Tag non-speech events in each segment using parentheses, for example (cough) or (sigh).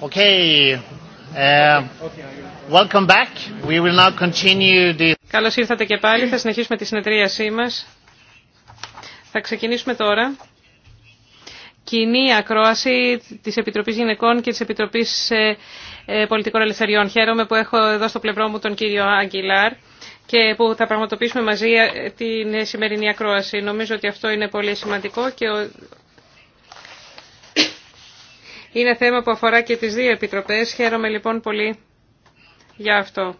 Okay. Uh, welcome back. We will now continue the... Καλώς ήρθατε και πάλι. Θα συνεχίσουμε τη συνεδρίασή μας. Θα ξεκινήσουμε τώρα. Κοινή ακρόαση της Επιτροπής Γυναικών και της Επιτροπής ε, ε, Πολιτικών Ελευθεριών. Χαίρομαι που έχω εδώ στο πλευρό μου τον κύριο Αγγιλάρ και που θα πραγματοποιήσουμε μαζί ε, την σημερινή ακρόαση. Νομίζω ότι αυτό είναι πολύ σημαντικό και είναι θέμα που αφορά και τις δύο επιτροπές. Χαίρομαι λοιπόν πολύ για αυτό.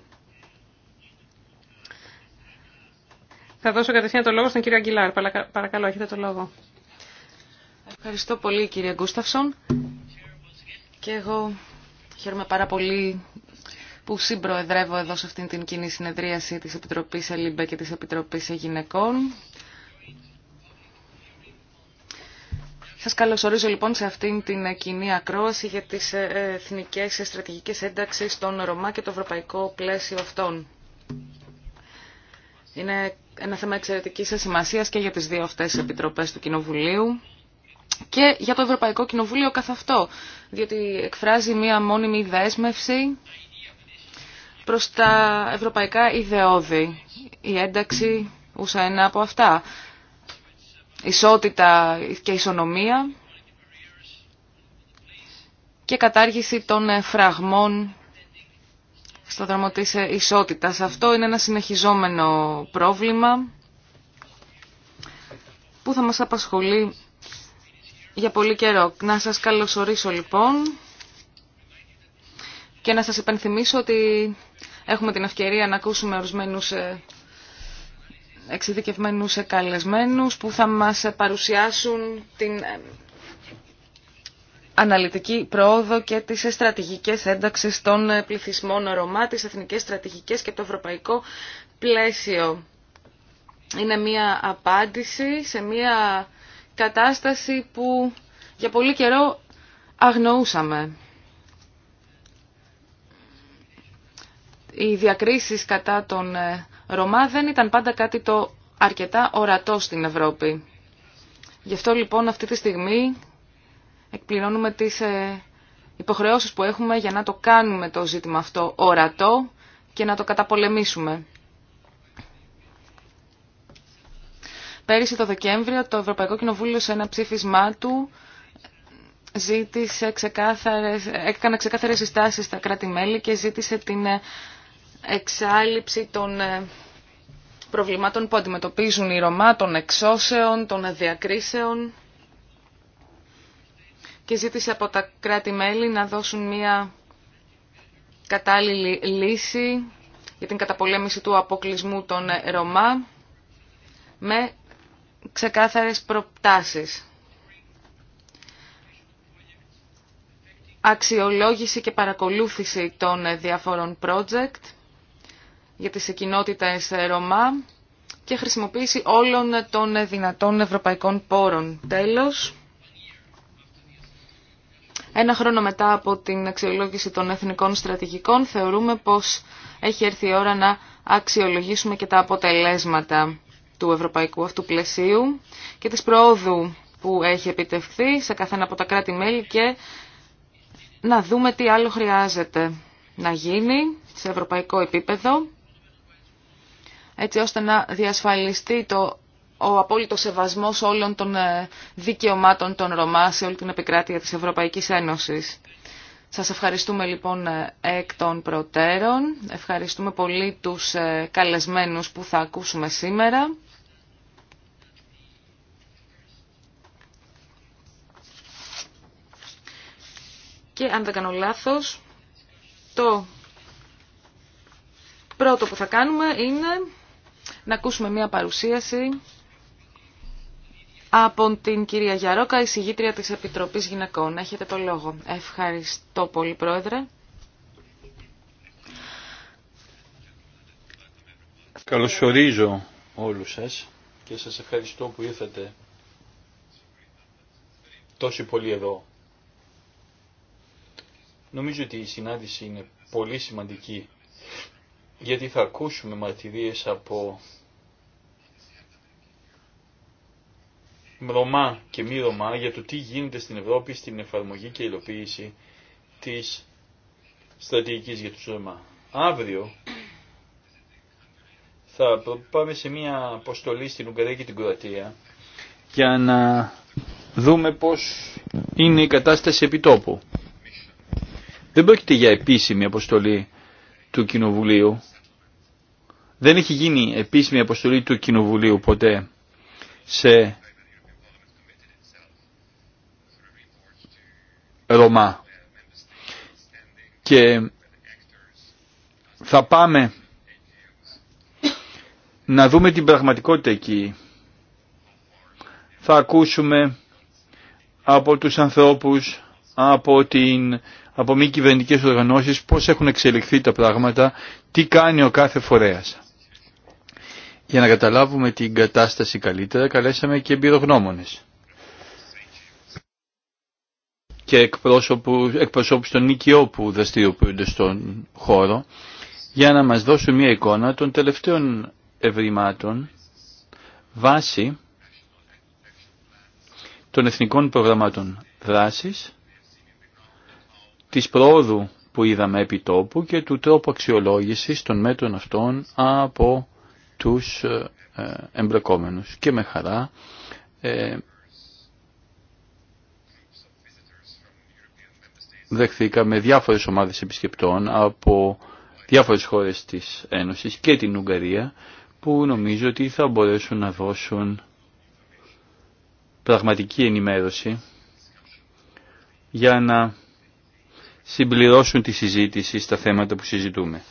Θα δώσω κατευθείαν το λόγο στον κύριο Αγγιλάρ. Παρακαλώ, έχετε το λόγο. Ευχαριστώ πολύ κύριε Γκούσταυσον. Και εγώ χαίρομαι πάρα πολύ που συμπροεδρεύω εδώ σε αυτήν την κοινή συνεδρίαση της Επιτροπής Ελίμπε και της Επιτροπής Γυναικών. Σας καλωσορίζω λοιπόν σε αυτήν την κοινή ακρόαση για τις ε, εθνικές στρατηγικές ένταξεις των Ρωμά και το ευρωπαϊκό πλαίσιο αυτών. Είναι ένα θέμα εξαιρετικής σημασίας και για τις δύο αυτές επιτροπές του Κοινοβουλίου και για το Ευρωπαϊκό Κοινοβούλιο καθ' αυτό, διότι εκφράζει μία μόνιμη δέσμευση προς τα ευρωπαϊκά ιδεώδη. Η ένταξη ούσα ένα από αυτά ισότητα και ισονομία και κατάργηση των φραγμών στο δρόμο της ισότητας. Αυτό είναι ένα συνεχιζόμενο πρόβλημα που θα μας απασχολεί για πολύ καιρό. Να σας καλωσορίσω λοιπόν και να σας υπενθυμίσω ότι έχουμε την ευκαιρία να ακούσουμε ορισμένους ε, εξειδικευμένους καλεσμένους που θα μας παρουσιάσουν την ε, αναλυτική πρόοδο και τις στρατηγικές ένταξεις των ε, πληθυσμών Ρωμά, τις εθνικές στρατηγικές και το ευρωπαϊκό πλαίσιο. Είναι μία απάντηση σε μία κατάσταση που για πολύ καιρό αγνοούσαμε. Οι διακρίσεις κατά των ε, Ρωμά δεν ήταν πάντα κάτι το αρκετά ορατό στην Ευρώπη. Γι' αυτό λοιπόν αυτή τη στιγμή εκπληρώνουμε τις ε, υποχρεώσεις που έχουμε για να το κάνουμε το ζήτημα αυτό ορατό και να το καταπολεμήσουμε. Πέρυσι το Δεκέμβριο το Ευρωπαϊκό Κοινοβούλιο σε ένα ψήφισμά του ζήτησε ξεκάθαρες, έκανε ξεκάθαρες συστάσεις στα κράτη-μέλη και ζήτησε την ε, εξάλληψη των ε, προβλημάτων που αντιμετωπίζουν οι Ρωμά, των εξώσεων, των διακρίσεων και ζήτησε από τα κράτη-μέλη να δώσουν μια κατάλληλη λύση για την καταπολέμηση του αποκλεισμού των Ρωμά με ξεκάθαρες προπτάσεις. Αξιολόγηση και παρακολούθηση των διάφορων project για τις κοινότητες ε, Ρωμά και χρησιμοποίηση όλων των δυνατών ευρωπαϊκών πόρων. Τέλος, ένα χρόνο μετά από την αξιολόγηση των εθνικών στρατηγικών θεωρούμε πως έχει έρθει η ώρα να αξιολογήσουμε και τα αποτελέσματα του ευρωπαϊκού αυτού πλαισίου και της προόδου που έχει επιτευχθεί σε καθένα από τα κράτη-μέλη και να δούμε τι άλλο χρειάζεται να γίνει σε ευρωπαϊκό επίπεδο έτσι ώστε να διασφαλιστεί το, ο απόλυτο σεβασμός όλων των ε, δικαιωμάτων των Ρωμά σε όλη την επικράτεια της Ευρωπαϊκής Ένωσης. Σας ευχαριστούμε λοιπόν ε, εκ των προτέρων. Ευχαριστούμε πολύ τους ε, καλεσμένους που θα ακούσουμε σήμερα. Και αν δεν κάνω λάθος, το πρώτο που θα κάνουμε είναι να ακούσουμε μία παρουσίαση από την κυρία Γιαρόκα, εισηγήτρια της Επιτροπής Γυναικών. Έχετε το λόγο. Ευχαριστώ πολύ, Πρόεδρε. Καλωσορίζω όλους σας και σας ευχαριστώ που ήρθατε τόσο πολύ εδώ. Νομίζω ότι η συνάντηση είναι πολύ σημαντική γιατί θα ακούσουμε μαρτυρίες από Ρωμά και μη Ρωμά για το τι γίνεται στην Ευρώπη στην εφαρμογή και υλοποίηση της στρατηγικής για τους Ρωμά. Αύριο θα πάμε σε μια αποστολή στην Ουγγαρία και την Κροατία για να δούμε πώς είναι η κατάσταση επιτόπου. Δεν πρόκειται για επίσημη αποστολή του Κοινοβουλίου. Δεν έχει γίνει επίσημη αποστολή του Κοινοβουλίου ποτέ σε Ρωμά. Και θα πάμε να δούμε την πραγματικότητα εκεί. Θα ακούσουμε από τους ανθρώπους, από, την, από μη κυβερνητικέ οργανώσεις πώς έχουν εξελιχθεί τα πράγματα, τι κάνει ο κάθε φορέας για να καταλάβουμε την κατάσταση καλύτερα καλέσαμε και εμπειρογνώμονες και εκπροσώπους των νοικιόπου που δραστηριοποιούνται στον χώρο για να μας δώσουν μια εικόνα των τελευταίων ευρημάτων βάση των εθνικών προγραμμάτων δράσης, της πρόοδου που είδαμε επί τόπου και του τρόπου αξιολόγησης των μέτρων αυτών από τους ε, ε, εμπλεκόμενους και με χαρά ε, δεχθήκαμε διάφορες ομάδες επισκεπτών από διάφορες χώρες της Ένωσης και την Ουγγαρία που νομίζω ότι θα μπορέσουν να δώσουν πραγματική ενημέρωση για να συμπληρώσουν τη συζήτηση στα θέματα που συζητούμε.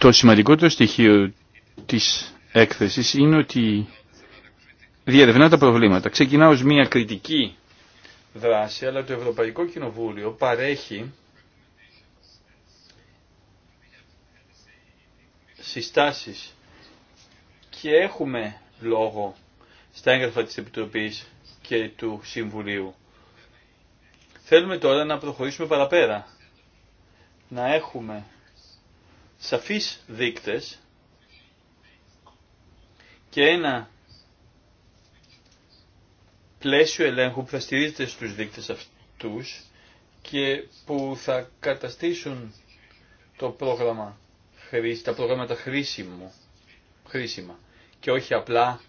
Το σημαντικότερο στοιχείο της έκθεσης είναι ότι διερευνά τα προβλήματα. Ξεκινά ως μια κριτική δράση, αλλά το Ευρωπαϊκό Κοινοβούλιο παρέχει συστάσεις και έχουμε λόγο στα έγγραφα της Επιτροπής και του Συμβουλίου. Θέλουμε τώρα να προχωρήσουμε παραπέρα. Να έχουμε σαφείς δείκτες και ένα πλαίσιο ελέγχου που θα στηρίζεται στους δείκτες αυτούς και που θα καταστήσουν το πρόγραμμα, τα προγράμματα χρήσιμο, χρήσιμα και όχι απλά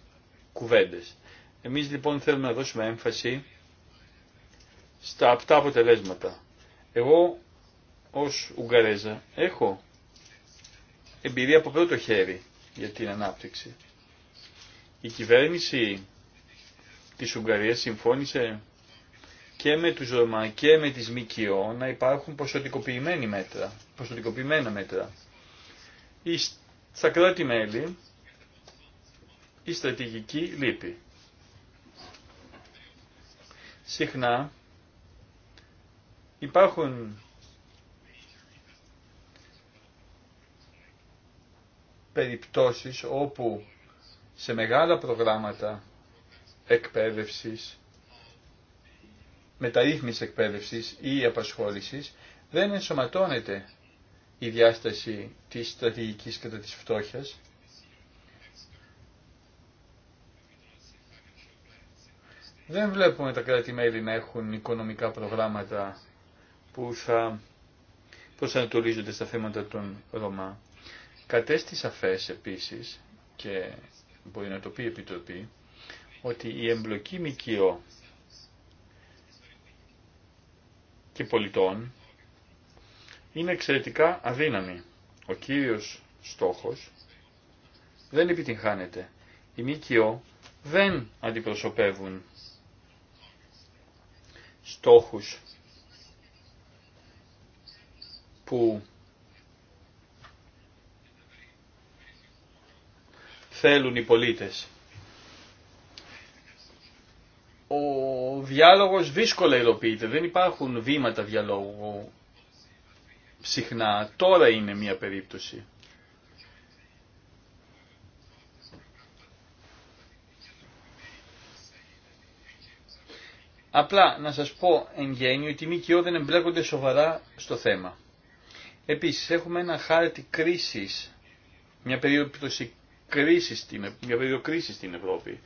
κουβέντες. Εμείς λοιπόν θέλουμε να δώσουμε έμφαση στα απτά αποτελέσματα. Εγώ ως Ουγγαρέζα έχω εμπειρία από πρώτο χέρι για την ανάπτυξη. Η κυβέρνηση της Ουγγαρίας συμφώνησε και με τους Ρωμά και με τις ΜΚΟ να υπάρχουν ποσοτικοποιημένα μέτρα. Ποσοτικοποιημένα μέτρα. Στα κράτη-μέλη η στρατηγική λύπη. Συχνά υπάρχουν περιπτώσεις όπου σε μεγάλα προγράμματα εκπαίδευσης, μεταρρύθμισης εκπαίδευσης ή απασχόλησης δεν ενσωματώνεται η διάσταση της στρατηγικής κατά της φτώχειας. Δεν βλέπουμε τα κράτη-μέλη να έχουν οικονομικά προγράμματα που θα προσανατολίζονται στα θέματα των Ρωμά. Κατέστη σαφές επίσης, και μπορεί να το πει η Επιτροπή, ότι η εμπλοκή ΜΚΟ και πολιτών είναι εξαιρετικά αδύναμη. Ο κύριος στόχος δεν επιτυγχάνεται. Οι ΜΚΟ δεν αντιπροσωπεύουν στόχους που θέλουν οι πολίτες. Ο διάλογος δύσκολα υλοποιείται, δεν υπάρχουν βήματα διαλόγου συχνά. Τώρα είναι μια περίπτωση. Απλά να σας πω εν γέννη ότι οι ΜΚΟ δεν εμπλέκονται σοβαρά στο θέμα. Επίσης έχουμε ένα χάρτη κρίσης, μια περίπτωση κρίση στην, μια περίοδο κρίση στην Ευρώπη.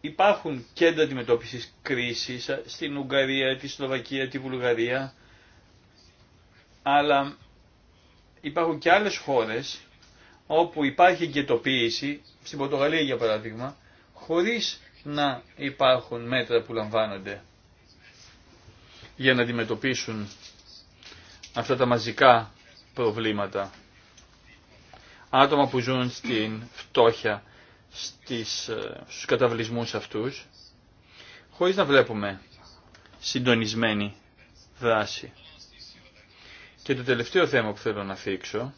Υπάρχουν κέντρα αντιμετώπιση κρίση στην Ουγγαρία, τη Σλοβακία, τη Βουλγαρία, αλλά υπάρχουν και άλλες χώρες όπου υπάρχει εγκαιτοποίηση, στην Πορτογαλία για παράδειγμα, χωρίς να υπάρχουν μέτρα που λαμβάνονται για να αντιμετωπίσουν αυτά τα μαζικά προβλήματα άτομα που ζουν στην φτώχεια, στις, ε, στους καταβλισμούς αυτούς, χωρίς να βλέπουμε συντονισμένη δράση. Και το τελευταίο θέμα που θέλω να θίξω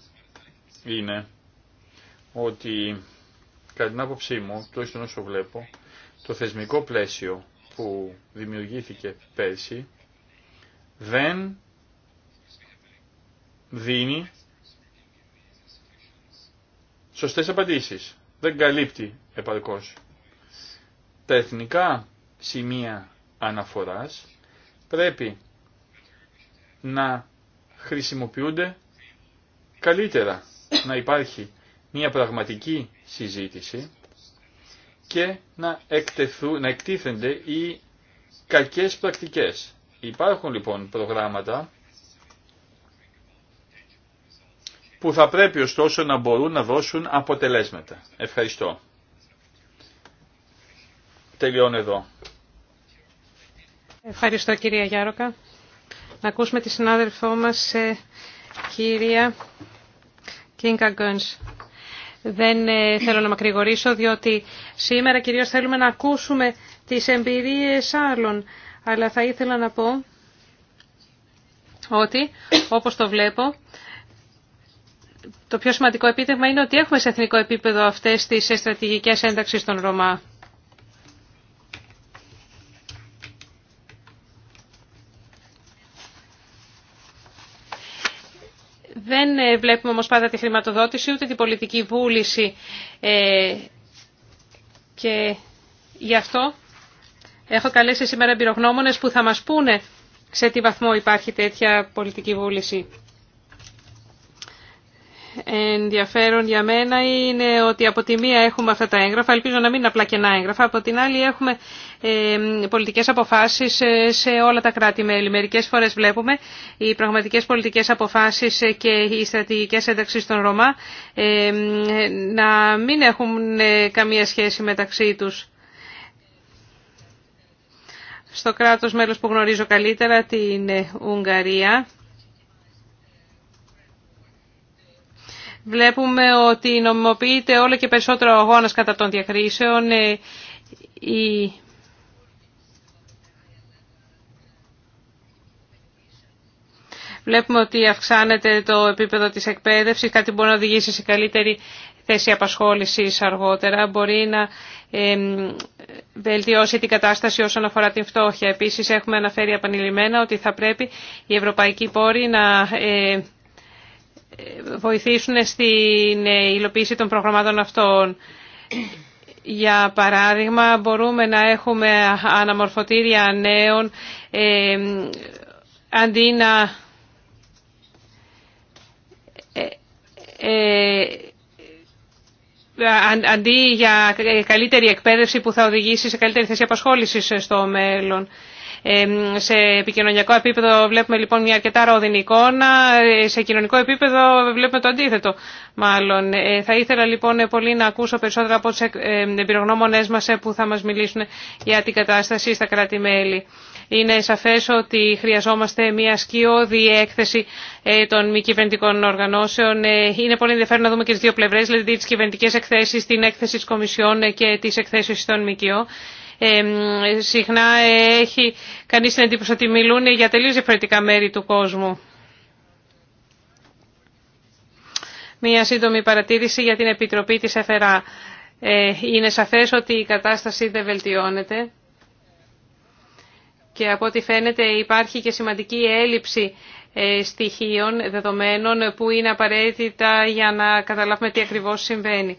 είναι ότι κατά την άποψή μου, τουλάχιστον όσο βλέπω, το θεσμικό πλαίσιο που δημιουργήθηκε πέρσι δεν δίνει σωστές απαντήσεις. Δεν καλύπτει επαρκώς. Τα εθνικά σημεία αναφοράς πρέπει να χρησιμοποιούνται καλύτερα, να υπάρχει μια πραγματική συζήτηση και να, εκτεθούν, να εκτίθενται οι κακές πρακτικές. Υπάρχουν λοιπόν προγράμματα που θα πρέπει ωστόσο να μπορούν να δώσουν αποτελέσματα. Ευχαριστώ. Τελειώνω εδώ. Ευχαριστώ κυρία Γιάροκα. Να ακούσουμε τη συνάδελφό μας ε, κυρία Κίνκα Δεν ε, θέλω να μακρηγορήσω διότι σήμερα κυρίως θέλουμε να ακούσουμε τις εμπειρίες άλλων. Αλλά θα ήθελα να πω ότι όπως το βλέπω το πιο σημαντικό επίτευγμα είναι ότι έχουμε σε εθνικό επίπεδο αυτές τις στρατηγικές ένταξεις των Ρωμά. Δεν ε, βλέπουμε όμως πάντα τη χρηματοδότηση ούτε την πολιτική βούληση ε, και γι' αυτό έχω καλέσει σήμερα εμπειρογνώμονες που θα μας πούνε σε τι βαθμό υπάρχει τέτοια πολιτική βούληση ενδιαφέρον για μένα είναι ότι από τη μία έχουμε αυτά τα έγγραφα, ελπίζω να μην είναι απλά κενά έγγραφα, από την άλλη έχουμε ε, πολιτικές αποφάσεις ε, σε όλα τα κράτη-μέλη. Μερικές φορές βλέπουμε οι πραγματικές πολιτικές αποφάσεις και οι στρατηγικές ένταξεις των Ρωμά ε, να μην έχουν ε, καμία σχέση μεταξύ τους. Στο κράτος μέλος που γνωρίζω καλύτερα, την Ουγγαρία, Βλέπουμε ότι νομιμοποιείται όλο και περισσότερο αγώνας κατά των διακρίσεων. Ε, Βλέπουμε ότι αυξάνεται το επίπεδο της εκπαίδευσης, κάτι μπορεί να οδηγήσει σε καλύτερη θέση απασχόλησης αργότερα. Μπορεί να βελτιώσει την κατάσταση όσον αφορά την φτώχεια. Επίσης έχουμε αναφέρει επανειλημμένα ότι θα πρέπει οι ευρωπαϊκοί πόροι να ε, βοηθήσουν στην υλοποίηση των προγραμμάτων αυτών. Για παράδειγμα, μπορούμε να έχουμε αναμορφωτήρια νέων ε, αντί να ε, ε, αντί για καλύτερη εκπαίδευση που θα οδηγήσει σε καλύτερη θέση απασχόλησης στο μέλλον σε επικοινωνιακό επίπεδο βλέπουμε λοιπόν μια αρκετά ρόδινη εικόνα, ε, σε κοινωνικό επίπεδο βλέπουμε το αντίθετο μάλλον. Ε, θα ήθελα λοιπόν πολύ να ακούσω περισσότερα από τους εμπειρογνώμονές μας ε, που θα μας μιλήσουν για την κατάσταση στα κράτη-μέλη. Είναι σαφές ότι χρειαζόμαστε μια σκιώδη έκθεση των μη κυβερνητικών οργανώσεων. Είναι πολύ ενδιαφέρον να δούμε και τις δύο πλευρές, δηλαδή τις κυβερνητικές εκθέσεις, την έκθεση της Κομισιόν και τις εκθέσεις των ΜΚΟ συχνά ε, έχει κανείς την εντύπωση ότι μιλούν για τελείως διαφορετικά μέρη του κόσμου. Μία σύντομη παρατήρηση για την Επιτροπή της ΕΦΕΡΑ. Ε, είναι σαφές ότι η κατάσταση δεν βελτιώνεται και από ό,τι φαίνεται υπάρχει και σημαντική έλλειψη ε, στοιχείων, δεδομένων που είναι απαραίτητα για να καταλάβουμε τι ακριβώς συμβαίνει.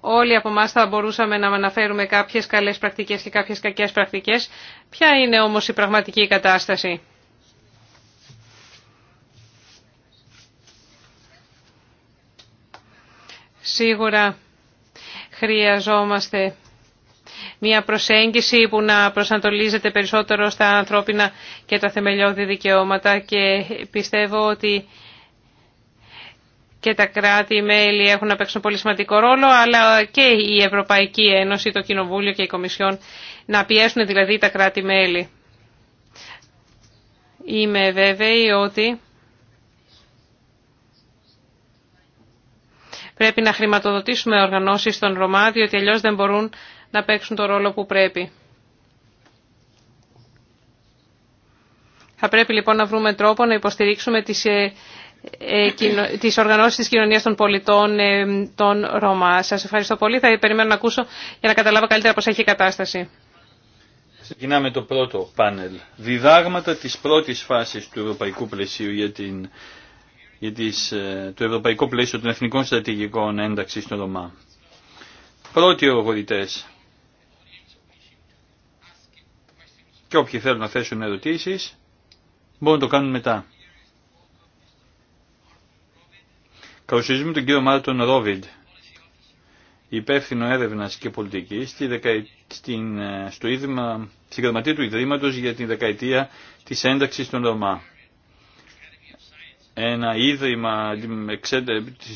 Όλοι από εμά θα μπορούσαμε να αναφέρουμε κάποιες καλές πρακτικές και κάποιες κακές πρακτικές. Ποια είναι όμως η πραγματική κατάσταση. Σίγουρα χρειαζόμαστε μια προσέγγιση που να προσανατολίζεται περισσότερο στα ανθρώπινα και τα θεμελιώδη δικαιώματα και πιστεύω ότι και τα κράτη-μέλη έχουν να παίξουν πολύ σημαντικό ρόλο, αλλά και η Ευρωπαϊκή Ένωση, το Κοινοβούλιο και η Κομισιόν να πιέσουν δηλαδή τα κράτη-μέλη. Είμαι βέβαιη ότι πρέπει να χρηματοδοτήσουμε οργανώσεις των Ρωμά, διότι αλλιώς δεν μπορούν να παίξουν το ρόλο που πρέπει. Θα πρέπει λοιπόν να βρούμε τρόπο να υποστηρίξουμε τις ε, ε, τις οργανώσεις της κοινωνίας των πολιτών ε, των Ρώμα. Σας ευχαριστώ πολύ. Θα περιμένω να ακούσω για να καταλάβω καλύτερα πώς έχει η κατάσταση. Ξεκινάμε το πρώτο πάνελ. Διδάγματα της πρώτης φάσης του ευρωπαϊκού πλαισίου για, την, για τις, ε, το ευρωπαϊκό πλαίσιο των εθνικών στρατηγικών ένταξης στον Ρωμά. Πρώτοι ορογορητές και όποιοι θέλουν να θέσουν ερωτήσεις μπορούν να το κάνουν μετά. Καλωσορίζουμε τον κύριο Μάρτον Ρόβιντ, υπεύθυνο έρευνα και πολιτική στη στην, ε, στο ίδρυμα, στην γραμματεία του ιδρύματο για την δεκαετία της ένταξη των Ρωμά. Ένα ίδρυμα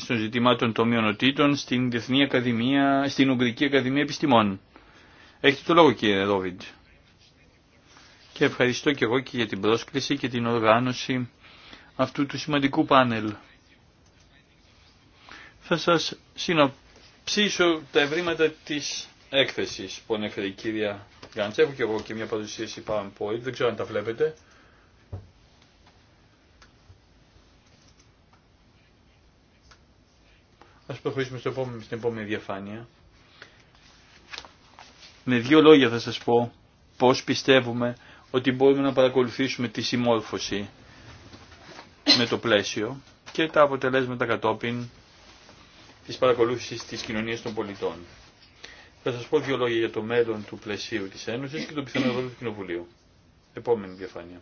των ζητημάτων των μειονοτήτων στην, Διεθνή Ακαδημία, στην Ουγγρική Ακαδημία Επιστημών. Έχετε το λόγο κύριε Ρόβιντ. Και ευχαριστώ και εγώ και για την πρόσκληση και την οργάνωση αυτού του σημαντικού πάνελ. Θα σας συνοψίσω τα ευρήματα της έκθεσης που ανέφερε η κυρία Γκάντσα. Έχω και εγώ και μια παρουσίαση PowerPoint, δεν ξέρω αν τα βλέπετε. Ας προχωρήσουμε στο επόμενο, στην επόμενη διαφάνεια. Με δύο λόγια θα σας πω πώς πιστεύουμε ότι μπορούμε να παρακολουθήσουμε τη συμμόρφωση με το πλαίσιο και τα αποτελέσματα κατόπιν της παρακολούθησης της κοινωνίας των πολιτών. Θα σας πω δύο λόγια για το μέλλον του πλαισίου της Ένωσης και το πιθανό ρόλο του Κοινοβουλίου. Επόμενη διαφάνεια.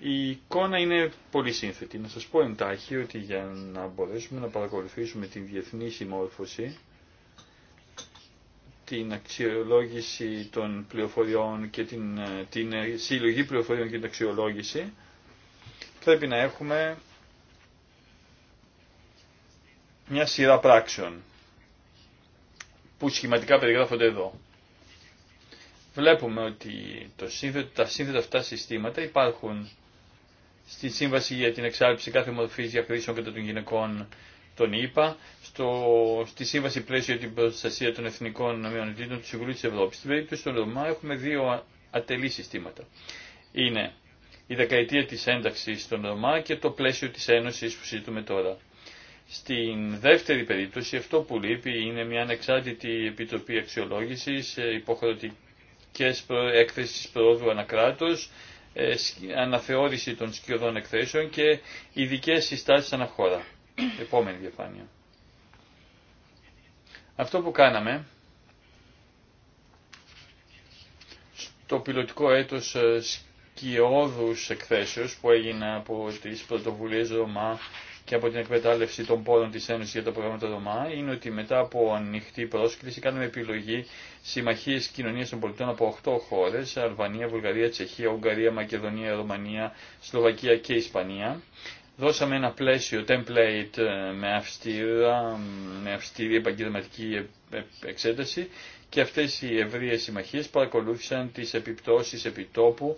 Η εικόνα είναι πολύ σύνθετη. Να σας πω εντάχει ότι για να μπορέσουμε να παρακολουθήσουμε την διεθνή συμμόρφωση, την αξιολόγηση των πληροφοριών και την, ε, την ε, συλλογή πληροφοριών και την αξιολόγηση, πρέπει να έχουμε μια σειρά πράξεων που σχηματικά περιγράφονται εδώ. Βλέπουμε ότι το σύνθετο, τα σύνθετα αυτά συστήματα υπάρχουν στη Σύμβαση για την Εξάλληψη κάθε μορφή διακρίσεων κατά των γυναικών τον ΙΠΑ, στο, στη Σύμβαση Πλαίσιο για την Προστασία των Εθνικών Μειονοτήτων του Συμβουλίου τη Ευρώπη. Στην περίπτωση των Ρωμά έχουμε δύο ατελή συστήματα. Είναι η δεκαετία της ένταξης των Ρωμά και το πλαίσιο της Ένωσης που συζητούμε τώρα. Στην δεύτερη περίπτωση αυτό που λείπει είναι μια ανεξάρτητη επιτροπή αξιολόγησης, ε, υποχρεωτικές έκθεσεις πρόοδου ανακράτως, ε, αναθεώρηση των σκιωδών εκθέσεων και ειδικέ συστάσεις αναχώρα. (coughs) Επόμενη διαφάνεια. Αυτό που κάναμε στο πιλωτικό έτος ε, σκιώδους εκθέσεως που έγινε από τις πρωτοβουλίες Ρωμά και από την εκμετάλλευση των πόρων της Ένωσης για τα προγράμματα Ρωμά είναι ότι μετά από ανοιχτή πρόσκληση κάνουμε επιλογή συμμαχίες κοινωνίας των πολιτών από 8 χώρες, Αλβανία, Βουλγαρία, Τσεχία, Ουγγαρία, Μακεδονία, Ρωμανία, Σλοβακία και Ισπανία. Δώσαμε ένα πλαίσιο, template ε, με, αυστήρα, με αυστηρή επαγγελματική εξέταση και αυτές οι ευρείες συμμαχίες παρακολούθησαν τις επιπτώσεις επιτόπου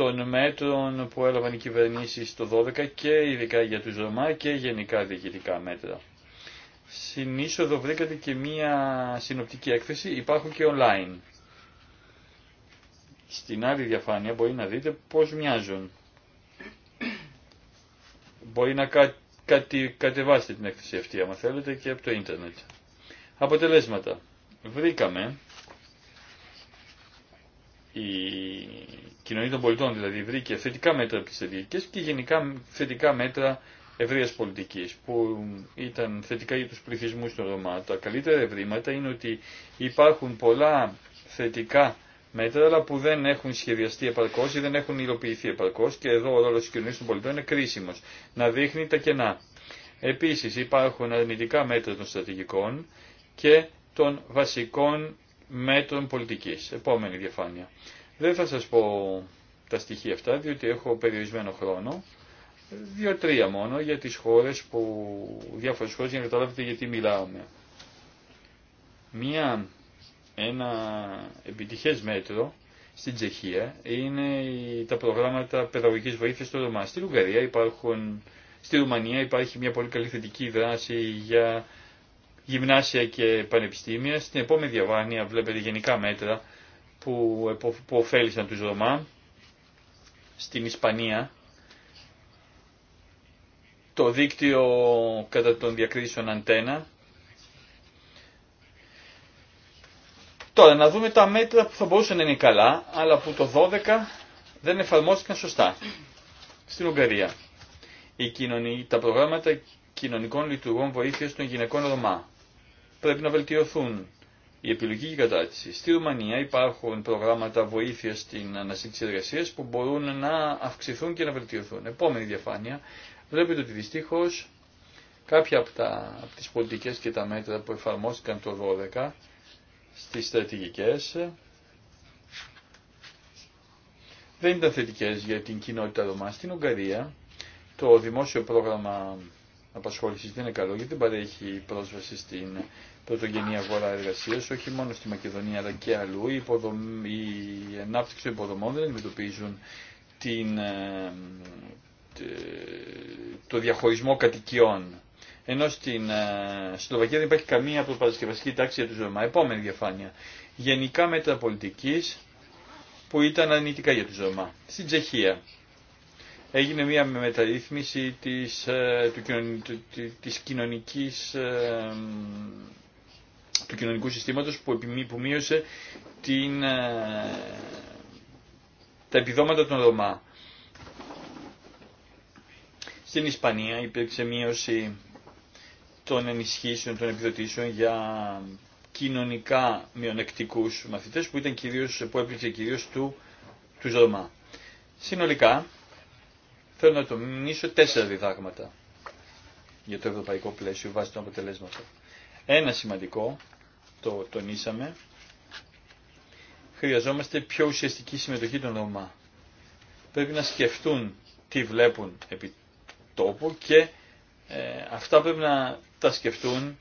των μέτρων που έλαβαν οι κυβερνήσει το 12 και ειδικά για του Ρωμά και γενικά διοικητικά μέτρα. Στην είσοδο βρήκατε και μία συνοπτική έκθεση, υπάρχουν και online. Στην άλλη διαφάνεια μπορεί να δείτε πώς μοιάζουν. Μπορεί να κα, κατεβάσετε την έκθεση αυτή άμα θέλετε και από το ίντερνετ. Αποτελέσματα. Βρήκαμε η κοινωνία των πολιτών δηλαδή βρήκε θετικά μέτρα από τις στρατηγικές και γενικά θετικά μέτρα ευρεία πολιτική που ήταν θετικά για του πληθυσμού των Ρωμά. Τα καλύτερα ευρήματα είναι ότι υπάρχουν πολλά θετικά μέτρα αλλά που δεν έχουν σχεδιαστεί επαρκώ ή δεν έχουν υλοποιηθεί επαρκώ και εδώ ο ρόλο τη κοινωνία των πολιτών είναι κρίσιμο. Να δείχνει τα κενά. Επίση υπάρχουν αρνητικά μέτρα των στρατηγικών και των βασικών μέτρων πολιτικής. Επόμενη διαφάνεια. Δεν θα σας πω τα στοιχεία αυτά, διότι έχω περιορισμένο χρόνο. Δύο-τρία μόνο για τις χώρες που, διάφορες χώρες για να καταλάβετε γιατί μιλάμε. Μία, ένα επιτυχές μέτρο στην Τσεχία είναι τα προγράμματα παιδαγωγικής βοήθειας στο Ρωμά. Στη Ουγγαρία υπάρχουν, στη Ρουμανία υπάρχει μια πολύ καλή θετική δράση για γυμνάσια και πανεπιστήμια. Στην επόμενη διαβάνεια βλέπετε γενικά μέτρα που, που ωφέλησαν τους Ρωμά στην Ισπανία. Το δίκτυο κατά των διακρίσεων αντένα. Τώρα να δούμε τα μέτρα που θα μπορούσαν να είναι καλά, αλλά που το 12 δεν εφαρμόστηκαν σωστά. Στην Ουγγαρία. Η κοινωνία, τα προγράμματα κοινωνικών λειτουργών βοήθεια των γυναικών Ρωμά. Πρέπει να βελτιωθούν η επιλογή και η κατάρτιση. Στη Ρουμανία υπάρχουν προγράμματα βοήθεια στην ανασύντηση εργασία που μπορούν να αυξηθούν και να βελτιωθούν. Επόμενη διαφάνεια. Βλέπετε ότι δυστυχώ κάποια από, τα, από τις πολιτικές και τα μέτρα που εφαρμόστηκαν το 2012 στις στρατηγικές δεν ήταν θετικές για την κοινότητα Ρωμά. Στην Ουγγαρία το δημόσιο πρόγραμμα απασχόλησης δεν είναι καλό γιατί δεν παρέχει πρόσβαση στην πρωτογενή αγορά εργασία, όχι μόνο στη Μακεδονία αλλά και αλλού. Η, υποδομ... ανάπτυξη των υποδομών δεν αντιμετωπίζουν την... Ε, το διαχωρισμό κατοικιών. Ενώ στην ε, Σλοβακία δεν υπάρχει καμία προπαρασκευαστική τάξη για του Ρωμά. Επόμενη διαφάνεια. Γενικά μέτρα που ήταν αρνητικά για του Ρωμά. Στην Τσεχία έγινε μια μεταρρύθμιση της, ε, του, της κοινωνικής, ε, του κοινωνικού συστήματος που, που μείωσε την, ε, τα επιδόματα των Ρωμά. Στην Ισπανία υπήρξε μείωση των ενισχύσεων, των επιδοτήσεων για κοινωνικά μειονεκτικούς μαθητές που, ήταν κυρίως, που έπληξε κυρίως του, τους Ρωμά. Συνολικά, Θέλω να το τέσσερα διδάγματα για το ευρωπαϊκό πλαίσιο βάσει των αποτελέσματων. Ένα σημαντικό, το τονίσαμε, χρειαζόμαστε πιο ουσιαστική συμμετοχή των Ρωμά. Πρέπει να σκεφτούν τι βλέπουν επί τόπου και ε, αυτά πρέπει να τα σκεφτούν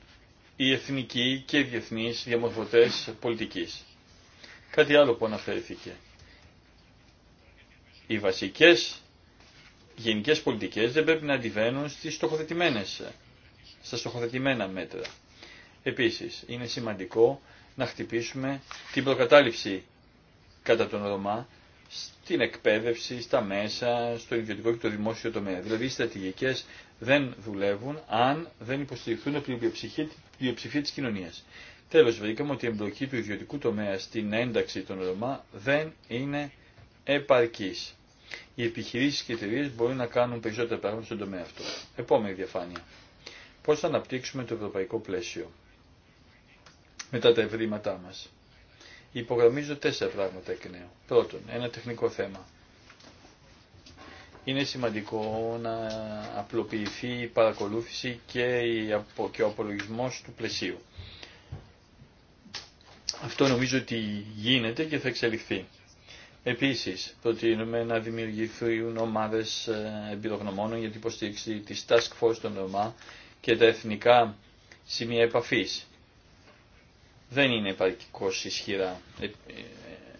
οι εθνικοί και οι διεθνείς διαμορφωτές πολιτικής. Κάτι άλλο που αναφέρθηκε. Οι βασικές γενικές πολιτικές δεν πρέπει να αντιβαίνουν στις στοχοθετημένες, στα στοχοθετημένα μέτρα. Επίσης, είναι σημαντικό να χτυπήσουμε την προκατάληψη κατά τον Ρωμά στην εκπαίδευση, στα μέσα, στο ιδιωτικό και το δημόσιο τομέα. Δηλαδή οι στρατηγικές δεν δουλεύουν αν δεν υποστηριχθούν από την πλειοψηφία της κοινωνίας. Τέλος, βρήκαμε ότι η εμπλοκή του ιδιωτικού τομέα στην ένταξη των Ρωμά δεν είναι επαρκής οι επιχειρήσει και οι εταιρείε μπορούν να κάνουν περισσότερα πράγματα στον τομέα αυτό. Επόμενη διαφάνεια. Πώς θα αναπτύξουμε το ευρωπαϊκό πλαίσιο μετά τα ευρήματά μα. Υπογραμμίζω τέσσερα πράγματα εκ νέου. Πρώτον, ένα τεχνικό θέμα. Είναι σημαντικό να απλοποιηθεί η παρακολούθηση και, και ο απολογισμός του πλαισίου. Αυτό νομίζω ότι γίνεται και θα εξελιχθεί. Επίσης, προτείνουμε να δημιουργηθούν ομάδες ε, εμπειρογνωμόνων για την υποστήριξη της Task Force των ΕΟΜΑ και τα εθνικά σημεία επαφής. Δεν είναι επαρκώς ισχυρά. Ε, ε,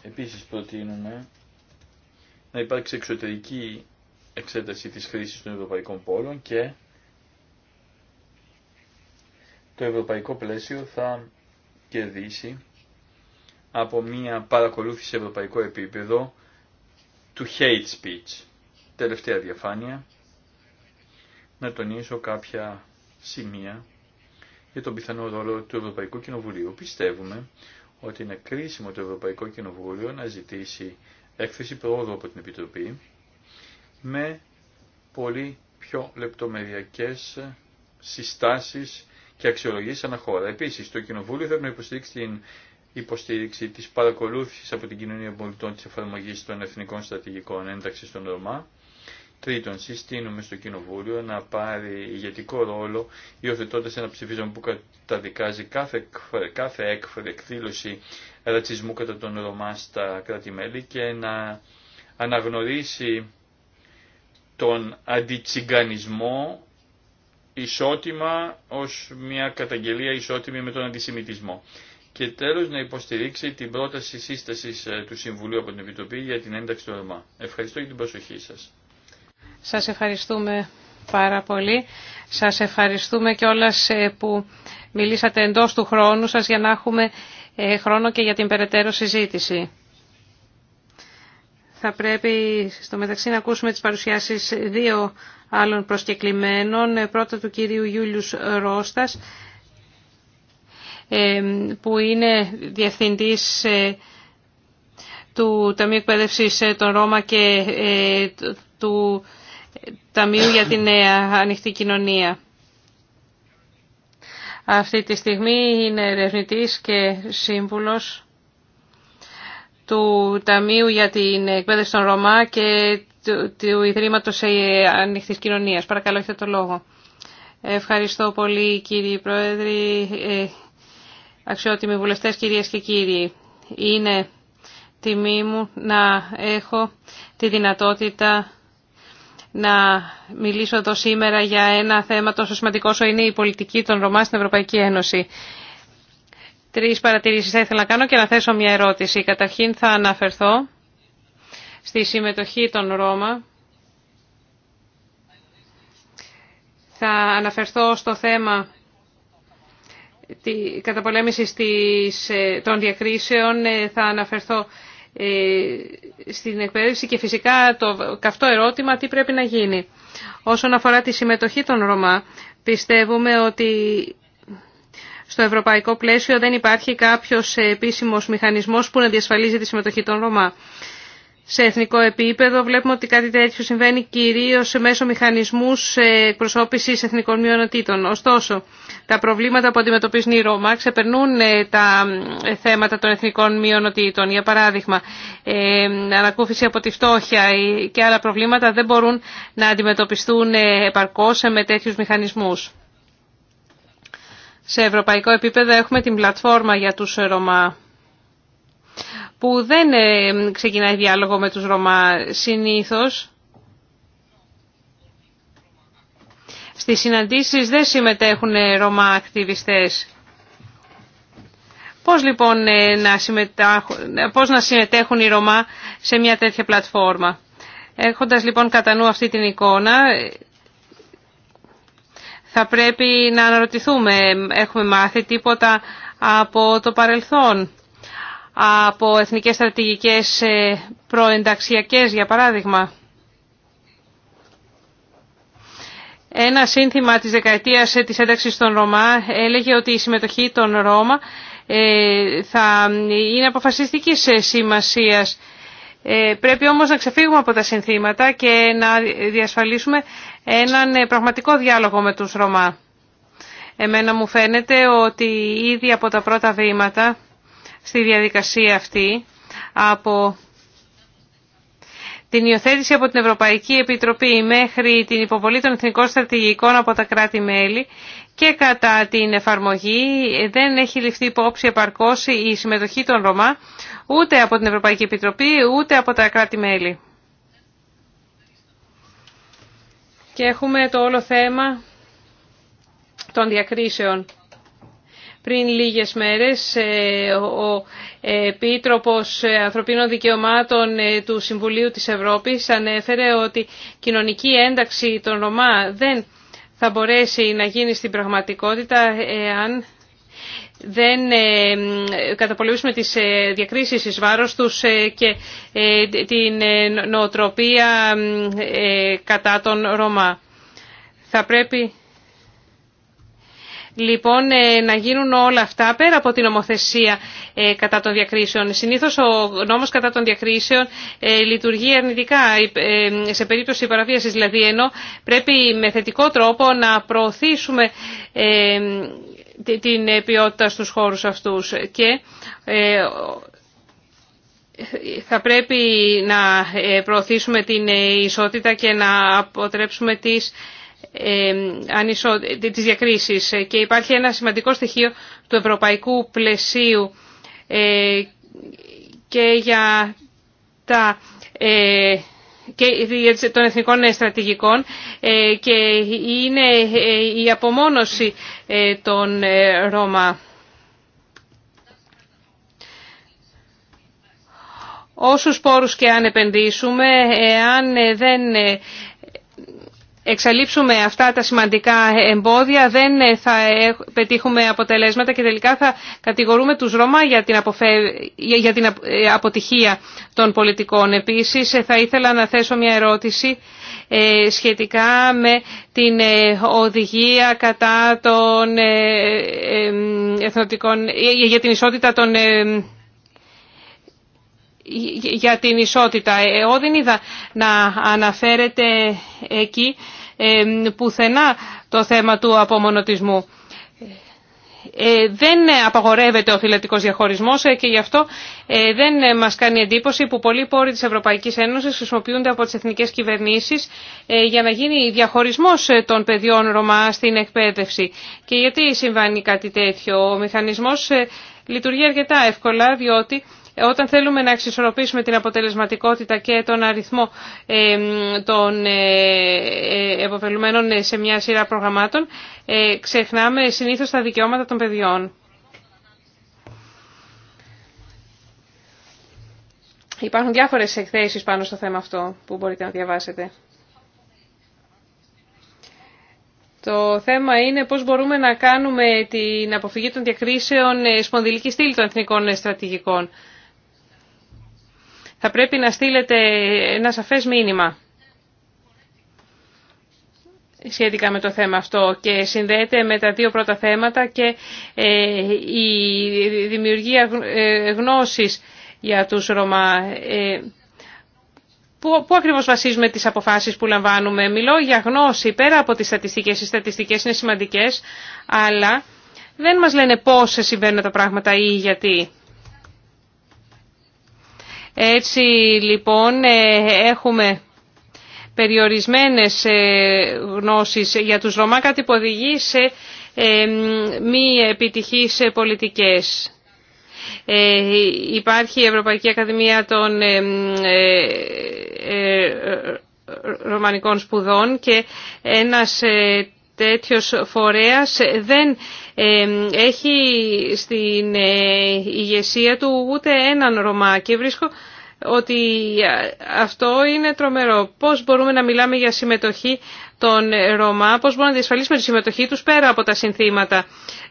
επίσης προτείνουμε να υπάρξει εξωτερική εξέταση της χρήσης των ευρωπαϊκών πόλων και το ευρωπαϊκό πλαίσιο θα κερδίσει από μια παρακολούθηση σε ευρωπαϊκό επίπεδο του hate speech. Τελευταία διαφάνεια, να τονίσω κάποια σημεία για τον πιθανό ρόλο του Ευρωπαϊκού Κοινοβουλίου. Πιστεύουμε ότι είναι κρίσιμο το Ευρωπαϊκό Κοινοβούλιο να ζητήσει έκθεση προόδου από την Επιτροπή με πολύ πιο λεπτομεριακές συστάσεις και αξιολογήσεις αναχώρα. Επίσης, το Κοινοβούλιο θέλει να υποστηρίξει την υποστήριξη της παρακολούθησης από την κοινωνία πολιτών της εφαρμογής των εθνικών στρατηγικών ένταξη των Ρωμά. Τρίτον, συστήνουμε στο Κοινοβούλιο να πάρει ηγετικό ρόλο υιοθετώντα ένα ψηφίσμα που καταδικάζει κάθε, κάθε έκφραση, εκδήλωση ρατσισμού κατά τον Ρωμά στα κράτη-μέλη και να αναγνωρίσει τον αντιτσιγκανισμό ισότιμα ως μια καταγγελία ισότιμη με τον αντισημιτισμό. Και τέλος να υποστηρίξει την πρόταση σύστασης ε, του Συμβουλίου από την Επιτροπή για την ένταξη του ΕΡΜΑ. Ευχαριστώ για την προσοχή σας. Σας ευχαριστούμε πάρα πολύ. Σας ευχαριστούμε και όλας ε, που μιλήσατε εντός του χρόνου σας για να έχουμε ε, χρόνο και για την περαιτέρω συζήτηση. Θα πρέπει στο μεταξύ να ακούσουμε τις παρουσιάσεις δύο άλλων προσκεκλημένων. Πρώτα του κυρίου Γιούλιους Ρόστας που είναι διευθυντής ε, του Ταμείου Εκπαίδευσης ε, των Ρώμα και ε, του Ταμείου για την Ανοιχτή Κοινωνία. Αυτή τη στιγμή είναι ερευνητή και σύμβουλος του Ταμείου για την Εκπαίδευση των Ρωμά και του Ιδρύματος Ανοιχτή Κοινωνίας. Παρακαλώ, έχετε το λόγο. Ευχαριστώ πολύ κύριε Πρόεδρε, αξιότιμοι βουλευτές, κυρίες και κύριοι. Είναι τιμή μου να έχω τη δυνατότητα να μιλήσω εδώ σήμερα για ένα θέμα τόσο σημαντικό όσο είναι η πολιτική των Ρωμά στην Ευρωπαϊκή Ένωση. Τρεις παρατηρήσεις θα ήθελα να κάνω και να θέσω μια ερώτηση. Καταρχήν θα αναφερθώ στη συμμετοχή των Ρώμα. Θα αναφερθώ στο θέμα τη καταπολέμηση ε, των διακρίσεων ε, θα αναφερθώ ε, στην εκπαίδευση και φυσικά το καυτό ερώτημα τι πρέπει να γίνει. Όσον αφορά τη συμμετοχή των Ρωμά, πιστεύουμε ότι στο ευρωπαϊκό πλαίσιο δεν υπάρχει κάποιος επίσημος μηχανισμός που να διασφαλίζει τη συμμετοχή των Ρωμά σε εθνικό επίπεδο. Βλέπουμε ότι κάτι τέτοιο συμβαίνει κυρίως μέσω μηχανισμούς εκπροσώπησης εθνικών μειονοτήτων. Ωστόσο, τα προβλήματα που αντιμετωπίζουν οι Ρώμα ξεπερνούν ε, τα ε, θέματα των εθνικών μειονοτήτων. Για παράδειγμα, ε, ανακούφιση από τη φτώχεια και άλλα προβλήματα δεν μπορούν να αντιμετωπιστούν επαρκώς με τέτοιους μηχανισμούς. Σε ευρωπαϊκό επίπεδο έχουμε την πλατφόρμα για τους Ρωμά που δεν ε, ξεκινάει διάλογο με τους Ρωμά συνήθως. Στις συναντήσεις δεν συμμετέχουν ε, Ρωμά ακτιβιστές. Πώς λοιπόν ε, να συμμετέχουν, πώς να συμμετέχουν οι Ρωμά σε μια τέτοια πλατφόρμα. Έχοντας λοιπόν κατά νου αυτή την εικόνα, θα πρέπει να αναρωτηθούμε, έχουμε μάθει τίποτα από το παρελθόν από εθνικές στρατηγικές προενταξιακές, για παράδειγμα. Ένα σύνθημα της δεκαετίας ε, της ένταξης των Ρωμά έλεγε ότι η συμμετοχή των Ρώμα ε, θα είναι αποφασιστικής ε, σημασίας. Πρέπει όμως να ξεφύγουμε από τα συνθήματα και να διασφαλίσουμε έναν πραγματικό διάλογο με τους Ρωμά. Εμένα μου φαίνεται ότι ήδη από τα πρώτα βήματα στη διαδικασία αυτή από την υιοθέτηση από την Ευρωπαϊκή Επιτροπή μέχρι την υποβολή των εθνικών στρατηγικών από τα κράτη-μέλη και κατά την εφαρμογή δεν έχει ληφθεί υπόψη επαρκώς η συμμετοχή των Ρωμά ούτε από την Ευρωπαϊκή Επιτροπή ούτε από τα κράτη-μέλη. Και έχουμε το όλο θέμα των διακρίσεων. Πριν λίγες μέρες ε, ο Επίτροπος Ανθρωπίνων Δικαιωμάτων ε, του Συμβουλίου της Ευρώπης ανέφερε ότι κοινωνική ένταξη των Ρωμά δεν θα μπορέσει να γίνει στην πραγματικότητα εάν δεν ε, καταπολεμήσουμε τις διακρίσεις εις βάρος τους και την νοοτροπία κατά των Ρωμά. Θα πρέπει λοιπόν ε, να γίνουν όλα αυτά πέρα από την νομοθεσία ε, κατά των διακρίσεων. Συνήθως ο νόμος κατά των διακρίσεων ε, λειτουργεί αρνητικά σε περίπτωση παραβίασης δηλαδή ενώ πρέπει με θετικό τρόπο να προωθήσουμε την ποιότητα στους χώρους αυτούς και θα πρέπει να προωθήσουμε την ισότητα και να αποτρέψουμε τις της διακρίσεις και υπάρχει ένα σημαντικό στοιχείο του ευρωπαϊκού πλαισίου ε, και για τα ε, και των εθνικών στρατηγικών ε, και είναι η απομόνωση των Ρώμα. Όσους πόρους και αν επενδύσουμε, εάν δεν εξαλείψουμε αυτά τα σημαντικά εμπόδια δεν θα πετύχουμε αποτελέσματα και τελικά θα κατηγορούμε τους Ρώμα για την, για την ε, αποτυχία των πολιτικών. Επίσης θα ήθελα να θέσω μια ερώτηση ε, σχετικά με την ε, οδηγία κατά των εθνοτικών, για την ισότητα των για την ισότητα. δεν να αναφέρεται εκεί πουθενά το θέμα του απομονωτισμού. Ε, δεν απαγορεύεται ο φυλετικός διαχωρισμός ε, και γι' αυτό ε, δεν μας κάνει εντύπωση που πολλοί πόροι της Ευρωπαϊκής Ένωσης χρησιμοποιούνται από τις εθνικές κυβερνήσεις για να γίνει διαχωρισμός των παιδιών Ρωμά στην εκπαίδευση. Και γιατί συμβάνει κάτι τέτοιο. Ο μηχανισμός λειτουργεί αρκετά εύκολα διότι όταν θέλουμε να εξισορροπήσουμε την αποτελεσματικότητα και τον αριθμό των ε, ε, εποφελουμένων σε μια σειρά προγραμμάτων, ε, ξεχνάμε συνήθως τα δικαιώματα των παιδιών. Υπάρχουν διάφορες εκθέσεις πάνω στο θέμα αυτό που μπορείτε να διαβάσετε. Το θέμα είναι πώς μπορούμε να κάνουμε την αποφυγή των διακρίσεων σπονδυλική στήλη των εθνικών στρατηγικών θα πρέπει να στείλετε ένα σαφές μήνυμα σχετικά με το θέμα αυτό και συνδέεται με τα δύο πρώτα θέματα και ε, η δημιουργία ε, γνώσης για τους Ρωμά. Πού, ε, πού ακριβώς βασίζουμε τις αποφάσεις που λαμβάνουμε. Μιλώ για γνώση πέρα από τις στατιστικές. Οι στατιστικές είναι σημαντικές, αλλά δεν μας λένε πώς συμβαίνουν τα πράγματα ή γιατί. Έτσι λοιπόν ε, έχουμε περιορισμένες ε, γνώσεις για τους Ρωμά, κάτι που οδηγεί σε ε, μη επιτυχείς πολιτικές. Υπάρχει η Ευρωπαϊκή Ακαδημία των Ρωμανικών Σπουδών και ένας τέτοιος φορέας δεν έχει στην ηγεσία του ούτε έναν Ρωμά βρίσκω ότι αυτό είναι τρομερό. Πώς μπορούμε να μιλάμε για συμμετοχή των Ρωμά, πώς μπορούμε να διασφαλίσουμε τη συμμετοχή τους πέρα από τα συνθήματα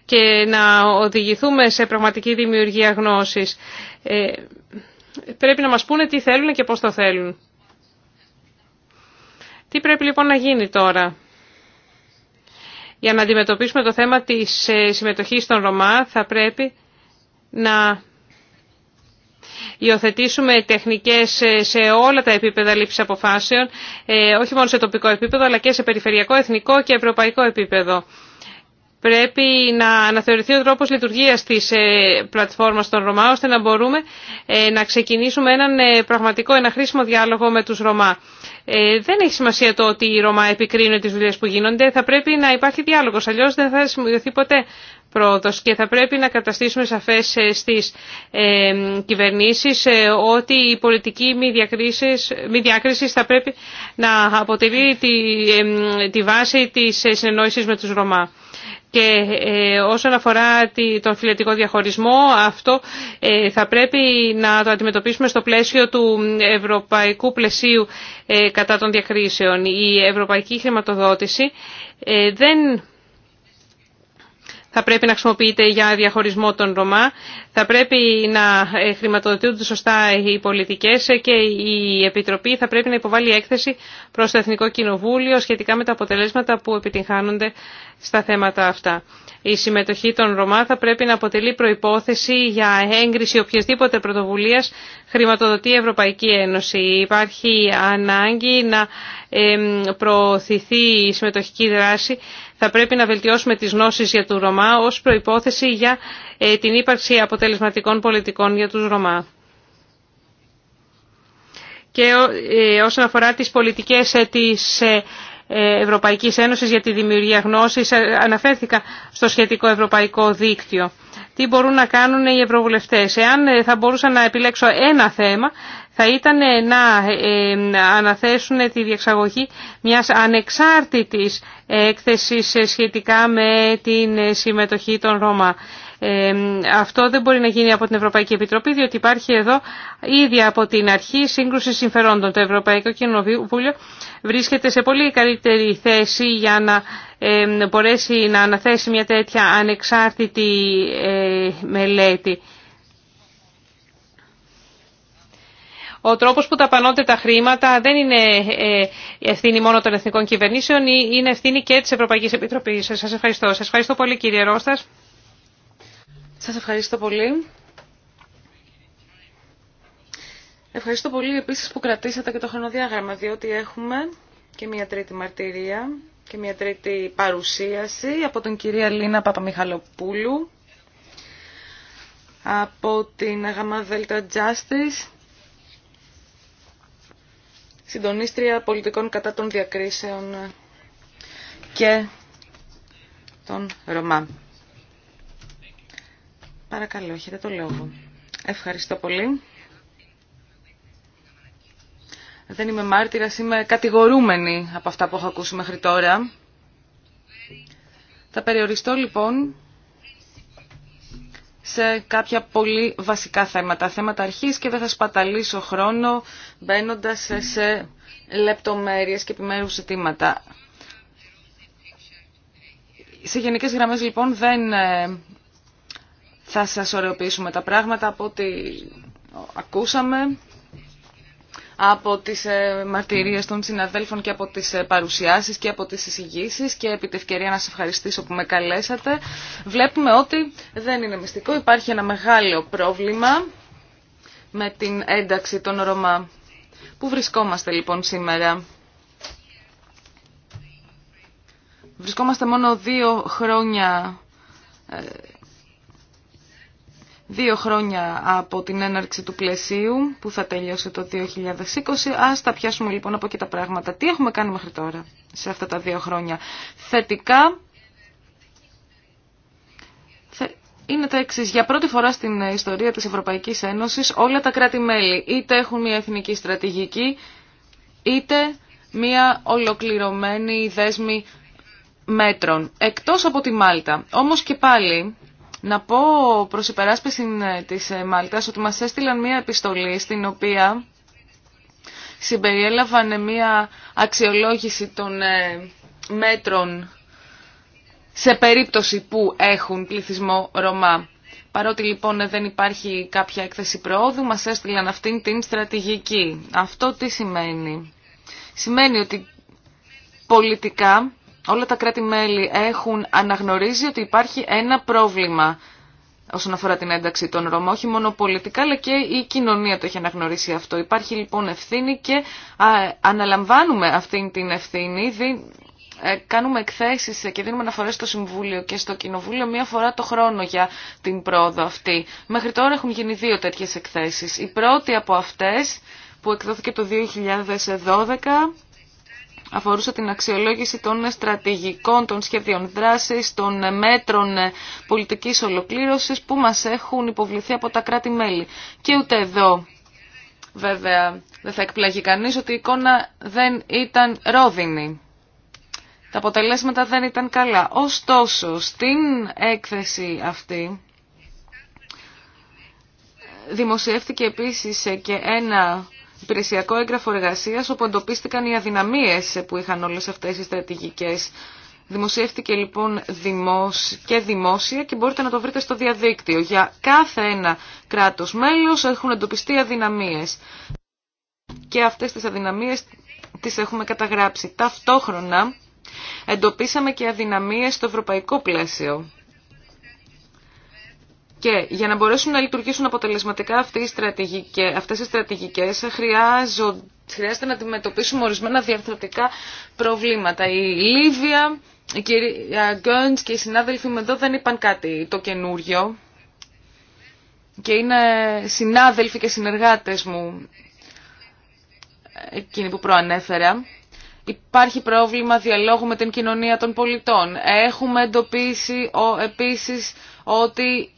και να οδηγηθούμε σε πραγματική δημιουργία γνώσης. Ε, πρέπει να μας πούνε τι θέλουν και πώς το θέλουν. Τι πρέπει λοιπόν να γίνει τώρα. Για να αντιμετωπίσουμε το θέμα της ε, συμμετοχής των Ρωμά θα πρέπει να υιοθετήσουμε τεχνικές ε, σε όλα τα επίπεδα λήψης αποφάσεων, ε, όχι μόνο σε τοπικό επίπεδο, αλλά και σε περιφερειακό, εθνικό και ευρωπαϊκό επίπεδο. Πρέπει να αναθεωρηθεί ο τρόπος λειτουργίας της ε, πλατφόρμας των Ρωμά, ώστε να μπορούμε να ξεκινήσουμε έναν πραγματικό, ένα χρήσιμο διάλογο με τους Ρωμά. Δεν έχει σημασία το ότι οι Ρωμά επικρίνουν τις δουλειές που γίνονται. Θα πρέπει να υπάρχει διάλογος, αλλιώς δεν θα σημειωθεί ποτέ και θα πρέπει να καταστήσουμε σαφές ε, στις ε, κυβερνήσεις ε, ότι η πολιτική μη, μη διάκρισης θα πρέπει να αποτελεί τη, τη βάση της συνεννόησης με τους Ρωμά. Και όσον αφορά τον φιλετικό διαχωρισμό, αυτό θα πρέπει να το αντιμετωπίσουμε στο πλαίσιο του ευρωπαϊκού πλαισίου κατά των διακρίσεων. Η ευρωπαϊκή χρηματοδότηση δεν θα πρέπει να χρησιμοποιείται για διαχωρισμό των Ρωμά, θα πρέπει να ε, χρηματοδοτούνται σωστά οι πολιτικές και η Επιτροπή θα πρέπει να υποβάλει έκθεση προς το Εθνικό Κοινοβούλιο σχετικά με τα αποτελέσματα που επιτυγχάνονται στα θέματα αυτά. Η συμμετοχή των Ρωμά θα πρέπει να αποτελεί προϋπόθεση για έγκριση οποιασδήποτε πρωτοβουλίας χρηματοδοτεί η Ευρωπαϊκή Ένωση. Υπάρχει ανάγκη να προωθηθεί η συμμετοχική δράση θα πρέπει να βελτιώσουμε τις γνώσεις για τους Ρωμά ως προϋπόθεση για ε, την ύπαρξη αποτελεσματικών πολιτικών για τους Ρωμά. Και ε, όσον αφορά τις πολιτικές ε, της Ευρωπαϊκής Ένωσης για τη δημιουργία γνώσης, αναφέρθηκα στο σχετικό ευρωπαϊκό δίκτυο. Τι μπορούν να κάνουν οι ευρωβουλευτές. Εάν θα μπορούσα να επιλέξω ένα θέμα, θα ήταν ε, να ε, αναθέσουν τη διεξαγωγή μιας ανεξάρτητης έκθεσης ε, σχετικά με την συμμετοχή των Ρώμα. Αυτό δεν μπορεί να γίνει από την Ευρωπαϊκή Επιτροπή διότι υπάρχει εδώ ήδη από την αρχή σύγκρουση συμφερόντων. Το Ευρωπαϊκό Κοινοβούλιο βρίσκεται σε πολύ καλύτερη θέση για να μπορέσει να αναθέσει μια τέτοια ανεξάρτητη μελέτη. Ο τρόπος που ταπανώνται τα χρήματα δεν είναι ε, ευθύνη μόνο των εθνικών κυβερνήσεων, είναι ευθύνη και της Ευρωπαϊκής Επιτροπής. Σας ευχαριστώ. Σας ευχαριστώ πολύ κύριε Ρώστας. Σας ευχαριστώ πολύ. Ευχαριστώ πολύ επίσης που κρατήσατε και το χρονοδιάγραμμα, διότι έχουμε και μία τρίτη μαρτυρία και μία τρίτη παρουσίαση από τον κυρία Λίνα Παπαμιχαλοπούλου από την Αγαμά ΔΕΛΤΑ Justice συντονίστρια πολιτικών κατά των διακρίσεων και των Ρωμά. Παρακαλώ, έχετε το λόγο. Ευχαριστώ πολύ. Δεν είμαι μάρτυρας, είμαι κατηγορούμενη από αυτά που έχω ακούσει μέχρι τώρα. Θα περιοριστώ λοιπόν σε κάποια πολύ βασικά θέματα, θέματα αρχής και δεν θα σπαταλήσω χρόνο μπαίνοντας σε λεπτομέρειες και επιμέρους ζητήματα. Σε γενικές γραμμές λοιπόν δεν ε, θα σας ωρεοποιήσουμε τα πράγματα από ό,τι ακούσαμε από τις ε, μαρτυρίες των συναδέλφων και από τις ε, παρουσιάσεις και από τις εισηγήσεις και επί τη ευκαιρία να σα ευχαριστήσω που με καλέσατε. Βλέπουμε ότι δεν είναι μυστικό, υπάρχει ένα μεγάλο πρόβλημα με την ένταξη των Ρωμά. Πού βρισκόμαστε λοιπόν σήμερα. Βρισκόμαστε μόνο δύο χρόνια ε, δύο χρόνια από την έναρξη του πλαισίου που θα τελειώσει το 2020. Ας τα πιάσουμε λοιπόν από εκεί τα πράγματα. Τι έχουμε κάνει μέχρι τώρα σε αυτά τα δύο χρόνια. Θετικά είναι τα εξή. Για πρώτη φορά στην ιστορία της Ευρωπαϊκής Ένωσης όλα τα κράτη-μέλη είτε έχουν μια εθνική στρατηγική είτε μια ολοκληρωμένη δέσμη μέτρων. Εκτός από τη Μάλτα. Όμως και πάλι να πω προ υπεράσπιση ε, της ε, μάλτα ότι μα έστειλαν μία επιστολή στην οποία συμπεριέλαβαν μία αξιολόγηση των ε, μέτρων σε περίπτωση που έχουν πληθυσμό Ρωμά. Παρότι λοιπόν δεν υπάρχει κάποια έκθεση προόδου, μας έστειλαν αυτήν την στρατηγική. Αυτό τι σημαίνει. Σημαίνει ότι πολιτικά όλα τα κράτη-μέλη έχουν αναγνωρίζει ότι υπάρχει ένα πρόβλημα όσον αφορά την ένταξη των Ρώμων. όχι μόνο πολιτικά, αλλά και η κοινωνία το έχει αναγνωρίσει αυτό. Υπάρχει λοιπόν ευθύνη και αναλαμβάνουμε αυτή την ευθύνη, ε, κάνουμε εκθέσεις και δίνουμε αναφορές στο Συμβούλιο και στο Κοινοβούλιο μία φορά το χρόνο για την πρόοδο αυτή. Μέχρι τώρα έχουν γίνει δύο τέτοιες εκθέσεις. Η πρώτη από αυτές που εκδόθηκε το 2012 αφορούσε την αξιολόγηση των στρατηγικών, των σχεδίων δράσης, των μέτρων πολιτικής ολοκλήρωσης που μας έχουν υποβληθεί από τα κράτη-μέλη. Και ούτε εδώ βέβαια δεν θα εκπλαγεί κανείς ότι η εικόνα δεν ήταν ρόδινη. Τα αποτελέσματα δεν ήταν καλά. Ωστόσο, στην έκθεση αυτή δημοσιεύτηκε επίσης και ένα υπηρεσιακό έγγραφο εργασία όπου εντοπίστηκαν οι αδυναμίε που είχαν όλε αυτέ οι στρατηγικέ. Δημοσιεύτηκε λοιπόν και δημόσια και μπορείτε να το βρείτε στο διαδίκτυο. Για κάθε ένα κράτος μέλο έχουν εντοπιστεί αδυναμίε. Και αυτές τι αδυναμίες τι έχουμε καταγράψει. Ταυτόχρονα εντοπίσαμε και αδυναμίες στο ευρωπαϊκό πλαίσιο. Και για να μπορέσουν να λειτουργήσουν αποτελεσματικά αυτές οι στρατηγικές, αυτές οι στρατηγικές χρειάζεται να αντιμετωπίσουμε ορισμένα διαρθρωτικά προβλήματα. Η Λίβια, η κυρία Γκόντς και οι συνάδελφοι με εδώ δεν είπαν κάτι το καινούριο και είναι συνάδελφοι και συνεργάτες μου εκείνοι που προανέφερα. Υπάρχει πρόβλημα διαλόγου με την κοινωνία των πολιτών. Έχουμε εντοπίσει ο, επίσης ότι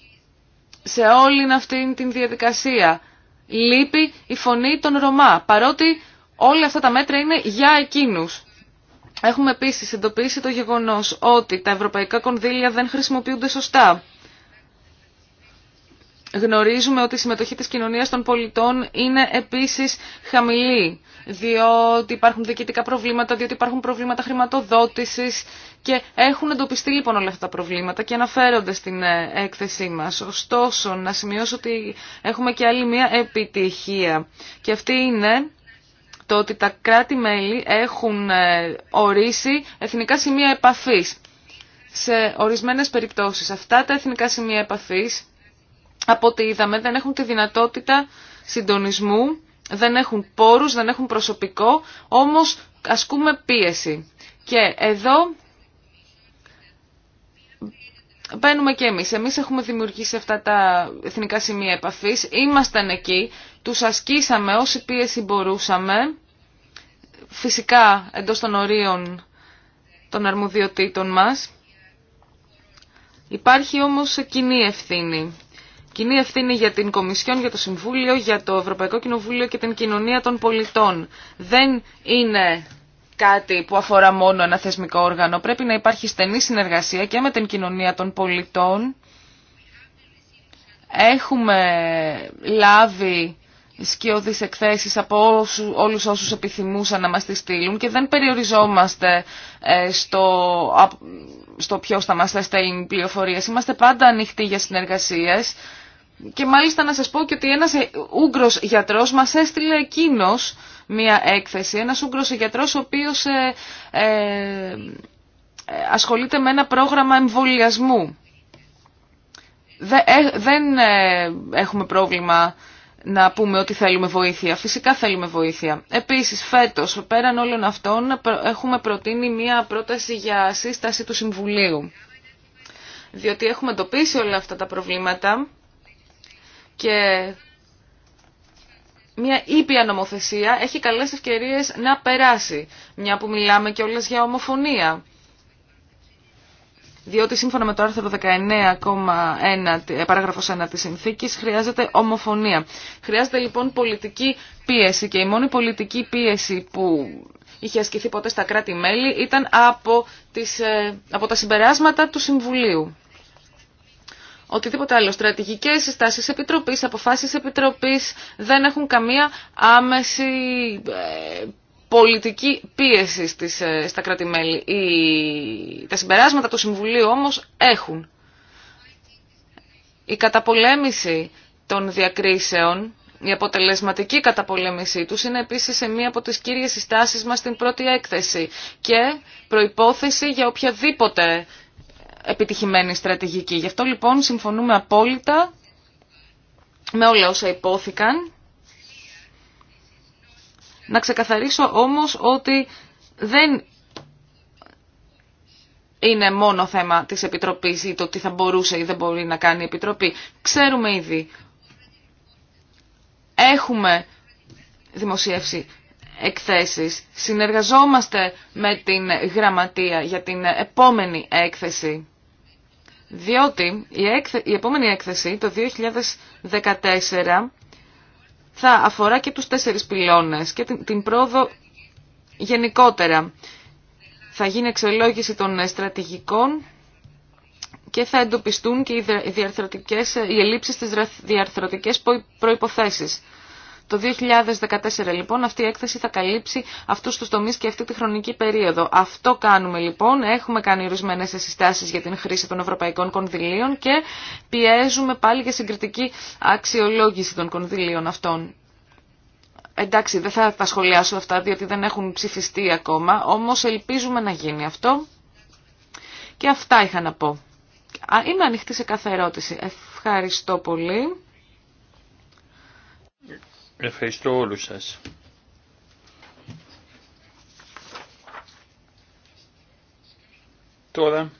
σε όλη αυτή τη διαδικασία. Λείπει η φωνή των Ρωμά, παρότι όλα αυτά τα μέτρα είναι για εκείνους. Έχουμε επίσης εντοπίσει το γεγονός ότι τα ευρωπαϊκά κονδύλια δεν χρησιμοποιούνται σωστά. Γνωρίζουμε ότι η συμμετοχή της κοινωνίας των πολιτών είναι επίσης χαμηλή, διότι υπάρχουν διοικητικά προβλήματα, διότι υπάρχουν προβλήματα χρηματοδότησης και έχουν εντοπιστεί λοιπόν όλα αυτά τα προβλήματα και αναφέρονται στην ε, έκθεσή μας. Ωστόσο, να σημειώσω ότι έχουμε και άλλη μία επιτυχία και αυτή είναι το ότι τα κράτη-μέλη έχουν ε, ορίσει εθνικά σημεία επαφής. Σε ορισμένες περιπτώσεις αυτά τα εθνικά σημεία επαφής από ό,τι είδαμε δεν έχουν τη δυνατότητα συντονισμού, δεν έχουν πόρους, δεν έχουν προσωπικό, όμως ασκούμε πίεση. Και εδώ μπαίνουμε και εμείς. Εμείς έχουμε δημιουργήσει αυτά τα εθνικά σημεία επαφής, ήμασταν εκεί, τους ασκήσαμε όση πίεση μπορούσαμε, φυσικά εντός των ορίων των αρμοδιοτήτων μας. Υπάρχει όμως κοινή ευθύνη Κοινή ευθύνη για την Κομισιόν, για το Συμβούλιο, για το Ευρωπαϊκό Κοινοβούλιο και την κοινωνία των πολιτών. Δεν είναι κάτι που αφορά μόνο ένα θεσμικό όργανο. Πρέπει να υπάρχει στενή συνεργασία και με την κοινωνία των πολιτών. Έχουμε λάβει σκιώδει εκθέσεις από όσου, όλους όσους επιθυμούσαν να μα τις στείλουν και δεν περιοριζόμαστε ε, στο, στο ποιος θα μας στέλνει Είμαστε πάντα ανοιχτοί για συνεργασίε. και μάλιστα να σας πω και ότι ένας ε, Ούγγρος γιατρός μας έστειλε εκείνο μία έκθεση. Ένας Ούγγρος γιατρός ο οποίος ε, ασχολείται με ένα πρόγραμμα εμβολιασμού. Δεν έχουμε πρόβλημα να πούμε ότι θέλουμε βοήθεια. Φυσικά θέλουμε βοήθεια. Επίσης, φέτος, πέραν όλων αυτών, έχουμε προτείνει μία πρόταση για σύσταση του Συμβουλίου. Διότι έχουμε εντοπίσει όλα αυτά τα προβλήματα και μια ήπια νομοθεσία έχει καλές ευκαιρίες να περάσει. Μια που μιλάμε και όλες για ομοφωνία διότι σύμφωνα με το άρθρο 19,1 παράγραφος 1 της συνθήκης χρειάζεται ομοφωνία. Χρειάζεται λοιπόν πολιτική πίεση και η μόνη πολιτική πίεση που είχε ασκηθεί ποτέ στα κράτη-μέλη ήταν από, τις, ε, από τα συμπεράσματα του Συμβουλίου. Οτιδήποτε άλλο. Στρατηγικές συστάσεις επιτροπής, αποφάσεις επιτροπής δεν έχουν καμία άμεση ε, πολιτική πίεση στις, ε, στα κράτη-μέλη. Τα συμπεράσματα του Συμβουλίου όμως έχουν. Η καταπολέμηση των διακρίσεων, η αποτελεσματική καταπολέμησή τους είναι επίσης σε μία από τις κύριες συστάσεις μας στην πρώτη έκθεση και προϋπόθεση για οποιαδήποτε επιτυχημένη στρατηγική. Γι' αυτό λοιπόν συμφωνούμε απόλυτα με όλα όσα υπόθηκαν να ξεκαθαρίσω όμως ότι δεν είναι μόνο θέμα της Επιτροπής ή το τι θα μπορούσε ή δεν μπορεί να κάνει η Επιτροπή. Ξέρουμε ήδη. Έχουμε δημοσιεύσει εκθέσεις. Συνεργαζόμαστε με την Γραμματεία για την επόμενη έκθεση. Διότι η, η επόμενη έκθεση το 2014 θα αφορά και τους τέσσερις πυλώνες και την, την πρόοδο γενικότερα. Θα γίνει εξελόγηση των στρατηγικών και θα εντοπιστούν και οι, διαρθρωτικές, οι ελλείψεις στις διαρθρωτικές προϋποθέσεις. Το 2014 λοιπόν αυτή η έκθεση θα καλύψει αυτούς τους τομείς και αυτή τη χρονική περίοδο. Αυτό κάνουμε λοιπόν, έχουμε κάνει ορισμένε συστάσεις για την χρήση των ευρωπαϊκών κονδυλίων και πιέζουμε πάλι για συγκριτική αξιολόγηση των κονδυλίων αυτών. Εντάξει, δεν θα τα σχολιάσω αυτά διότι δεν έχουν ψηφιστεί ακόμα, όμως ελπίζουμε να γίνει αυτό. Και αυτά είχα να πω. Είμαι ανοιχτή σε κάθε ερώτηση. Ευχαριστώ πολύ. Ευχαριστώ όλους σας. Τώρα,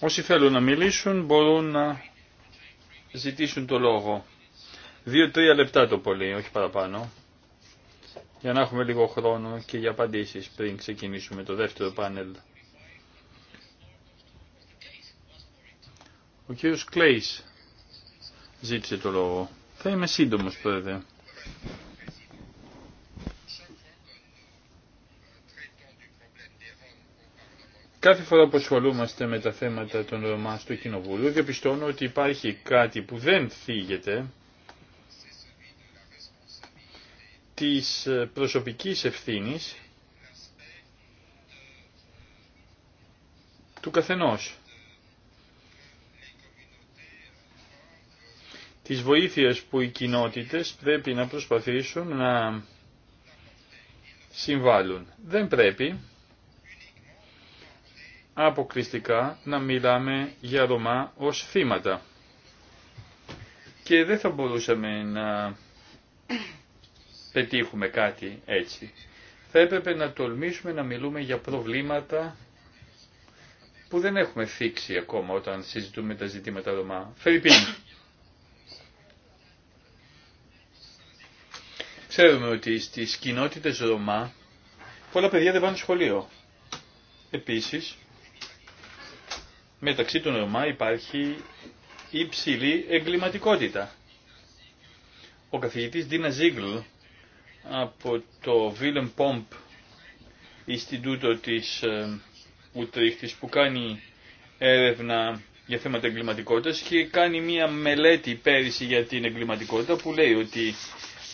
όσοι θέλουν να μιλήσουν μπορούν να ζητήσουν το λόγο. Δύο-τρία λεπτά το πολύ, όχι παραπάνω, για να έχουμε λίγο χρόνο και για απαντήσεις πριν ξεκινήσουμε το δεύτερο πάνελ. Ο κύριος Κλέης ζήτησε το λόγο. Θα είμαι σύντομο, πρόεδρε. Κάθε φορά που ασχολούμαστε με τα θέματα των Ρωμά στο Κοινοβούλιο, διαπιστώνω ότι υπάρχει κάτι που δεν θίγεται της προσωπικής ευθύνης του καθενός. της βοήθειας που οι κοινότητες πρέπει να προσπαθήσουν να συμβάλλουν. Δεν πρέπει αποκριστικά να μιλάμε για Ρωμά ως θύματα. Και δεν θα μπορούσαμε να πετύχουμε κάτι έτσι. Θα έπρεπε να τολμήσουμε να μιλούμε για προβλήματα που δεν έχουμε θίξει ακόμα όταν συζητούμε τα ζητήματα Ρωμά. Φερρυπίν. Ξέρουμε ότι στις κοινότητες Ρωμά πολλά παιδιά δεν πάνε σχολείο. Επίσης, μεταξύ των Ρωμά υπάρχει υψηλή εγκληματικότητα. Ο καθηγητής Ντίνα Ζίγκλ από το Βίλεμ Πομπ Ινστιτούτο της ε, Ουτρίχτης που κάνει έρευνα για θέματα εγκληματικότητας και κάνει μία μελέτη πέρυσι για την εγκληματικότητα που λέει ότι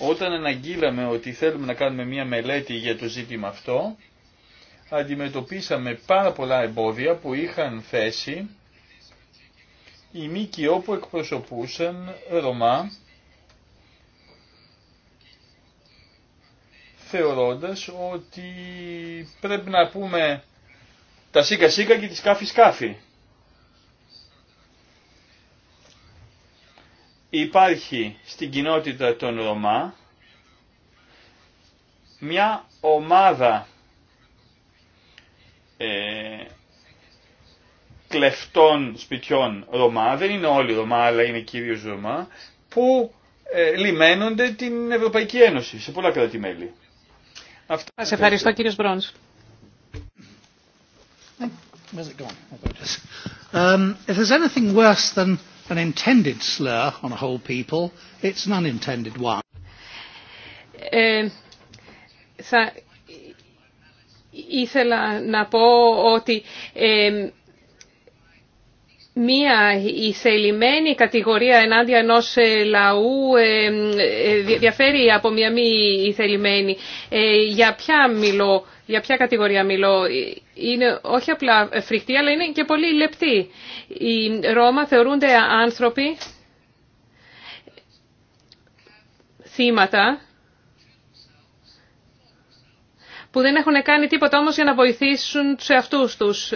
όταν αναγγείλαμε ότι θέλουμε να κάνουμε μία μελέτη για το ζήτημα αυτό, αντιμετωπίσαμε πάρα πολλά εμπόδια που είχαν θέσει οι ΜΚΟ όπου εκπροσωπούσαν Ρωμά, θεωρώντας ότι πρέπει να πούμε τα σίκα σίκα και τη σκάφη σκάφη. υπάρχει στην κοινότητα των Ρωμά μια ομάδα ε, κλεφτών σπιτιών Ρωμά, δεν είναι όλοι Ρωμά αλλά είναι κυρίως Ρωμά, που ε, λιμένονται την Ευρωπαϊκή Ένωση σε πολλά κράτη-μέλη. Αυτά... Σε ευχαριστώ κύριος Μπρόνς. Um, if there's anything worse than an intended slur on a whole people. It's an unintended one. Ε, θα ήθελα να πω ότι ε, μία ηθελημένη κατηγορία ενάντια ενός ε, λαού ε, ε, διαφέρει από μία μη Ε, Για ποια μιλώ, για ποια κατηγορία μιλώ. Είναι όχι απλά φρικτή, αλλά είναι και πολύ λεπτή. Οι Ρώμα θεωρούνται άνθρωποι θύματα που δεν έχουν κάνει τίποτα όμως για να βοηθήσουν σε αυτούς τους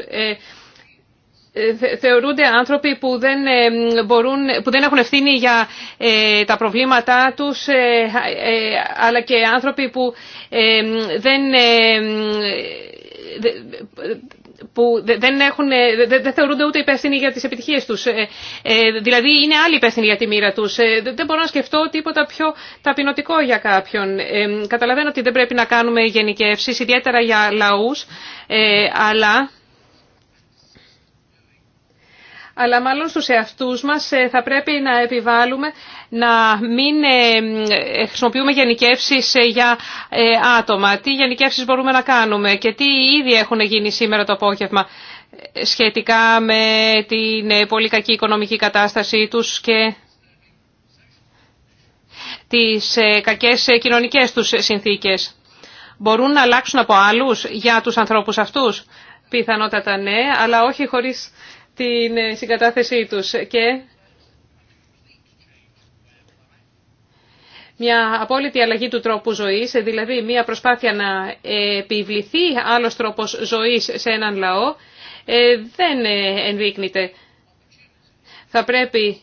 θεωρούνται άνθρωποι που δεν, ε, μπορούν, που δεν έχουν ευθύνη για ε, τα προβλήματά τους ε, αλλά και άνθρωποι που δεν που δεν, έχουν, δεν θεωρούνται ούτε υπεύθυνοι για τις επιτυχίες τους. δηλαδή είναι άλλοι υπεύθυνοι για τη μοίρα τους. δεν μπορώ να σκεφτώ τίποτα πιο ταπεινωτικό για κάποιον. καταλαβαίνω ότι δεν πρέπει να κάνουμε γενικεύσεις, ιδιαίτερα για λαούς, αλλά αλλά μάλλον στους εαυτούς μας ε, θα πρέπει να επιβάλλουμε να μην ε, ε, χρησιμοποιούμε γενικεύσεις για άτομα. Τι γενικεύσεις μπορούμε να κάνουμε και τι ήδη έχουν γίνει σήμερα το απόγευμα σχετικά με την πολύ κακή οικονομική κατάστασή τους και τις κακές κοινωνικές τους συνθήκες. Μπορούν να αλλάξουν από άλλους για τους ανθρώπους αυτούς. Πιθανότατα ναι, αλλά όχι χωρίς την ε, συγκατάθεσή τους και μια απόλυτη αλλαγή του τρόπου ζωής, δηλαδή μια προσπάθεια να επιβληθεί άλλος τρόπος ζωής σε έναν λαό, ε, δεν ε, ενδείκνυται. Θα πρέπει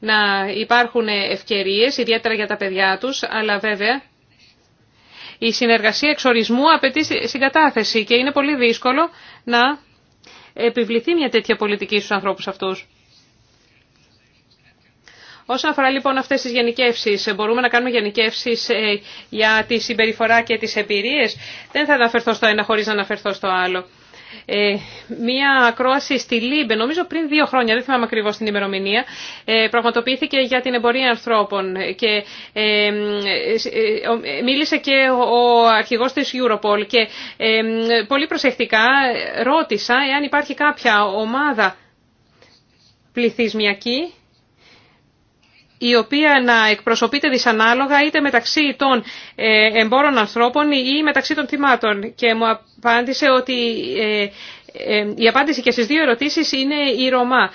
να υπάρχουν ευκαιρίες, ιδιαίτερα για τα παιδιά τους, αλλά βέβαια η συνεργασία εξορισμού απαιτεί συγκατάθεση και είναι πολύ δύσκολο να επιβληθεί μια τέτοια πολιτική στους ανθρώπους αυτούς. Όσον αφορά λοιπόν αυτές τις γενικεύσεις, μπορούμε να κάνουμε γενικεύσεις ε, για τη συμπεριφορά και τις εμπειρίες. Δεν θα αναφερθώ στο ένα χωρίς να αναφερθώ στο άλλο. Ε, μία ακρόαση στη Λίμπε, νομίζω πριν δύο χρόνια, δεν θυμάμαι ακριβώς την ημερομηνία, ε, πραγματοποιήθηκε για την εμπορία ανθρώπων και ε, μίλησε και ο αρχηγός της Europol και πολύ προσεκτικά ρώτησα εάν υπάρχει κάποια ομάδα πληθυσμιακή η οποία να εκπροσωπείται δυσανάλογα είτε μεταξύ των ε, εμπόρων ανθρώπων ή μεταξύ των θυμάτων. Και μου απάντησε ότι ε, ε, η απάντηση και στις δύο ερωτήσεις είναι η Ρωμά.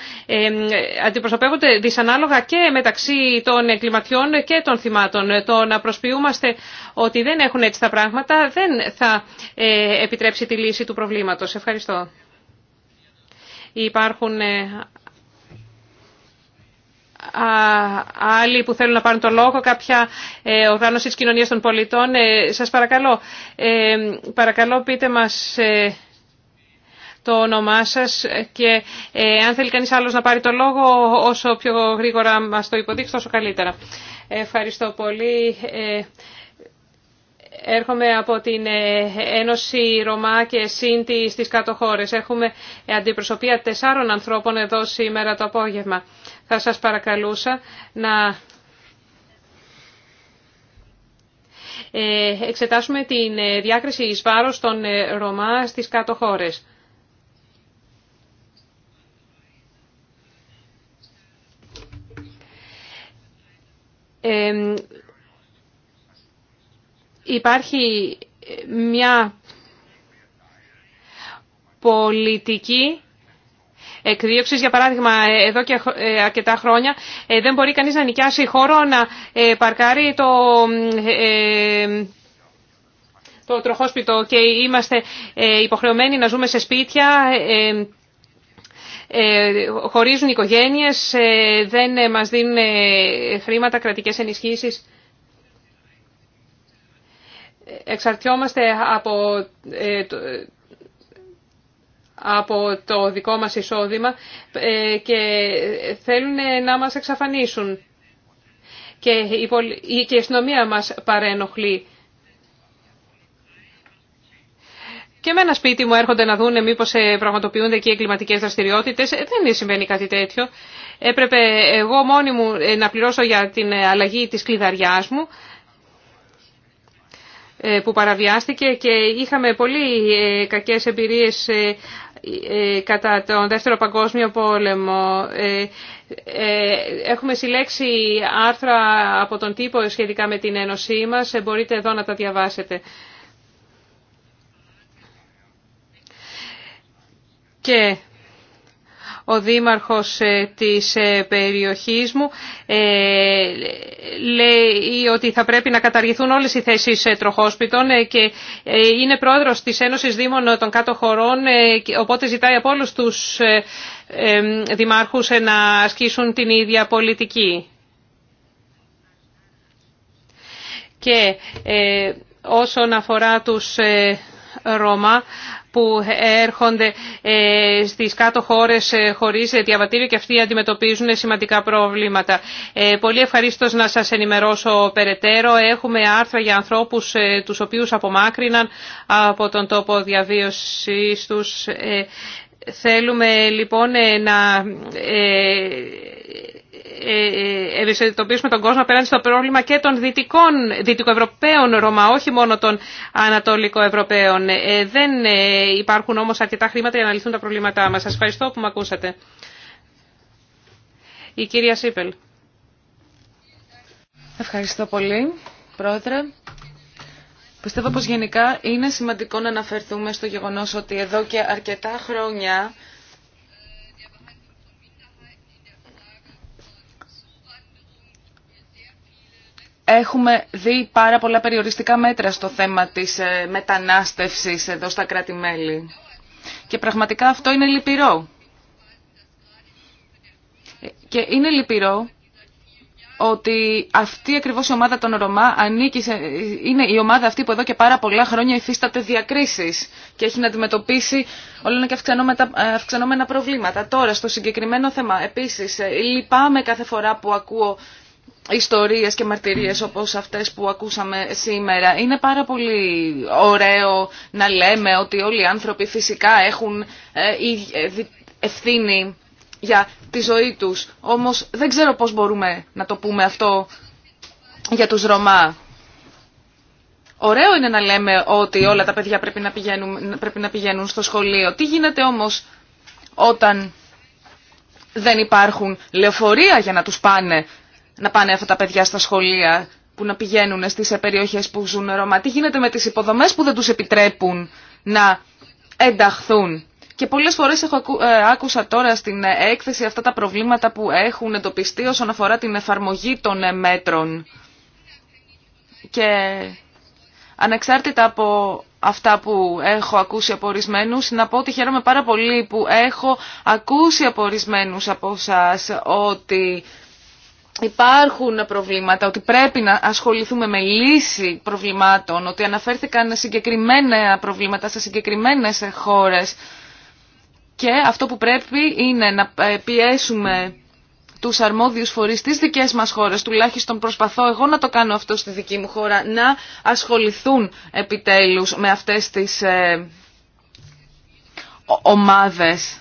Αντιπροσωπεύονται δυσανάλογα και μεταξύ των εγκληματιών και των θυμάτων. Το να προσποιούμαστε ότι δεν έχουν έτσι τα πράγματα δεν θα επιτρέψει τη λύση του προβλήματος. Ευχαριστώ. Υπάρχουν άλλοι που θέλουν να πάρουν το λόγο, κάποια ε, οργάνωση της κοινωνίας των πολιτών. Ε, σας παρακαλώ, ε, παρακαλώ πείτε μας το όνομά σας και αν θέλει κανείς άλλος να πάρει το λόγο, όσο πιο γρήγορα μας το υποδείξει, τόσο καλύτερα. Ευχαριστώ πολύ. Έρχομαι από την Ένωση Ρωμά και Σύντη στις κάτω χώρες. Έχουμε αντιπροσωπεία τεσσάρων ανθρώπων εδώ σήμερα το απόγευμα θα σας παρακαλούσα να ε, εξετάσουμε την ε, διάκριση εις βάρος των ε, Ρωμά στις κάτω χώρες. υπάρχει μια πολιτική για παράδειγμα, εδώ και ε, αρκετά χρόνια ε, δεν μπορεί κανείς να νοικιάσει χώρο να ε, παρκάρει το το τροχόσπιτο και είμαστε υποχρεωμένοι να ζούμε σε σπίτια χωρίζουν οικογένειες, δεν μας δίνουν χρήματα, κρατικές ενισχύσεις. Εξαρτιόμαστε από από το δικό μας εισόδημα ε, και θέλουν να μας εξαφανίσουν. Και η αστυνομία μας παρενοχλεί. Και με ένα σπίτι μου έρχονται να δούνε μήπως ε, πραγματοποιούνται εκεί εγκληματικές δραστηριότητες. Ε, δεν συμβαίνει κάτι τέτοιο. Έπρεπε εγώ μόνη μου να πληρώσω για την αλλαγή της κλειδαριάς μου που παραβιάστηκε και είχαμε πολύ κακές εμπειρίες ε, κατά τον Δεύτερο Παγκόσμιο Πόλεμο. Ε, ε, έχουμε συλλέξει άρθρα από τον τύπο σχετικά με την Ένωσή μας. Μπορείτε εδώ να τα διαβάσετε. Και ο δήμαρχος ε, της ε, περιοχής μου ε, λέει ότι θα πρέπει να καταργηθούν όλες οι θέσεις τροχόσπιτων και είναι πρόεδρος της Ένωσης Δήμων των Κάτω Χωρών οπότε ζητάει από όλους τους δημάρχους να ασκήσουν την ίδια πολιτική. Και όσον αφορά τους Ρώμα που έρχονται ε, στις κάτω χώρες ε, χωρίς διαβατήριο και αυτοί αντιμετωπίζουν σημαντικά προβλήματα. Ε, πολύ ευχαρίστω να σας ενημερώσω περαιτέρω. Έχουμε άρθρα για ανθρώπους τους οποίους απομάκρυναν από τον τόπο διαβίωσης τους. Θέλουμε λοιπόν να ε, ε, ευαισθητοποιήσουμε τον κόσμο απέναντι στο πρόβλημα και των δυτικών, δυτικοευρωπαίων Ρωμά, όχι μόνο των ανατολικοευρωπαίων. Ε, δεν υπάρχουν όμως αρκετά χρήματα για να λυθούν τα προβλήματά μας. Σας ευχαριστώ που με ακούσατε. Η κυρία Σίπελ. Ευχαριστώ πολύ, Πρόεδρε. Πιστεύω πως γενικά είναι σημαντικό να αναφερθούμε στο γεγονός ότι εδώ και αρκετά χρόνια Έχουμε δει πάρα πολλά περιοριστικά μέτρα στο θέμα της ε, μετανάστευσης εδώ στα κράτη-μέλη. Και πραγματικά αυτό είναι λυπηρό. Και είναι λυπηρό ότι αυτή ακριβώς η ομάδα των Ρωμά ανήκει είναι η ομάδα αυτή που εδώ και πάρα πολλά χρόνια υφίσταται διακρίσεις και έχει να αντιμετωπίσει όλα και ε, αυξανόμενα προβλήματα. Τώρα, στο συγκεκριμένο θέμα, επίσης, ε, λυπάμαι κάθε φορά που ακούω ιστορίες και μαρτυρίες όπως αυτές που ακούσαμε σήμερα. Είναι πάρα πολύ ωραίο να λέμε ότι όλοι οι άνθρωποι φυσικά έχουν ε, ε, ευθύνη για τη ζωή τους. Όμως δεν ξέρω πώς μπορούμε να το πούμε αυτό για τους Ρωμά. Ωραίο είναι να λέμε ότι όλα τα παιδιά πρέπει να πηγαίνουν, στο σχολείο. Τι γίνεται όμως όταν δεν υπάρχουν λεωφορεία για να τους πάνε να πάνε αυτά τα παιδιά στα σχολεία που να πηγαίνουν στις περιοχές που ζουν Ρώμα. Τι γίνεται με τις υποδομές που δεν τους επιτρέπουν να ενταχθούν. Και πολλές φορές έχω, ε, άκουσα τώρα στην ε, έκθεση αυτά τα προβλήματα που έχουν εντοπιστεί όσον αφορά την εφαρμογή των ε, μέτρων. Και ανεξάρτητα από αυτά που έχω ακούσει από ορισμένου, να πω ότι χαίρομαι πάρα πολύ που έχω ακούσει από ορισμένου από εσά ότι υπάρχουν προβλήματα, ότι πρέπει να ασχοληθούμε με λύση προβλημάτων, ότι αναφέρθηκαν συγκεκριμένα προβλήματα σε συγκεκριμένες χώρες και αυτό που πρέπει είναι να πιέσουμε τους αρμόδιους φορείς στις δικές μας χώρες, τουλάχιστον προσπαθώ εγώ να το κάνω αυτό στη δική μου χώρα, να ασχοληθούν επιτέλους με αυτές τις ε, ομάδες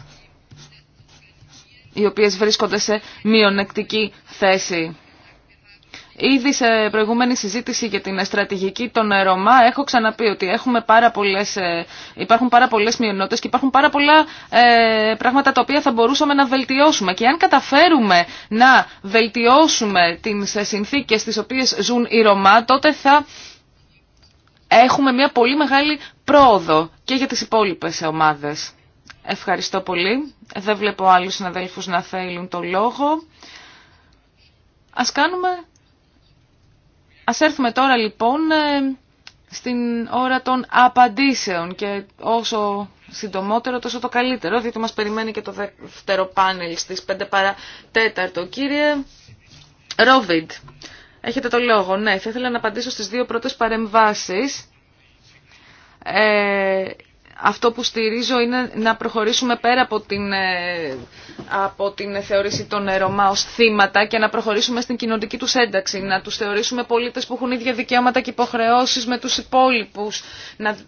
οι οποίες βρίσκονται σε μειονεκτική θέση. Ήδη σε προηγούμενη συζήτηση για την στρατηγική των Ρωμά έχω ξαναπεί ότι έχουμε πάρα πολλές, ε, υπάρχουν πάρα πολλές μειονότητες και υπάρχουν πάρα πολλά ε, πράγματα τα οποία θα μπορούσαμε να βελτιώσουμε. Και αν καταφέρουμε να βελτιώσουμε τις συνθήκες στις οποίες ζουν οι Ρωμά, τότε θα έχουμε μια πολύ μεγάλη πρόοδο και για τις υπόλοιπες ομάδες. Ευχαριστώ πολύ. Δεν βλέπω άλλους συναδέλφους να θέλουν το λόγο. Ας κάνουμε... Ας έρθουμε τώρα λοιπόν ε, στην ώρα των απαντήσεων και όσο συντομότερο τόσο το καλύτερο, διότι μας περιμένει και το δεύτερο πάνελ στις 5 παρά τέταρτο. Κύριε Ρόβιντ, έχετε το λόγο. Ναι, θα ήθελα να απαντήσω στις δύο πρώτες παρεμβάσεις. Ε, αυτό που στηρίζω είναι να προχωρήσουμε πέρα από την, ε, από την θεωρήση των Ρωμά ως θύματα και να προχωρήσουμε στην κοινωνική τους ένταξη, να τους θεωρήσουμε πολίτες που έχουν ίδια δικαιώματα και υποχρεώσεις με τους υπόλοιπους. Να...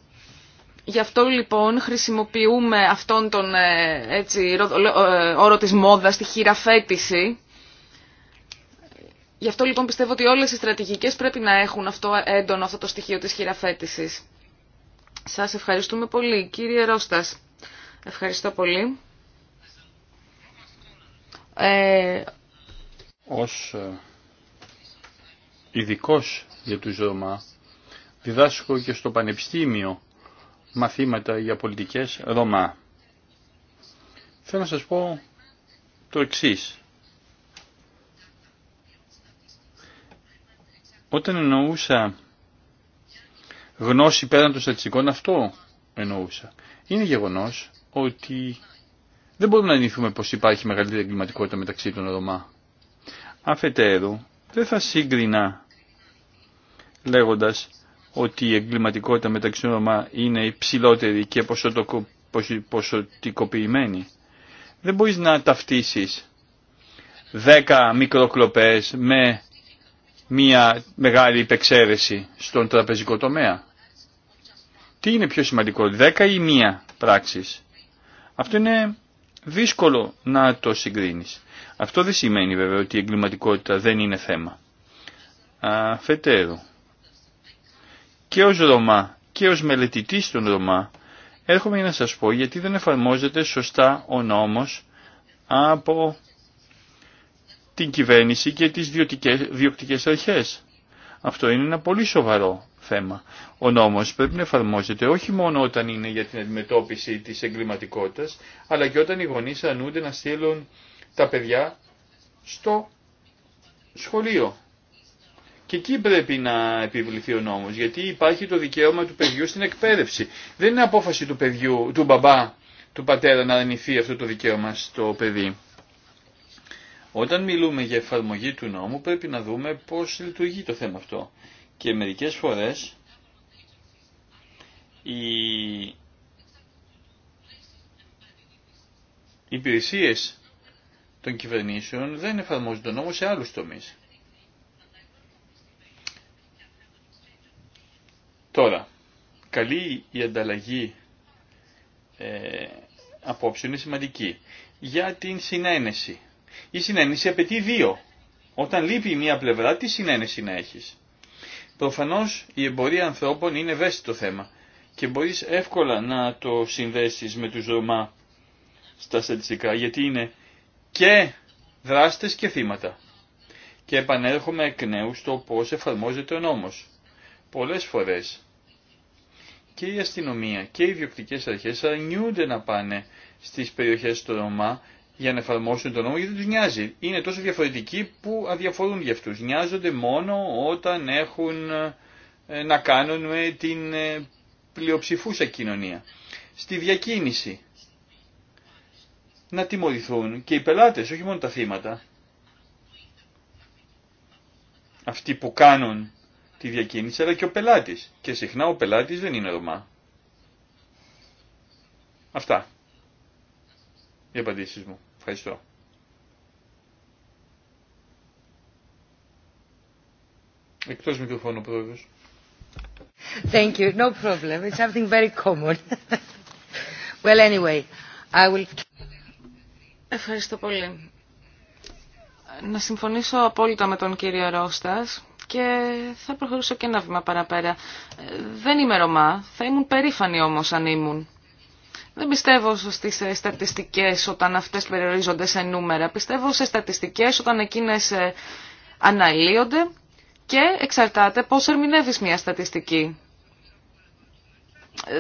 Γι' αυτό λοιπόν χρησιμοποιούμε αυτόν τον ε, έτσι, ε, όρο της μόδας, τη χειραφέτηση. Γι' αυτό λοιπόν πιστεύω ότι όλες οι στρατηγικές πρέπει να έχουν αυτό έντονο αυτό το στοιχείο της χειραφέτησης. Σας ευχαριστούμε πολύ. Κύριε Ρώστας, ευχαριστώ πολύ. Ε... Ως ε, ειδικό για τους Ρωμά, διδάσκω και στο Πανεπιστήμιο μαθήματα για πολιτικές Ρωμά. Θέλω να σας πω το εξής. Όταν εννοούσα γνώση πέραν των στατιστικών, αυτό εννοούσα. Είναι γεγονός ότι δεν μπορούμε να νηθούμε πως υπάρχει μεγαλύτερη εγκληματικότητα μεταξύ των Ρωμά. Αφετέρου, δεν θα σύγκρινα λέγοντας ότι η εγκληματικότητα μεταξύ των Ρωμά είναι υψηλότερη και ποσοτικοποιημένη. Δεν μπορείς να ταυτίσεις δέκα μικροκλοπές με μια μεγάλη υπεξαίρεση στον τραπεζικό τομέα. Τι είναι πιο σημαντικό, δέκα ή μία πράξεις. Αυτό είναι δύσκολο να το συγκρίνεις. Αυτό δεν σημαίνει βέβαια ότι η εγκληματικότητα δεν είναι θέμα. Αφετέρου. Και ως Ρωμά και ως μελετητής των Ρωμά έρχομαι να σας πω γιατί δεν εφαρμόζεται σωστά ο νόμος από την κυβέρνηση και τις διοκτικές αρχές. Αυτό είναι ένα πολύ σοβαρό θέμα. Ο νόμος πρέπει να εφαρμόζεται όχι μόνο όταν είναι για την αντιμετώπιση της εγκληματικότητας, αλλά και όταν οι γονείς αρνούνται να στείλουν τα παιδιά στο σχολείο. Και εκεί πρέπει να επιβληθεί ο νόμος, γιατί υπάρχει το δικαίωμα του παιδιού στην εκπαίδευση. Δεν είναι απόφαση του, παιδιού, του μπαμπά, του πατέρα να αρνηθεί αυτό το δικαίωμα στο παιδί. Όταν μιλούμε για εφαρμογή του νόμου πρέπει να δούμε πώς λειτουργεί το θέμα αυτό. Και μερικές φορές οι υπηρεσίες των κυβερνήσεων δεν εφαρμόζουν τον νόμο σε άλλους τομείς. Τώρα, καλή η ανταλλαγή ε, απόψε είναι σημαντική. Για την συνένεση η συνένεση απαιτεί δύο. Όταν λείπει μία πλευρά, τι συνένεση να έχει. Προφανώ η εμπορία ανθρώπων είναι ευαίσθητο θέμα και μπορείς εύκολα να το συνδέσεις με του Ρωμά στα στατιστικά γιατί είναι και δράστες και θύματα. Και επανέρχομαι εκ νέου στο πώς εφαρμόζεται ο νόμος. Πολλές φορές και η αστυνομία και οι ιδιοκτικέ αρχέ αρνιούνται να πάνε στι περιοχέ του Ρωμά για να εφαρμόσουν τον νόμο γιατί τους νοιάζει. Είναι τόσο διαφορετικοί που αδιαφορούν για αυτούς. Νοιάζονται μόνο όταν έχουν ε, να κάνουν με την ε, πλειοψηφούσα κοινωνία. Στη διακίνηση να τιμωρηθούν και οι πελάτες, όχι μόνο τα θύματα. Αυτοί που κάνουν τη διακίνηση, αλλά και ο πελάτης. Και συχνά ο πελάτης δεν είναι Ρωμά. Αυτά οι απαντήσει μου. Ευχαριστώ. Εκτός μικροφώνου πρόεδρος. Thank you. No problem. It's something very common. well, anyway, I will... Ευχαριστώ πολύ. Να συμφωνήσω απόλυτα με τον κύριο Ρώστας και θα προχωρήσω και ένα βήμα παραπέρα. Ε, δεν είμαι Ρωμά, θα ήμουν περήφανη όμως αν ήμουν. Δεν πιστεύω στις ε, στατιστικές όταν αυτές περιορίζονται σε νούμερα. Πιστεύω σε στατιστικές όταν εκείνες ε, αναλύονται και εξαρτάται πώς ερμηνεύεις μια στατιστική.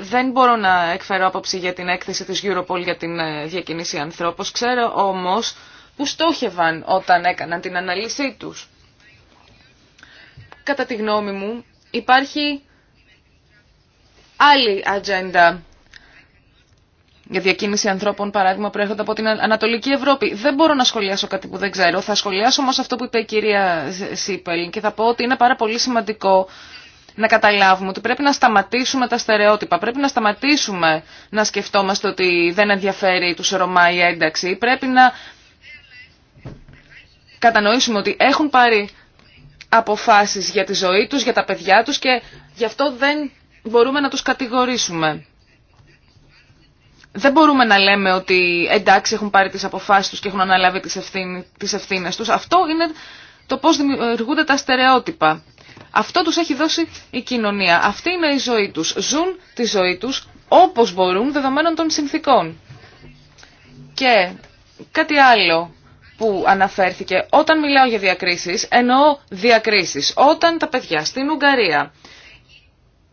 Δεν μπορώ να εκφέρω άποψη για την έκθεση της Europol για την ε, διακίνηση ανθρώπων. Ξέρω όμως που στόχευαν όταν έκαναν την αναλύσή τους. Κατά τη γνώμη μου υπάρχει άλλη ατζέντα για διακίνηση ανθρώπων, παράδειγμα, προέρχονται από την Ανατολική Ευρώπη. Δεν μπορώ να σχολιάσω κάτι που δεν ξέρω. Θα σχολιάσω όμω αυτό που είπε η κυρία Σίπελ και θα πω ότι είναι πάρα πολύ σημαντικό να καταλάβουμε ότι πρέπει να σταματήσουμε τα στερεότυπα. Πρέπει να σταματήσουμε να σκεφτόμαστε ότι δεν ενδιαφέρει του Ρωμά η ένταξη. Πρέπει να κατανοήσουμε ότι έχουν πάρει αποφάσεις για τη ζωή τους, για τα παιδιά τους και γι' αυτό δεν μπορούμε να τους κατηγορήσουμε δεν μπορούμε να λέμε ότι εντάξει έχουν πάρει τις αποφάσεις τους και έχουν αναλάβει τις, ευθύνε τις ευθύνες τους. Αυτό είναι το πώς δημιουργούνται τα στερεότυπα. Αυτό τους έχει δώσει η κοινωνία. Αυτή είναι η ζωή τους. Ζουν τη ζωή τους όπως μπορούν δεδομένων των συνθήκων. Και κάτι άλλο που αναφέρθηκε, όταν μιλάω για διακρίσεις, εννοώ διακρίσεις. Όταν τα παιδιά στην Ουγγαρία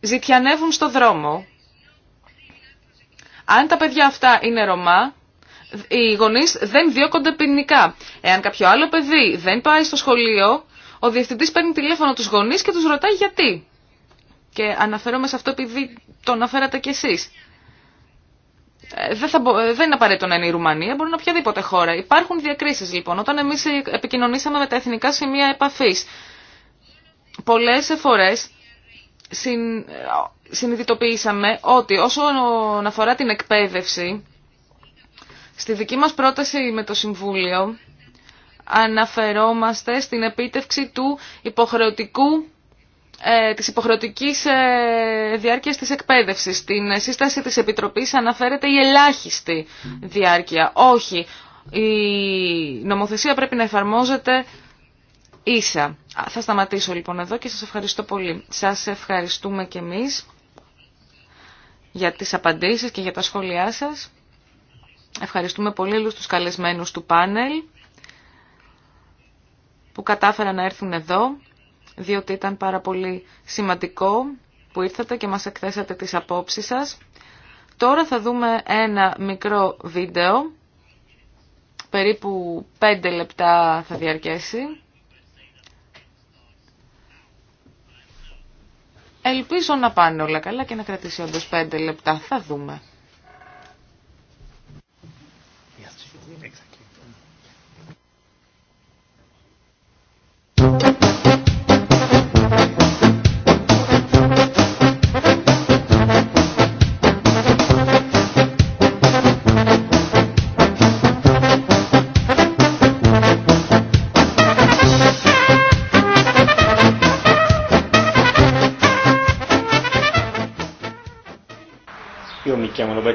ζητιανεύουν στο δρόμο, αν τα παιδιά αυτά είναι Ρωμά, οι γονείς δεν διώκονται ποινικά. Εάν κάποιο άλλο παιδί δεν πάει στο σχολείο, ο διευθυντής παίρνει τηλέφωνο του γονείς και του ρωτάει γιατί. Και αναφέρομαι σε αυτό επειδή το αναφέρατε κι εσείς. Ε, δεν, ε, δεν είναι απαραίτητο να είναι η Ρουμανία, μπορεί να είναι οποιαδήποτε χώρα. Υπάρχουν διακρίσει λοιπόν. Όταν εμεί επικοινωνήσαμε με τα εθνικά σημεία επαφή, πολλέ φορέ συν, συνειδητοποιήσαμε ότι όσον αφορά την εκπαίδευση, στη δική μας πρόταση με το Συμβούλιο αναφερόμαστε στην επίτευξη του υποχρεωτικού ε, της υποχρεωτικής ε, διάρκειας της εκπαίδευσης. Στην σύσταση της Επιτροπής αναφέρεται η ελάχιστη διάρκεια. Όχι, η νομοθεσία πρέπει να εφαρμόζεται ίσα. Θα σταματήσω λοιπόν εδώ και σας ευχαριστώ πολύ. Σας ευχαριστούμε και εμείς για τις απαντήσεις και για τα σχόλιά σας. Ευχαριστούμε πολύ όλους τους καλεσμένους του πάνελ που κατάφεραν να έρθουν εδώ, διότι ήταν πάρα πολύ σημαντικό που ήρθατε και μας εκθέσατε τις απόψεις σας. Τώρα θα δούμε ένα μικρό βίντεο, περίπου 5 λεπτά θα διαρκέσει. Ελπίζω να πάνε όλα καλά και να κρατήσει όντως πέντε λεπτά. Θα δούμε.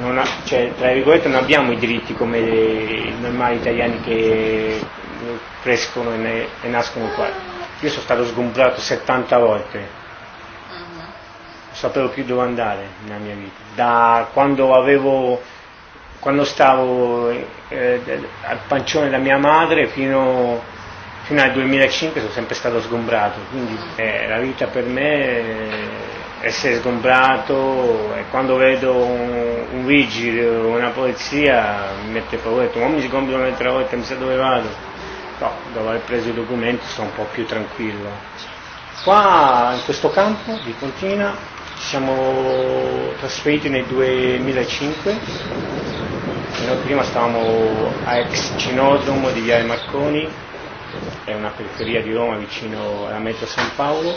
non ha, cioè, tra virgolette non abbiamo i diritti come i normali italiani che crescono e, nascono qua. Io sono stato sgombrato 70 volte, non sapevo più dove andare nella mia vita. Da quando avevo quando stavo al pancione della mia madre fino, fino al 2005 sono sempre stato sgombrato, quindi la vita per me essere sgombrato e quando vedo un vigile o una polizia mi mette paura, mi sgombrano le volte mi sa dove vado. No, dopo aver preso i documenti sono un po' più tranquillo. Qua in questo campo di Pontina ci siamo trasferiti nel 2005 noi prima stavamo a ex cinodromo di Viale Marconi, è una periferia di Roma vicino alla metro San Paolo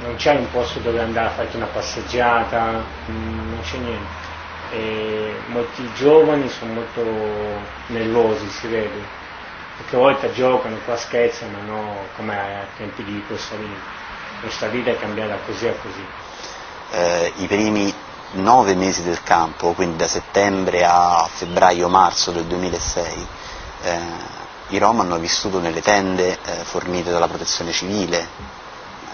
non c'è un posto dove andare a fare una passeggiata, non c'è niente. E molti giovani sono molto nellosi, si vede. Perché a volte giocano, qua scherzano, no? come a tempi di questa vita. Questa vita è cambiata così a così. Eh, I primi nove mesi del campo, quindi da settembre a febbraio-marzo del 2006, eh, i Rom hanno vissuto nelle tende fornite dalla protezione civile,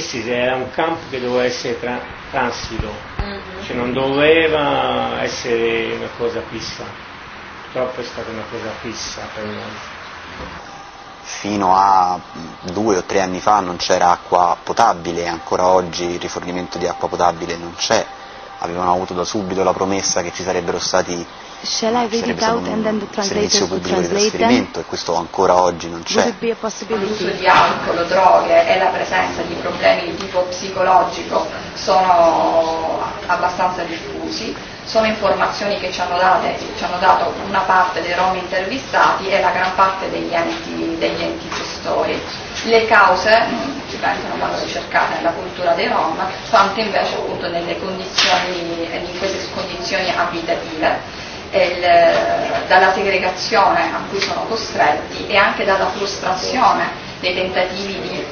sì, era un campo che doveva essere tra, transito, cioè non doveva essere una cosa fissa, purtroppo è stata una cosa fissa per noi. Fino a due o tre anni fa non c'era acqua potabile, ancora oggi il rifornimento di acqua potabile non c'è avevano avuto da subito la promessa che ci sarebbero stati Shall I read out and then the servizio pubblico di trasferimento e questo ancora oggi non c'è. L'uso di alcol, droghe e la presenza di problemi di tipo psicologico sono abbastanza diffusi, sono informazioni che ci hanno, date, ci hanno dato una parte dei rom intervistati e la gran parte degli enti, degli enti gestori. Le cause si pensano quando si cerca nella cultura dei Rom, quanto invece appunto nelle condizioni, in queste condizioni abitative dalla segregazione a cui sono costretti e anche dalla frustrazione dei tentativi di,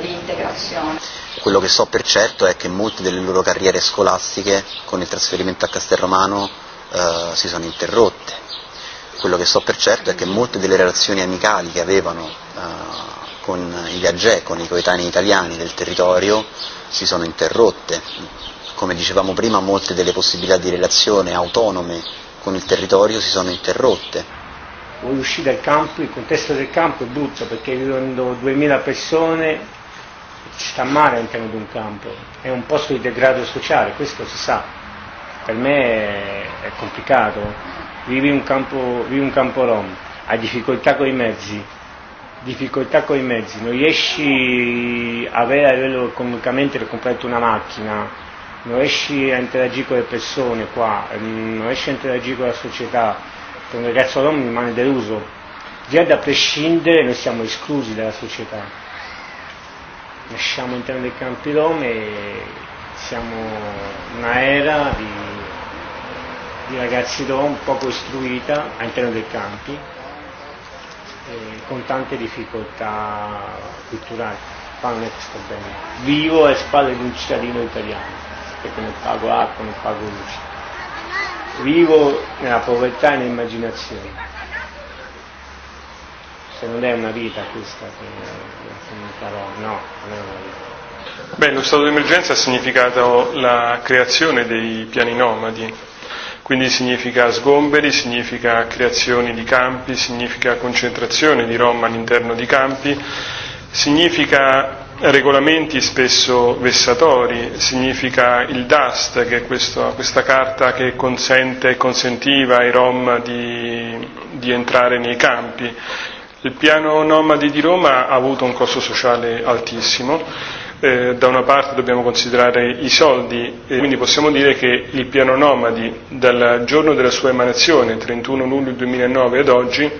di integrazione. Quello che so per certo è che molte delle loro carriere scolastiche con il trasferimento a Castel Romano si sono interrotte. Quello che so per certo è che molte delle relazioni amicali che avevano con i viaggi, con i coetanei italiani del territorio, si sono interrotte. Come dicevamo prima, molte delle possibilità di relazione autonome con il territorio si sono interrotte. Voi uscite dal campo, il contesto del campo è brutto perché vivendo 2000 persone ci sta male all'interno di un campo, è un posto di degrado sociale, questo si sa, per me è complicato, vivi un campo, vivi un campo rom, hai difficoltà con i mezzi, difficoltà con i mezzi, non riesci a avere a livello economicamente per comprare una macchina, non riesci a interagire con le persone qua, non riesci a interagire con la società, con un ragazzo all'uomo rimane deluso. Già da prescindere noi siamo esclusi dalla società. Nasciamo all'interno dei campi rom e siamo una era di, di ragazzi rom poco istruita all'interno dei campi con tante difficoltà culturali, qua non è che sto bene. Vivo alle spalle di un cittadino italiano, perché non pago acqua, non pago luce. Vivo nella povertà e nell'immaginazione. Se non è una vita questa, parole, no, non è una vita. Beh, lo stato di emergenza ha significato la creazione dei piani nomadi quindi significa sgomberi, significa creazioni di campi, significa concentrazione di Roma all'interno di campi, significa regolamenti spesso vessatori, significa il DAST, che è questo, questa carta che consente e consentiva ai Rom di, di entrare nei campi. Il piano nomadi di Roma ha avuto un costo sociale altissimo, da una parte dobbiamo considerare i soldi e quindi possiamo dire che il piano Nomadi dal giorno della sua emanazione, 31 luglio 2009 ad oggi,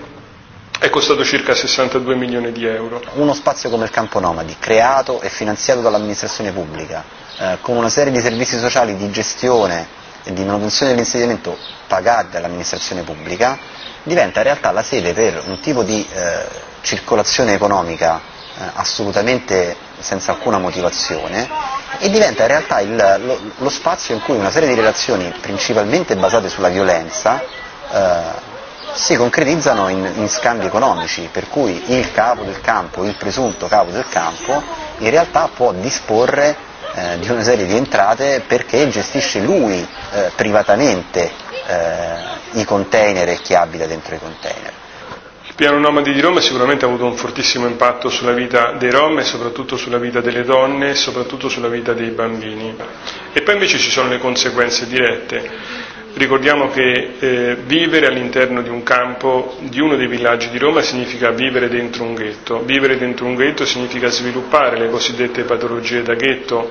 è costato circa 62 milioni di euro. Uno spazio come il campo Nomadi, creato e finanziato dall'amministrazione pubblica, con una serie di servizi sociali di gestione e di manutenzione dell'insediamento pagati dall'amministrazione pubblica, diventa in realtà la sede per un tipo di circolazione economica assolutamente senza alcuna motivazione e diventa in realtà il, lo, spazio in cui una serie di relazioni principalmente basate sulla violenza si concretizzano in, in scambi economici, per cui il capo del campo, il presunto capo del campo, in realtà può disporre di una serie di entrate perché gestisce lui privatamente i container e chi abita dentro i container piano Nomadi di Roma sicuramente ha avuto un fortissimo impatto sulla vita dei Rom e soprattutto sulla vita delle donne e soprattutto sulla vita dei bambini. E poi invece ci sono le conseguenze dirette. Ricordiamo che vivere all'interno di un campo, di uno dei villaggi di Roma, significa vivere dentro un ghetto. Vivere dentro un ghetto significa sviluppare le cosiddette patologie da ghetto,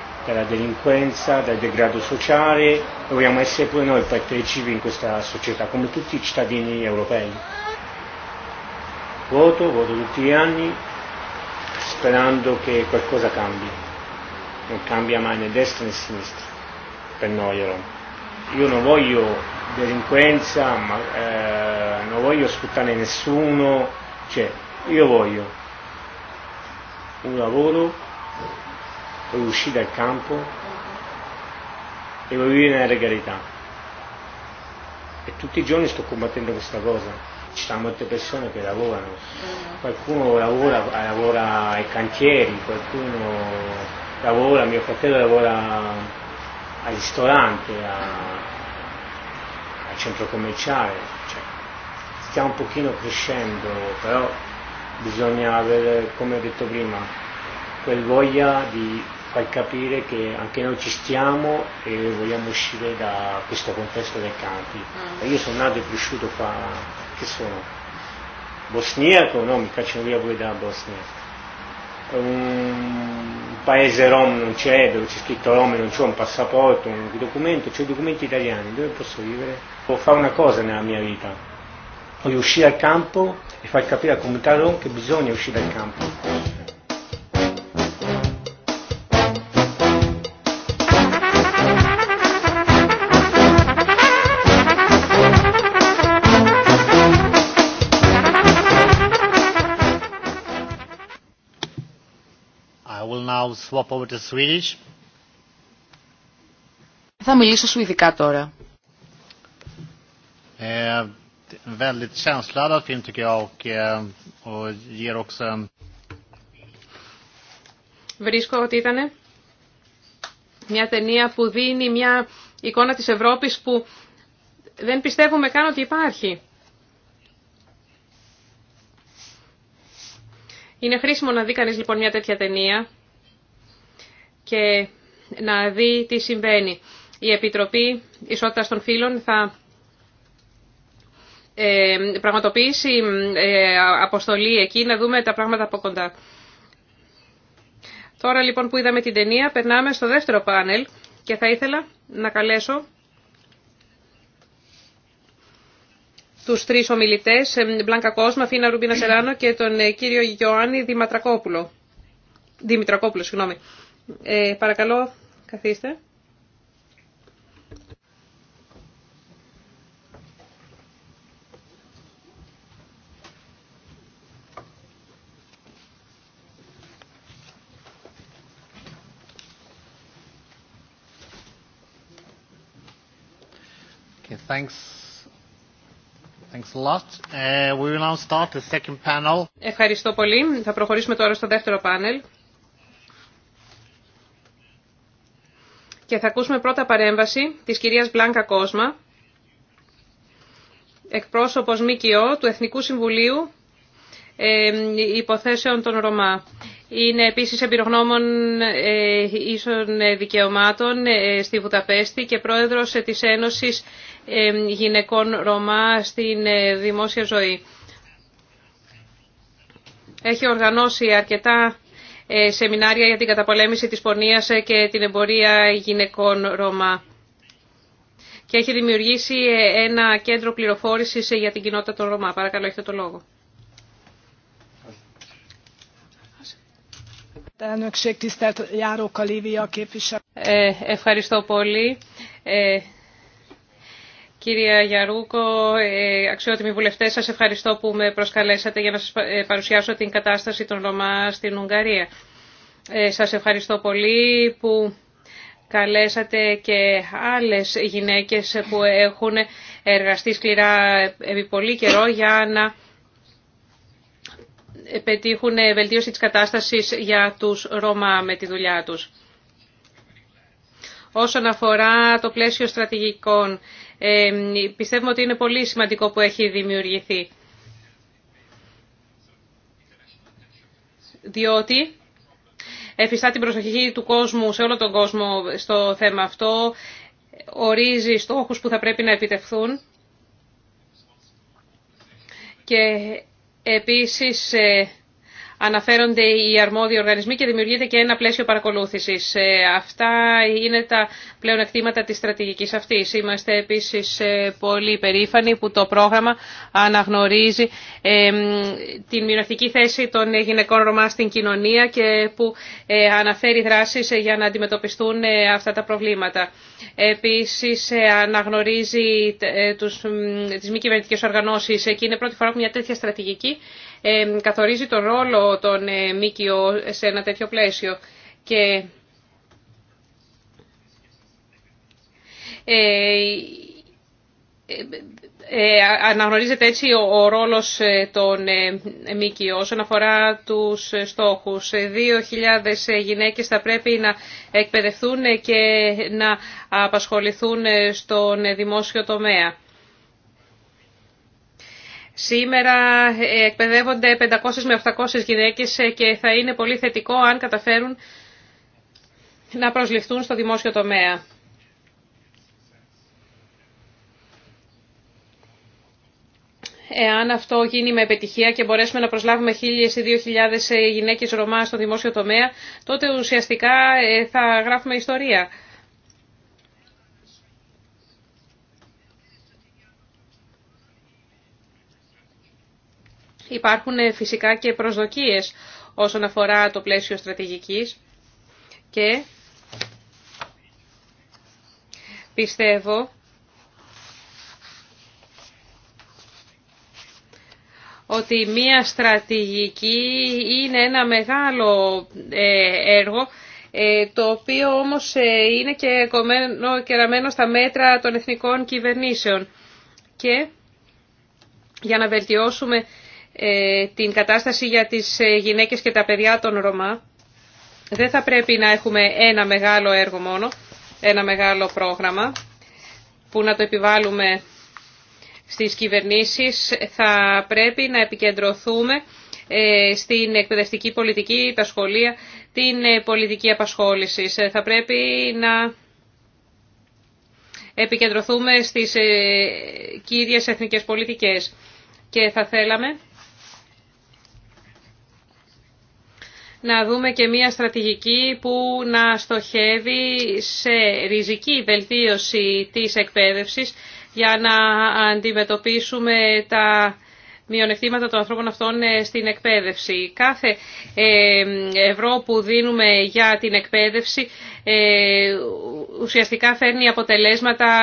dalla delinquenza, dal degrado sociale, dobbiamo essere pure noi partecipi in questa società, come tutti i cittadini europei. Voto, voto tutti gli anni, sperando che qualcosa cambi. Non cambia mai né destra né sinistra, per noi Io non voglio delinquenza, ma, non voglio sfruttare nessuno, cioè io voglio un lavoro poi uscì dal campo e voglio vivere nella regalità E tutti i giorni sto combattendo questa cosa. Ci sono molte persone che lavorano, qualcuno lavora, lavora ai cantieri, qualcuno lavora, mio fratello lavora al ristorante, a, al centro commerciale, cioè, stiamo un pochino crescendo, però bisogna avere, come ho detto prima, quel voglia di far capire che anche noi ci stiamo e vogliamo uscire da questo contesto dei campi. Io sono nato e cresciuto qua, che sono? Bosniaco? No, mi cacciano via pure da Bosnia. Un paese rom non c'è, dove c'è scritto rom non c'è un passaporto, un documento, c'è i documenti italiani, dove posso vivere? può fare una cosa nella mia vita, voglio uscire al campo e far capire al comunità rom che bisogna uscire dal campo. Θα μιλήσω σουηδικά τώρα. Eh, eh, Βρίσκω ότι ήταν μια ταινία που δίνει μια εικόνα της Ευρώπης που δεν πιστεύουμε καν ότι υπάρχει. Είναι χρήσιμο να δει κανείς λοιπόν μια τέτοια ταινία και να δει τι συμβαίνει. Η Επιτροπή Ισότητας των Φύλων θα ε, πραγματοποιήσει ε, αποστολή εκεί να δούμε τα πράγματα από κοντά. Τώρα λοιπόν που είδαμε την ταινία περνάμε στο δεύτερο πάνελ και θα ήθελα να καλέσω τους τρεις ομιλητές, ε, Μπλάνκα Κόσμα, Φίνα Ρουμπίνα Σεράνο και τον κύριο Γιωάννη Δημητρακόπουλο. Δημητρακόπουλο, συγγνώμη. Ε, παρακαλώ, καθίστε. Okay, thanks. Thanks a lot. Uh, we will now start the second panel. Ευχαριστώ πολύ. Θα προχωρήσουμε τώρα στο δεύτερο πάνελ. και θα ακούσουμε πρώτα παρέμβαση της κυρίας Μπλάνκα Κόσμα, εκπρόσωπος ΜΚΟ του Εθνικού Συμβουλίου Υποθέσεων των Ρωμά. Είναι επίσης εμπειρογνώμων ε, ίσων δικαιωμάτων ε, στη Βουταπέστη και πρόεδρος της Ένωσης Γυναικών Ρωμά στην ε, δημόσια ζωή. Έχει οργανώσει αρκετά ε, σεμινάρια για την καταπολέμηση της πορνείας ε, και την εμπορία γυναικών Ρωμά. Και έχει δημιουργήσει ε, ένα κέντρο πληροφόρησης για την κοινότητα των Ρωμά. Παρακαλώ, έχετε το λόγο. Ε, ευχαριστώ πολύ. Κυρία Γιαρούκο, ε, αξιότιμοι βουλευτέ, σας ευχαριστώ που με προσκαλέσατε για να σας ε, παρουσιάσω την κατάσταση των Ρωμά στην Ουγγαρία. Ε, σας ευχαριστώ πολύ που καλέσατε και άλλες γυναίκες που έχουν εργαστεί σκληρά επί πολύ καιρό για να πετύχουν βελτίωση της κατάστασης για τους Ρώμα με τη δουλειά τους. Όσον αφορά το πλαίσιο στρατηγικών, πιστεύουμε ότι είναι πολύ σημαντικό που έχει δημιουργηθεί. Διότι εφιστά την προσοχή του κόσμου σε όλο τον κόσμο στο θέμα αυτό, ορίζει στόχους που θα πρέπει να επιτευχθούν και επίσης ε, αναφέρονται οι αρμόδιοι οργανισμοί και δημιουργείται και ένα πλαίσιο παρακολούθησης. Ε, αυτά είναι τα πλέον εκτήματα της στρατηγικής αυτής. Είμαστε επίσης ε, πολύ περήφανοι που το πρόγραμμα αναγνωρίζει ε, την μειονεκτική θέση των γυναικών Ρωμά στην κοινωνία και που αναφέρει δράσεις για να αντιμετωπιστούν αυτά τα προβλήματα. Επίσης αναγνωρίζει τους, τις μη κυβερνητικέ οργανώσεις και είναι πρώτη φορά που μια τέτοια στρατηγική καθορίζει τον ρόλο των ε, Μίκιο σε ένα τέτοιο πλαίσιο. Και ε, ε, αναγνωρίζεται έτσι ο, ρόλος των ΜΚΟ όσον αφορά τους στόχους. 2.000 γυναίκες θα πρέπει να εκπαιδευτούν και να απασχοληθούν στον δημόσιο τομέα. Σήμερα ε, εκπαιδεύονται 500 με 800 γυναίκες ε, και θα είναι πολύ θετικό αν καταφέρουν να προσληφθούν στο δημόσιο τομέα. Εάν αυτό γίνει με επιτυχία και μπορέσουμε να προσλάβουμε 1.000 ή 2.000 ε, γυναίκες Ρωμά στο δημόσιο τομέα, τότε ουσιαστικά θα γράφουμε ιστορία. Υπάρχουν ε, φυσικά και προσδοκίες όσον αφορά το πλαίσιο στρατηγικής και πιστεύω ότι μία στρατηγική είναι ένα μεγάλο ε, έργο ε, το οποίο όμως είναι και κομμένο κεραμένο στα μέτρα των εθνικών κυβερνήσεων. Και για να βελτιώσουμε ε, την κατάσταση για τις ε, γυναίκες και τα παιδιά των Ρωμά, δεν θα πρέπει να έχουμε ένα μεγάλο έργο μόνο, ένα μεγάλο πρόγραμμα που να το επιβάλλουμε στις κυβερνήσεις. Θα πρέπει να επικεντρωθούμε ε, στην εκπαιδευτική πολιτική, τα σχολεία, την πολιτική απασχόληση. Θα πρέπει να επικεντρωθούμε στις κύριες εθνικές πολιτικές. Και θα θέλαμε να δούμε και μια στρατηγική που να στοχεύει σε ριζική βελτίωση της εκπαίδευσης για να αντιμετωπίσουμε τα μειονεκτήματα των ανθρώπων αυτών ε, στην εκπαίδευση. Κάθε ε, ευρώ που δίνουμε για την εκπαίδευση ε, ουσιαστικά φέρνει αποτελέσματα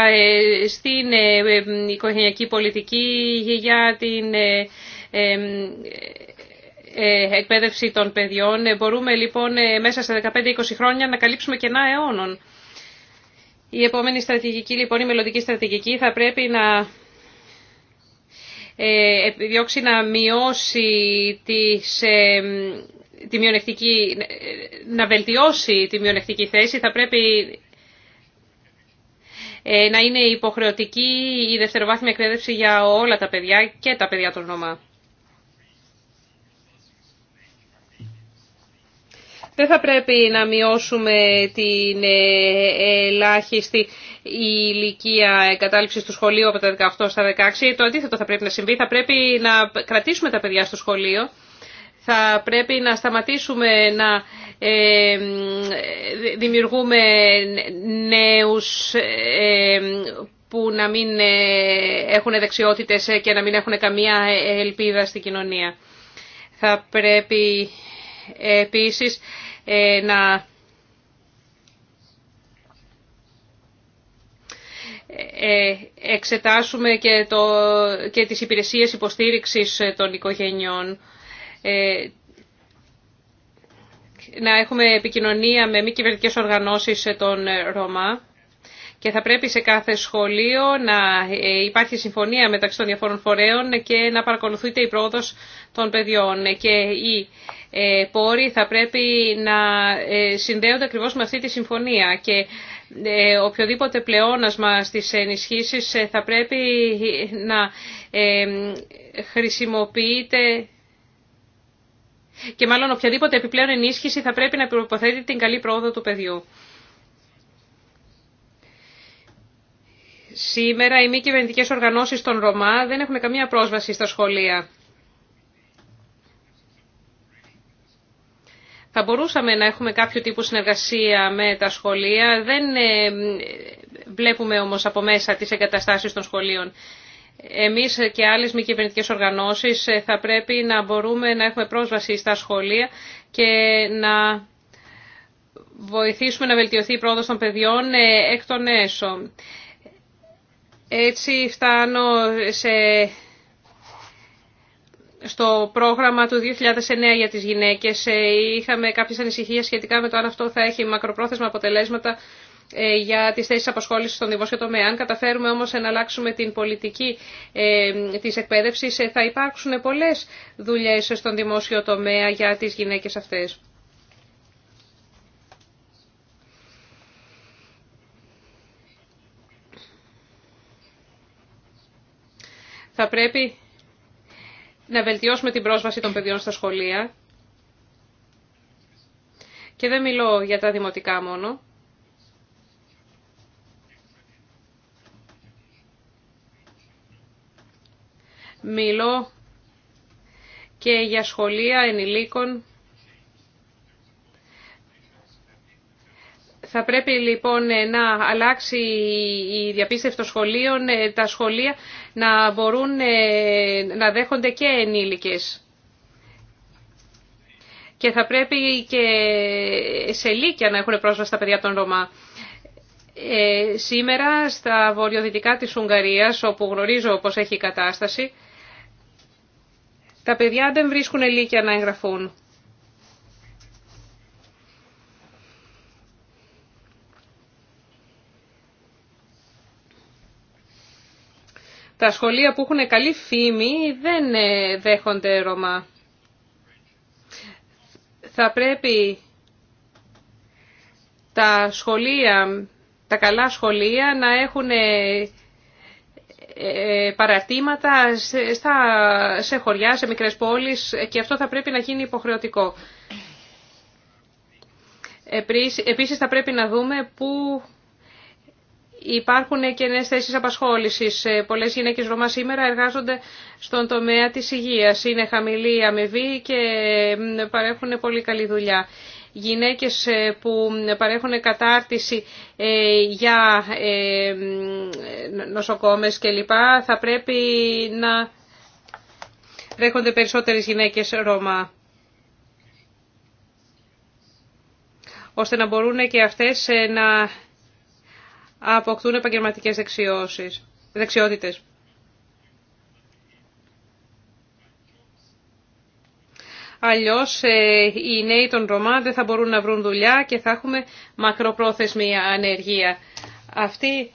στην οικογενειακή πολιτική για την ε, εκπαίδευση των παιδιών. Ε, μπορούμε λοιπόν ε, μέσα στα 15-20 χρόνια να καλύψουμε κενά αιώνων. Η επόμενη στρατηγική, λοιπόν, η μελλοντική στρατηγική θα πρέπει να επιδιώξει να μειώσει τις, τη μειονεκτική, να βελτιώσει τη μειονεκτική θέση. Θα πρέπει να είναι υποχρεωτική η δευτεροβάθμια εκπαίδευση για όλα τα παιδιά και τα παιδιά των νόμων. Δεν θα πρέπει να μειώσουμε την ε, ελάχιστη ηλικία κατάληψης του σχολείου από τα 18 στα 16. Το αντίθετο θα πρέπει να συμβεί. Θα πρέπει να κρατήσουμε τα παιδιά στο σχολείο. Θα πρέπει να σταματήσουμε να ε, δημιουργούμε νέους ε, που να μην έχουν δεξιότητες και να μην έχουν καμία ελπίδα στην κοινωνία. Θα πρέπει επίσης ε, να ε, εξετάσουμε και, το, και τις υπηρεσίες υποστήριξης των οικογενειών. Ε, να έχουμε επικοινωνία με μη κυβερνητικές οργανώσεις των Ρωμά και θα πρέπει σε κάθε σχολείο να υπάρχει συμφωνία μεταξύ των διαφόρων φορέων και να παρακολουθείται η πρόοδος των παιδιών. Και η ε, πόροι θα πρέπει να ε, συνδέονται ακριβώς με αυτή τη συμφωνία και ε, οποιοδήποτε πλεόνασμα στις ενισχύσεις θα πρέπει να χρησιμοποιείται και μάλλον οποιαδήποτε επιπλέον ενίσχυση θα πρέπει να προποθέτει την καλή πρόοδο του παιδιού. Σήμερα οι μη κυβερνητικέ οργανώσεις των Ρωμά δεν έχουν καμία πρόσβαση στα σχολεία. Θα μπορούσαμε να έχουμε κάποιο τύπο συνεργασία με τα σχολεία. Δεν ε, βλέπουμε όμως από μέσα τις εγκαταστάσεις των σχολείων. Εμείς και άλλες μη κυβερνητικέ οργανώσεις ε, θα πρέπει να μπορούμε να έχουμε πρόσβαση στα σχολεία και να βοηθήσουμε να βελτιωθεί η πρόοδος των παιδιών ε, εκ των έσω. Έτσι φτάνω σε στο πρόγραμμα του 2009 για τις γυναίκες ε, είχαμε κάποιες ανησυχίες σχετικά με το αν αυτό θα έχει μακροπρόθεσμα αποτελέσματα ε, για τις θέσεις απασχόλησης στον δημόσιο τομέα. Αν καταφέρουμε όμως να αλλάξουμε την πολιτική ε, της εκπαίδευσης θα υπάρξουν πολλές δουλειές στον δημόσιο τομέα για τις γυναίκες αυτές. Θα πρέπει να βελτιώσουμε την πρόσβαση των παιδιών στα σχολεία. Και δεν μιλώ για τα δημοτικά μόνο. Μιλώ και για σχολεία ενηλίκων Θα πρέπει λοιπόν ε, να αλλάξει η διαπίστευση των σχολείων, ε, τα σχολεία να μπορούν ε, να δέχονται και ενήλικες. Και θα πρέπει και σε λύκια να έχουν πρόσβαση τα παιδιά των Ρωμά. σήμερα στα βορειοδυτικά της Ουγγαρίας, όπου γνωρίζω πως έχει η κατάσταση, τα παιδιά δεν βρίσκουν λύκια να εγγραφούν. Τα σχολεία που έχουν καλή φήμη δεν ε, δέχονται Ρωμά. Θα πρέπει τα σχολεία, τα καλά σχολεία να έχουν ε, ε, παρατήματα σε χωριά, σε μικρές πόλεις και αυτό θα πρέπει να γίνει υποχρεωτικό. Επίσης θα πρέπει να δούμε πού Υπάρχουν και νέες θέσεις απασχόλησης. Ε, πολλές γυναίκε Ρωμά σήμερα εργάζονται στον τομέα τη υγεία. Είναι χαμηλή αμοιβή και παρέχουν πολύ καλή δουλειά. γυναίκε ε, που παρέχουν κατάρτιση ε, για νοσοκόμε κλπ. θα πρέπει να δέχονται περισσότερε γυναίκε Ρωμά. ώστε να μπορούν και αυτές να αποκτούν επαγγελματικές δεξιώσεις, δεξιότητες. Αλλιώς ε, οι νέοι των Ρωμά δεν θα μπορούν να βρουν δουλειά και θα έχουμε μακροπρόθεσμη ανεργία. Αυτή...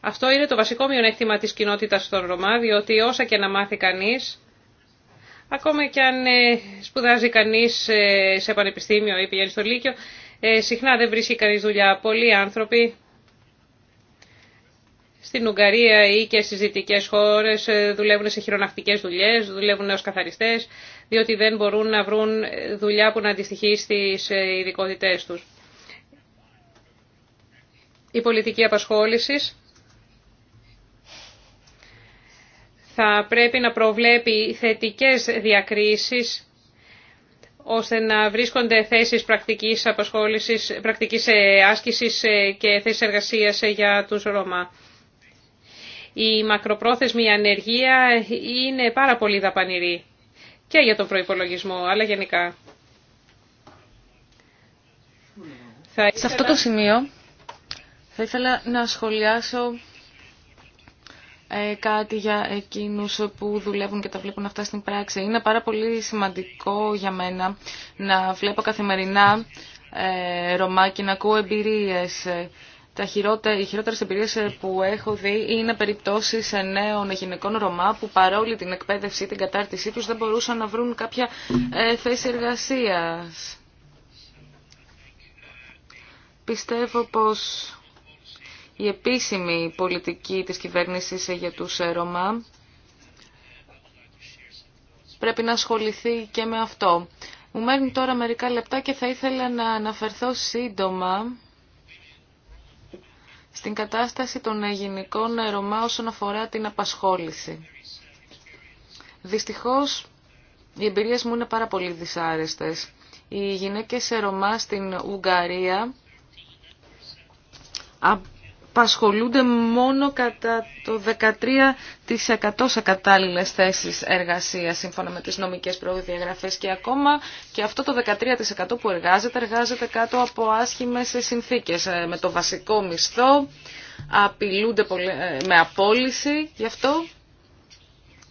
Αυτό είναι το βασικό μειονέκτημα της κοινότητας των Ρωμά, διότι όσα και να μάθει κανείς, ακόμα και αν ε, σπουδάζει κανείς ε, σε πανεπιστήμιο ή πηγαίνει στο Λύκειο, ε, συχνά δεν βρίσκει κανείς δουλειά. Πολλοί άνθρωποι στην Ουγγαρία ή και στις δυτικές χώρες ε, δουλεύουν σε χειρονακτικές δουλειές, δουλεύουν ως καθαριστές, διότι δεν μπορούν να βρουν δουλειά που να αντιστοιχεί στις ε, ειδικότητε τους. Η πολιτική απασχόλησης θα πρέπει να προβλέπει θετικές διακρίσεις ώστε να βρίσκονται θέσεις πρακτικής, απασχόλησης, πρακτικής ε, άσκησης ε, και θέσεις εργασίας ε, για τους Ρώμα. Η μακροπρόθεσμη ανεργία είναι πάρα πολύ δαπανηρή και για τον προϋπολογισμό, αλλά γενικά. Σε αυτό το σημείο θα ήθελα να σχολιάσω ε, κάτι για εκείνους που δουλεύουν και τα βλέπουν αυτά στην πράξη. Είναι πάρα πολύ σημαντικό για μένα να βλέπω καθημερινά ε, Ρωμά και να ακούω εμπειρίες. Τα χειρότε, οι χειρότερες εμπειρίες που έχω δει είναι περιπτώσεις νέων γυναικών Ρωμά που παρόλη την εκπαίδευση, ή την κατάρτισή τους δεν μπορούσαν να βρουν κάποια ε, θέση εργασίας. Πιστεύω πως η επίσημη πολιτική της κυβέρνησης για τους ε, Ρωμά πρέπει να ασχοληθεί και με αυτό. Μου μένουν τώρα μερικά λεπτά και θα ήθελα να αναφερθώ σύντομα στην κατάσταση των γυναικών ε, Ρωμά όσον αφορά την απασχόληση. Δυστυχώς, οι εμπειρίες μου είναι πάρα πολύ δυσάρεστες. Οι γυναίκες ε, Ρωμά στην Ουγγαρία απασχολούνται μόνο κατά το 13% σε κατάλληλες θέσεις εργασίας σύμφωνα με τις νομικές προδιαγραφές και ακόμα και αυτό το 13% που εργάζεται εργάζεται κάτω από άσχημες συνθήκες ε, με το βασικό μισθό, απειλούνται ε, με απόλυση γι' αυτό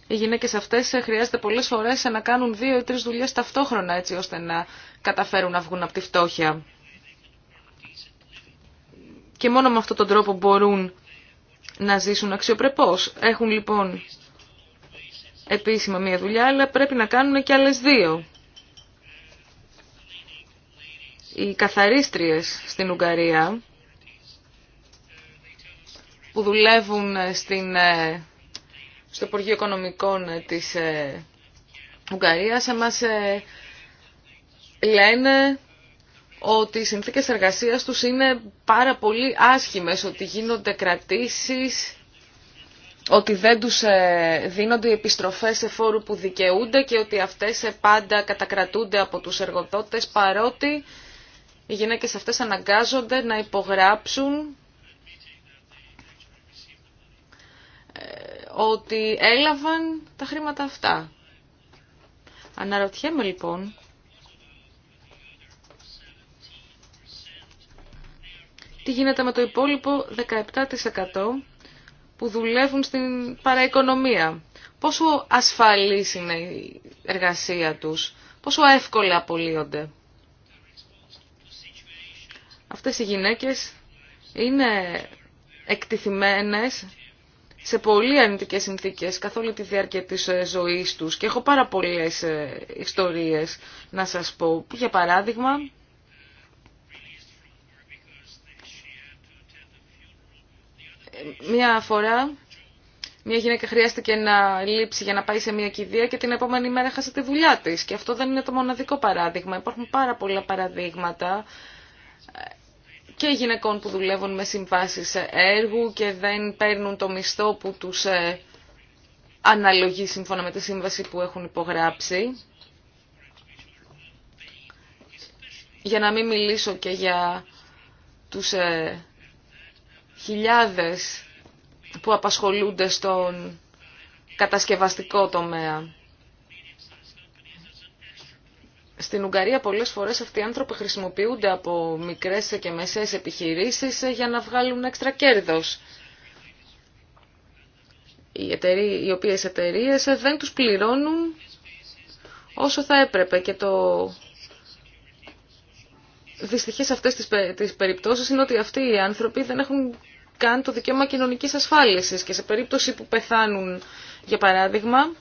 οι γυναίκες αυτές ε, χρειάζεται πολλές φορές να κάνουν δύο ή τρεις δουλειές ταυτόχρονα έτσι ώστε να καταφέρουν να βγουν από τη φτώχεια και μόνο με αυτόν τον τρόπο μπορούν να ζήσουν αξιοπρεπώς. Έχουν λοιπόν επίσημα μία δουλειά, αλλά πρέπει να κάνουν και άλλες δύο. Οι καθαρίστριες στην Ουγγαρία που δουλεύουν στην, ε, στο Υπουργείο Οικονομικών ε, της ε, Ουγγαρίας μας λένε ότι οι συνθήκες εργασίας τους είναι πάρα πολύ άσχημες, ότι γίνονται κρατήσεις, ότι δεν τους ε, δίνονται οι επιστροφές σε φόρου που δικαιούνται και ότι αυτές ε, πάντα κατακρατούνται από τους εργοδότες παρότι οι γυναίκες αυτές αναγκάζονται να υπογράψουν ε, ότι έλαβαν τα χρήματα αυτά. Αναρωτιέμαι λοιπόν τι γίνεται με το υπόλοιπο 17% που δουλεύουν στην παραοικονομία. Πόσο ασφαλής είναι η εργασία τους, πόσο εύκολα απολύονται. Αυτές οι γυναίκες είναι εκτιθυμένες σε πολύ αρνητικές συνθήκες καθ' όλη τη διάρκεια της ε, ζωής τους και έχω πάρα πολλές ε, ιστορίες να σας πω. Για παράδειγμα, μία φορά μια γυναίκα χρειάστηκε να λείψει για να πάει σε μια κηδεία και την επόμενη μέρα χάσε τη δουλειά της. Και αυτό δεν είναι το μοναδικό παράδειγμα. Υπάρχουν πάρα πολλά παραδείγματα ε, και γυναικών που δουλεύουν με συμβάσεις έργου και δεν παίρνουν το μισθό που τους ε, αναλογεί σύμφωνα με τη σύμβαση που έχουν υπογράψει. Για να μην μιλήσω και για τους ε, χιλιάδες που απασχολούνται στον κατασκευαστικό τομέα. Στην Ουγγαρία πολλές φορές αυτοί οι άνθρωποι χρησιμοποιούνται από μικρές και μεσαίες επιχειρήσεις για να βγάλουν έξτρα κέρδος. Οι, εταιρείες, οι οποίες εταιρείες δεν τους πληρώνουν όσο θα έπρεπε και το δυστυχέ αυτές τις, τις περιπτώσεις είναι ότι αυτοί οι άνθρωποι δεν έχουν καν το δικαίωμα κοινωνικής ασφάλισης και σε περίπτωση που πεθάνουν, για παράδειγμα,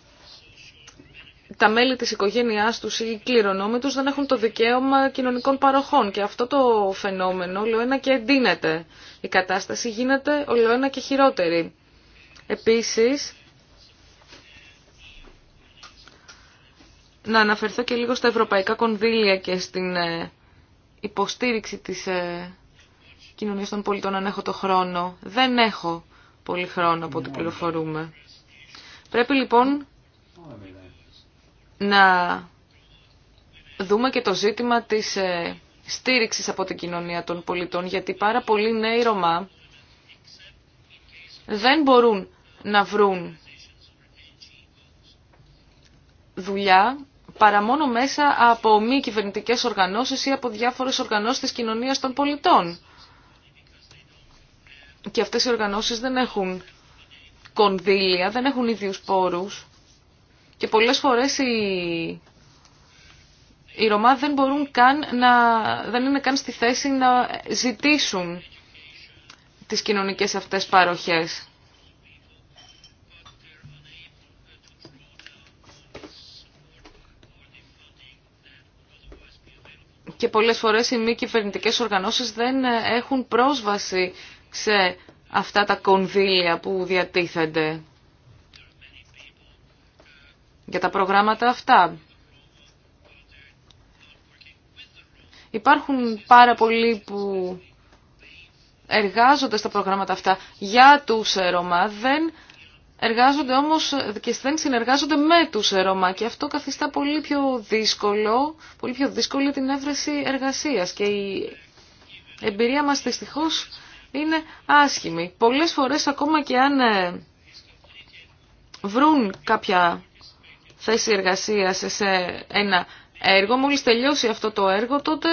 τα μέλη της οικογένειάς τους ή οι κληρονόμοι τους δεν έχουν το δικαίωμα κοινωνικών παροχών και αυτό το φαινόμενο ολοένα και εντείνεται. Η κατάσταση γίνεται ολοένα και χειρότερη. Επίσης, να αναφερθώ και λίγο στα ευρωπαϊκά κονδύλια και στην ε, υποστήριξη της ε, κοινωνίας των πολιτών αν έχω το χρόνο. Δεν έχω πολύ χρόνο από ό,τι πληροφορούμε. Πρέπει λοιπόν να δούμε και το ζήτημα της ε, στήριξης από την κοινωνία των πολιτών, γιατί πάρα πολλοί νέοι Ρωμά δεν μπορούν να βρουν δουλειά παρά μόνο μέσα από μη κυβερνητικέ οργανώσεις ή από διάφορες οργανώσεις της κοινωνίας των πολιτών. Και αυτές οι οργανώσεις δεν έχουν κονδύλια, δεν έχουν ίδιους πόρους και πολλές φορές οι, οι Ρωμά δεν, μπορούν καν να... δεν είναι καν στη θέση να ζητήσουν τις κοινωνικές αυτές παροχές. και πολλές φορές οι μη κυβερνητικέ οργανώσεις δεν έχουν πρόσβαση σε αυτά τα κονδύλια που διατίθενται για τα προγράμματα αυτά. Υπάρχουν πάρα πολλοί που εργάζονται στα προγράμματα αυτά για τους Ρωμά, εργάζονται όμως και δεν συνεργάζονται με τους Ρωμά και αυτό καθιστά πολύ πιο δύσκολο, πολύ πιο δύσκολη την έβρεση εργασίας και η εμπειρία μας δυστυχώ είναι άσχημη. Πολλές φορές ακόμα και αν ε, βρουν κάποια θέση εργασίας σε ένα έργο, μόλις τελειώσει αυτό το έργο τότε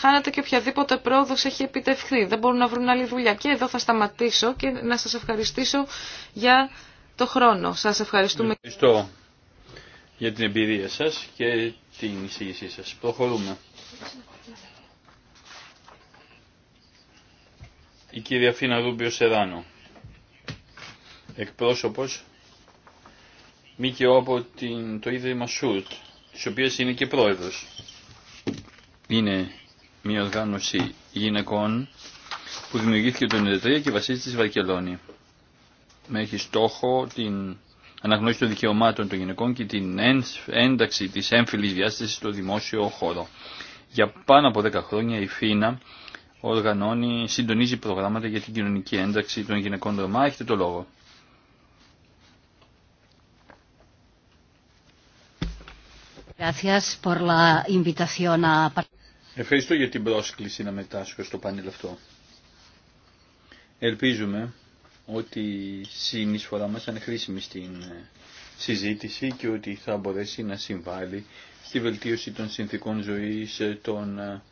χάνατε και οποιαδήποτε πρόοδο έχει επιτευχθεί. Δεν μπορούν να βρουν άλλη δουλειά. Και εδώ θα σταματήσω και να σας ευχαριστήσω για το χρόνο. Σας ευχαριστούμε. Ευχαριστώ για την εμπειρία σας και την εισήγησή σας. Προχωρούμε. Η κυρία Φίνα Ρούμπιο Σεράνο, εκπρόσωπος ΜΚΟ από την, το Ίδρυμα ΣΟΥΡΤ, της οποίας είναι και πρόεδρος. Είναι μια οργάνωση γυναικών που δημιουργήθηκε το 1993 και βασίζεται στη Βαρκελόνη. Με έχει στόχο την αναγνώριση των δικαιωμάτων των γυναικών και την ένταξη της έμφυλης διάσταση στο δημόσιο χώρο. Για πάνω από 10 χρόνια η ΦΙΝΑ οργανώνει, συντονίζει προγράμματα για την κοινωνική ένταξη των γυναικών Ρωμά. Έχετε το λόγο. Gracias por la invitación Ευχαριστώ για την πρόσκληση να μετάσχω στο πάνελ αυτό. Ελπίζουμε ότι η συνεισφορά μας θα είναι χρήσιμη στην ε, συζήτηση και ότι θα μπορέσει να συμβάλλει στη βελτίωση των συνθήκων ζωής ε, των ε,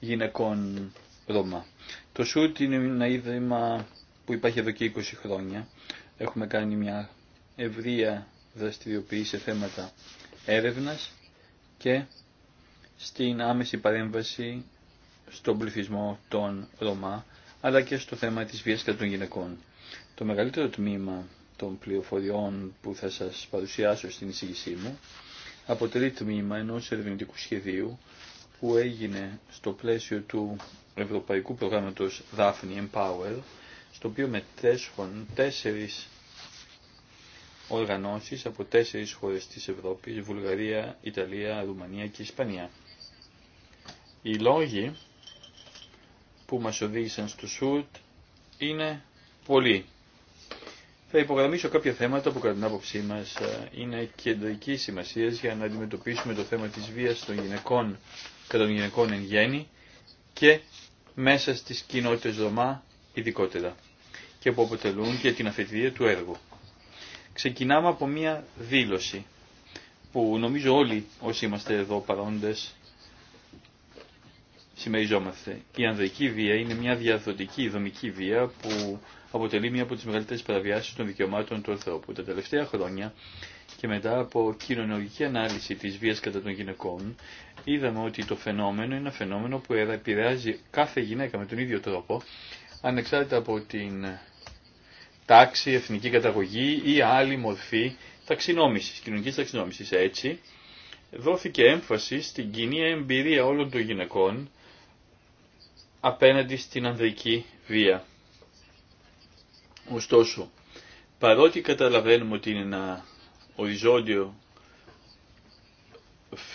γυναικών Ρωμά. Το ΣΟΥΤ είναι ένα ίδρυμα που υπάρχει εδώ και 20 χρόνια. Έχουμε κάνει μια ευρεία δραστηριοποίηση σε θέματα έρευνας και στην άμεση παρέμβαση στον πληθυσμό των Ρωμά, αλλά και στο θέμα της βίας κατά των γυναικών. Το μεγαλύτερο τμήμα των πληροφοριών που θα σας παρουσιάσω στην εισήγησή μου αποτελεί τμήμα ενός ερευνητικού σχεδίου που έγινε στο πλαίσιο του Ευρωπαϊκού Προγράμματος Daphne Empower, στο οποίο μετέσχουν τέσσερις οργανώσεις από τέσσερις χώρες της Ευρώπης, Βουλγαρία, Ιταλία, Ρουμανία και Ισπανία. Οι λόγοι που μας οδήγησαν στο ΣΟΥΤ είναι πολλοί. Θα υπογραμμίσω κάποια θέματα που κατά την άποψή μας ε, είναι κεντρική σημασία για να αντιμετωπίσουμε το θέμα της βίας των γυναικών κατά των γυναικών εν γέννη και μέσα στις κοινότητες Ρωμά ειδικότερα και που αποτελούν και την αφετηρία του έργου. Ξεκινάμε από μία δήλωση που νομίζω όλοι όσοι είμαστε εδώ παρόντες συμμεριζόμαστε. Η ανδρική βία είναι μια διαδοτική δομική βία που αποτελεί μια από τις μεγαλύτερες παραβιάσεις των δικαιωμάτων του ανθρώπου. Τα τελευταία χρόνια και μετά από κοινωνική ανάλυση της βίας κατά των γυναικών είδαμε ότι το φαινόμενο είναι ένα φαινόμενο που επηρεάζει κάθε γυναίκα με τον ίδιο τρόπο ανεξάρτητα από την τάξη, εθνική καταγωγή ή άλλη μορφή ταξινόμησης, κοινωνικής ταξινόμησης. Έτσι, δόθηκε έμφαση στην κοινή εμπειρία όλων των γυναικών απέναντι στην ανδρική βία. Ωστόσο, παρότι καταλαβαίνουμε ότι είναι ένα οριζόντιο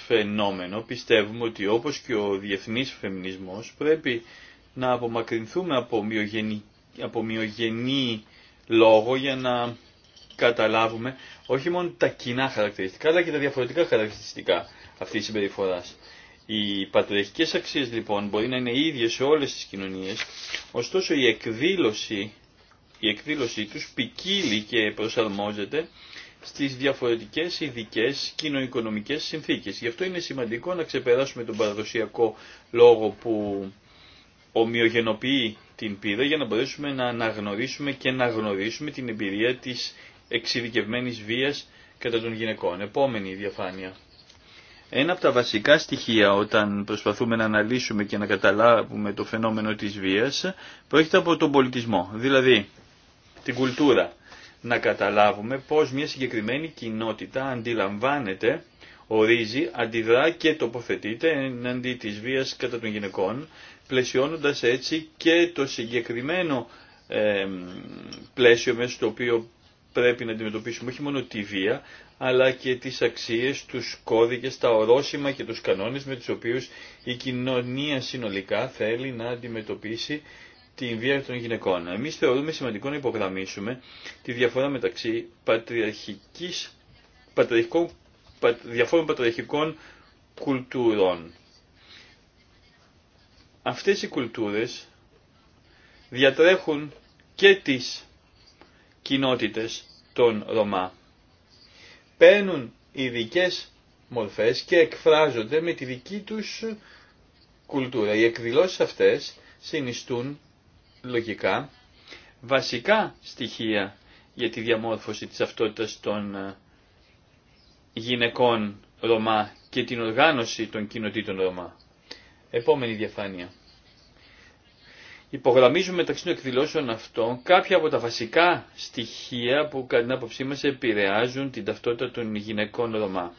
φαινόμενο, πιστεύουμε ότι όπως και ο διεθνής φεμινισμός πρέπει να απομακρυνθούμε από μειογενή, από μειογενή λόγο για να καταλάβουμε όχι μόνο τα κοινά χαρακτηριστικά αλλά και τα διαφορετικά χαρακτηριστικά αυτής της συμπεριφοράς. Οι πατριαρχικές αξίες λοιπόν μπορεί να είναι ίδιες σε όλες τις κοινωνίες, ωστόσο η εκδήλωση, η εκδήλωση τους ποικίλει και προσαρμόζεται στις διαφορετικές ειδικέ κοινοοικονομικές συνθήκες. Γι' αυτό είναι σημαντικό να ξεπεράσουμε τον παραδοσιακό λόγο που ομοιογενοποιεί την πείρα για να μπορέσουμε να αναγνωρίσουμε και να γνωρίσουμε την εμπειρία της εξειδικευμένης βίας κατά των γυναικών. Επόμενη διαφάνεια. Ένα από τα βασικά στοιχεία όταν προσπαθούμε να αναλύσουμε και να καταλάβουμε το φαινόμενο της βίας προέρχεται από τον πολιτισμό, δηλαδή την κουλτούρα. Να καταλάβουμε πώς μια συγκεκριμένη κοινότητα αντιλαμβάνεται, ορίζει, αντιδρά και τοποθετείται εναντί της βίας κατά των γυναικών, πλαισιώνοντας έτσι και το συγκεκριμένο πλαίσιο μέσα στο οποίο πρέπει να αντιμετωπίσουμε όχι μόνο τη βία, αλλά και τις αξίες, τους κώδικες, τα ορόσημα και τους κανόνες με τους οποίους η κοινωνία συνολικά θέλει να αντιμετωπίσει την βία των γυναικών. Εμείς θεωρούμε σημαντικό να υπογραμμίσουμε τη διαφορά μεταξύ πατριαρχικής, πατριαρχικών, διαφόρων πατριαρχικών κουλτουρών. Αυτές οι κουλτούρες διατρέχουν και τις κοινότητες των Ρωμά παίρνουν ειδικέ μορφές και εκφράζονται με τη δική τους κουλτούρα. Οι εκδηλώσεις αυτές συνιστούν λογικά βασικά στοιχεία για τη διαμόρφωση της αυτότητας των ε, γυναικών Ρωμά και την οργάνωση των κοινοτήτων Ρωμά. Επόμενη διαφάνεια υπογραμμίζουμε μεταξύ των εκδηλώσεων αυτών κάποια από τα βασικά στοιχεία που κατά την άποψή μας επηρεάζουν την ταυτότητα των γυναικών Ρωμά.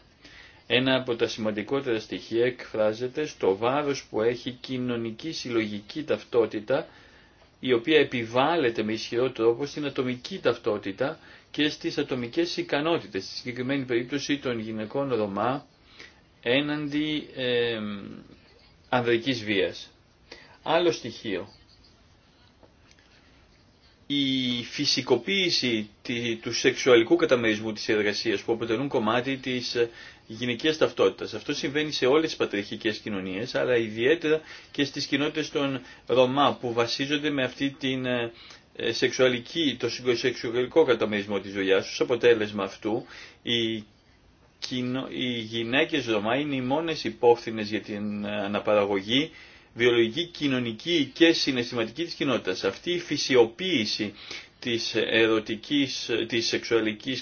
Ένα από τα σημαντικότερα στοιχεία εκφράζεται στο βάρος που έχει κοινωνική συλλογική ταυτότητα η οποία επιβάλλεται με ισχυρό τρόπο στην ατομική ταυτότητα και στις ατομικές ικανότητες, στη συγκεκριμένη περίπτωση των γυναικών Ρωμά έναντι ε, ανδρικής βίας. Άλλο στοιχείο η φυσικοποίηση του σεξουαλικού καταμερισμού της εργασίας που αποτελούν κομμάτι της ε, γυναικείας ταυτότητας. Αυτό συμβαίνει σε όλες τις πατριχικές κοινωνίες, αλλά ιδιαίτερα και στις κοινότητες των Ρωμά που βασίζονται με αυτή την ε, ε, σεξουαλική, το σεξουαλικό καταμερισμό της δουλειά τους. Αποτέλεσμα αυτού, οι, οι γυναίκες Ρωμά είναι οι μόνες υπόφθηνες για την αναπαραγωγή βιολογική, κοινωνική και συναισθηματική της κοινότητας. Αυτή η φυσιοποίηση της ερωτικής, της σεξουαλικής,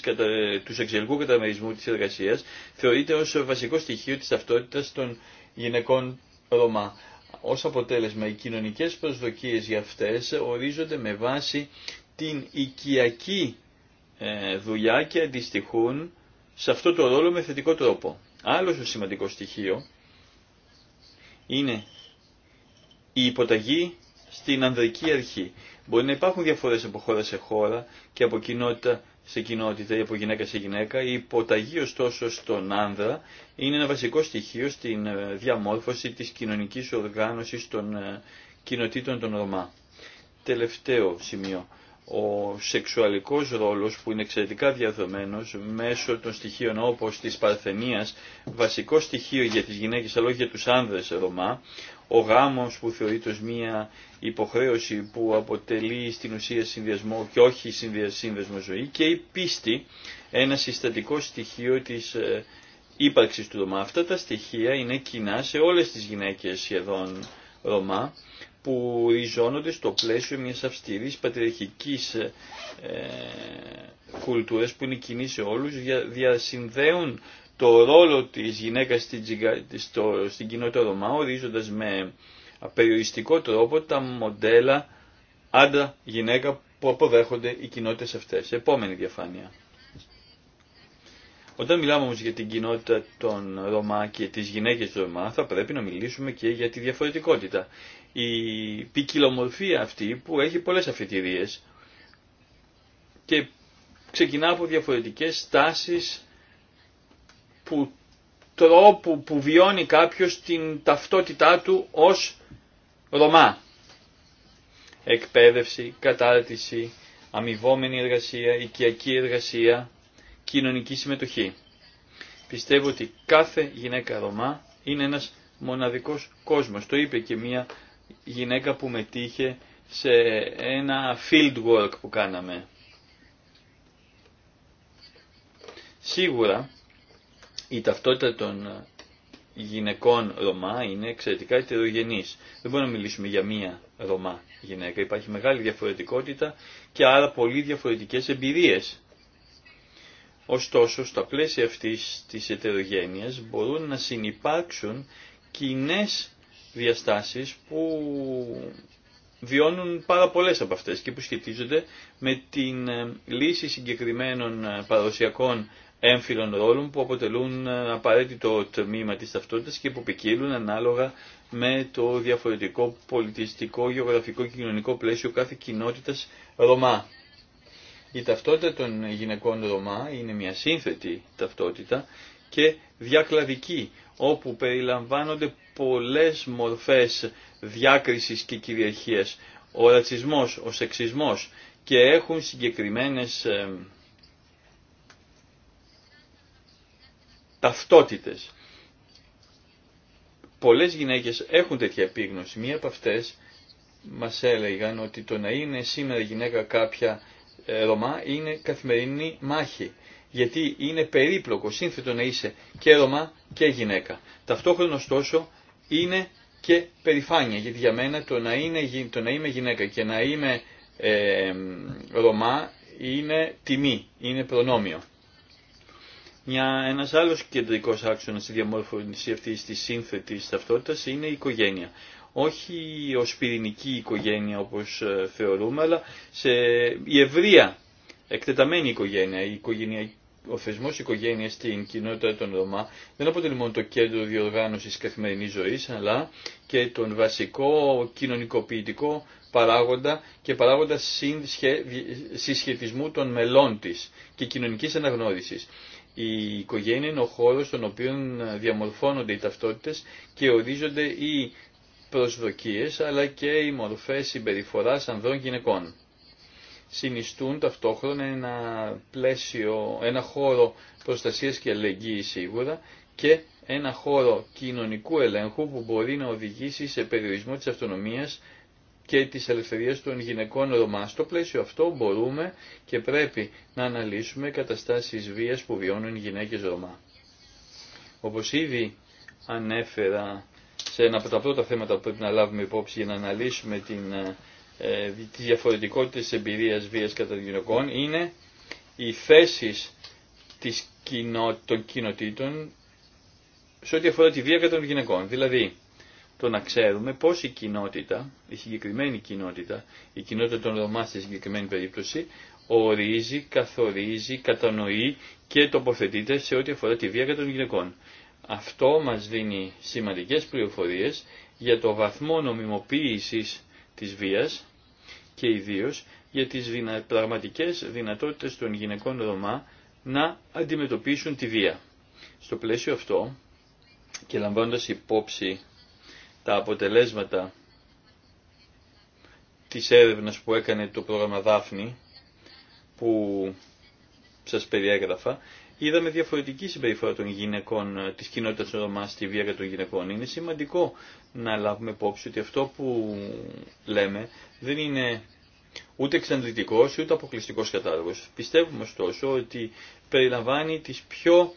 του σεξουαλικού καταμερισμού της εργασίας θεωρείται ως βασικό στοιχείο της ταυτότητας των γυναικών Ρωμά. Ως αποτέλεσμα, οι κοινωνικές προσδοκίες για αυτές ορίζονται με βάση την οικιακή ε, δουλειά και αντιστοιχούν σε αυτό το ρόλο με θετικό τρόπο. Άλλο σημαντικό στοιχείο είναι η υποταγή στην ανδρική αρχή. Μπορεί να υπάρχουν διαφορές από χώρα σε χώρα και από κοινότητα σε κοινότητα ή από γυναίκα σε γυναίκα. Η υποταγή ωστόσο στον άνδρα είναι ένα βασικό στοιχείο στην ε, διαμόρφωση της κοινωνικής οργάνωσης των ε, κοινοτήτων των Ρωμά. Τελευταίο σημείο. Ο σεξουαλικός ρόλος που είναι εξαιρετικά διαδρομένος μέσω των στοιχείων όπως της παρθενίας, βασικό στοιχείο για τις γυναίκες αλλά όχι για τους άνδρες Ρωμά, ο γάμος που θεωρείται ως μία υποχρέωση που αποτελεί στην ουσία συνδυασμό και όχι σύνδεσμο ζωή και η πίστη ένα συστατικό στοιχείο της ε, ύπαρξης του Ρωμά. Αυτά τα στοιχεία είναι κοινά σε όλες τις γυναίκες σχεδόν Ρωμά που ριζώνονται στο πλαίσιο μιας αυστηρής πατριαρχικής ε, ε κουλτούρας που είναι κοινή σε όλους, διασυνδέουν το ρόλο της γυναίκας στην κοινότητα Ρωμά ορίζοντας με απεριοριστικό τρόπο τα μοντέλα άντρα-γυναίκα που αποδέχονται οι κοινότητες αυτές. Επόμενη διαφάνεια. Όταν μιλάμε όμως για την κοινότητα των Ρωμά και τις γυναίκες των Ρωμά θα πρέπει να μιλήσουμε και για τη διαφορετικότητα. Η ποικιλομορφία αυτή που έχει πολλές αφετηρίες και ξεκινά από διαφορετικές στάσεις που, τρόπου που βιώνει κάποιος την ταυτότητά του ως Ρωμά. Εκπαίδευση, κατάρτιση, αμοιβόμενη εργασία, οικιακή εργασία, κοινωνική συμμετοχή. Πιστεύω ότι κάθε γυναίκα Ρωμά είναι ένας μοναδικός κόσμος. Το είπε και μια γυναίκα που μετήχε σε ένα field work που κάναμε. Σίγουρα η ταυτότητα των ε, γυναικών Ρωμά είναι εξαιρετικά ετερογενής. Δεν μπορούμε να μιλήσουμε για μία Ρωμά γυναίκα. Υπάρχει μεγάλη διαφορετικότητα και άρα πολύ διαφορετικές εμπειρίε. Ωστόσο, στα πλαίσια αυτή της ετερογένειας μπορούν να συνεπάρξουν κοινέ διαστάσεις που βιώνουν πάρα πολλέ από αυτές και που σχετίζονται με την ε, λύση συγκεκριμένων ε, παραδοσιακών έμφυλων ρόλων που αποτελούν ε, απαραίτητο τμήμα της ταυτότητας και που ποικίλουν ανάλογα με το διαφορετικό πολιτιστικό, γεωγραφικό και κοινωνικό πλαίσιο κάθε κοινότητας Ρωμά. Η ταυτότητα των γυναικών Ρωμά είναι μια σύνθετη ταυτότητα και διακλαδική, όπου περιλαμβάνονται πολλές μορφές διάκρισης και κυριαρχίας, ο ρατσισμός, ο σεξισμός και έχουν συγκεκριμένες ε, ταυτότητες. Πολλές γυναίκες έχουν τέτοια επίγνωση. Μία από αυτές μας έλεγαν ότι το να είναι σήμερα γυναίκα κάποια ε, Ρωμά είναι καθημερινή μάχη. Γιατί είναι περίπλοκο, σύνθετο να είσαι και Ρωμά και γυναίκα. Ταυτόχρονα ωστόσο είναι και περηφάνεια. Γιατί για μένα το να, είναι, το να είμαι γυναίκα και να είμαι ε, Ρωμά είναι τιμή, είναι προνόμιο. Μια, ένας άλλος κεντρικός άξονας στη διαμόρφωση αυτή τη σύνθετη ταυτότητα είναι η οικογένεια. Όχι ως πυρηνική οικογένεια όπως ε, θεωρούμε, αλλά σε, η ευρεία εκτεταμένη οικογένεια, η οικογένεια ο θεσμό οικογένεια στην κοινότητα των Ρωμά δεν αποτελεί μόνο το κέντρο διοργάνωση καθημερινή ζωή, αλλά και τον βασικό κοινωνικοποιητικό παράγοντα και παράγοντα συσχετισμού των μελών τη και κοινωνική αναγνώριση. Η οικογένεια είναι ο χώρος στον οποίο διαμορφώνονται οι ταυτότητες και ορίζονται οι προσδοκίες αλλά και οι μορφές συμπεριφορά ανδρών γυναικών. Συνιστούν ταυτόχρονα ένα πλαίσιο, ένα χώρο προστασίας και αλληλεγγύης σίγουρα και ένα χώρο κοινωνικού ελέγχου που μπορεί να οδηγήσει σε περιορισμό της αυτονομίας και τις ελευθερίας των γυναικών Ρωμά. Στο πλαίσιο αυτό μπορούμε και πρέπει να αναλύσουμε καταστάσεις βίας που βιώνουν οι γυναίκες Ρωμά. Όπως ήδη ανέφερα σε ένα από τα πρώτα θέματα που πρέπει να λάβουμε υπόψη για να αναλύσουμε την, ε, ε τη διαφορετικότητα της εμπειρίας βίας κατά των γυναικών είναι οι θέσεις της κοινο, των κοινοτήτων σε ό,τι αφορά τη βία κατά των γυναικών. Δηλαδή, το να ξέρουμε πώς η κοινότητα, η συγκεκριμένη κοινότητα, η κοινότητα των Ρωμά στη συγκεκριμένη περίπτωση, ορίζει, καθορίζει, κατανοεί και τοποθετείται σε ό,τι αφορά τη βία κατά των γυναικών. Αυτό μας δίνει σημαντικές πληροφορίες για το βαθμό νομιμοποίησης της βίας και ιδίως για τις δυνα... πραγματικές δυνατότητες των γυναικών Ρωμά να αντιμετωπίσουν τη βία. Στο πλαίσιο αυτό και λαμβάνοντας υπόψη τα αποτελέσματα της έρευνας που έκανε το πρόγραμμα Δάφνη που σας περιέγραφα, είδαμε διαφορετική συμπεριφορά των γυναικών, της κοινότητας μας στη βία των γυναικών. Είναι σημαντικό να λάβουμε υπόψη ότι αυτό που λέμε δεν είναι ούτε εξαντλητικός ούτε αποκλειστικός κατάλογος. Πιστεύουμε ωστόσο ότι περιλαμβάνει τις πιο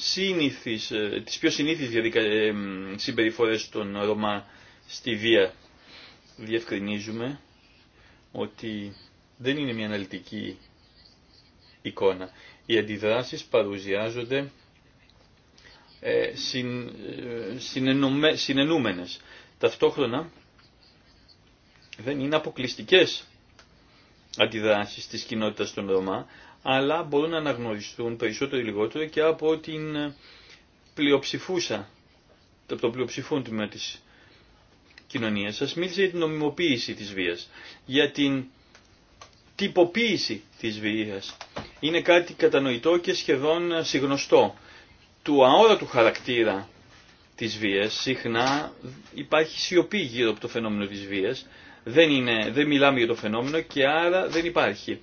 σύνηθεις, ε, τις πιο συνήθεις συμπεριφορέ ε, συμπεριφορές των Ρωμά στη βία. Διευκρινίζουμε ότι δεν είναι μια αναλυτική εικόνα. Οι αντιδράσεις παρουσιάζονται ε, συν, ε, συνενούμε, συνενούμενες. Ταυτόχρονα δεν είναι αποκλειστικές αντιδράσεις της κοινότητας των Ρωμά, αλλά μπορούν να αναγνωριστούν περισσότερο ή λιγότερο και από την πλειοψηφούσα, από το πλειοψηφούν της κοινωνίας σας. Μίλησε για την νομιμοποίηση της βίας, για την τυποποίηση της βίας. Είναι κάτι κατανοητό και σχεδόν συγνωστό. Του αόρατου χαρακτήρα της βίας συχνά υπάρχει σιωπή γύρω από το φαινόμενο της βίας. Δεν, είναι, δεν μιλάμε για το φαινόμενο και άρα δεν υπάρχει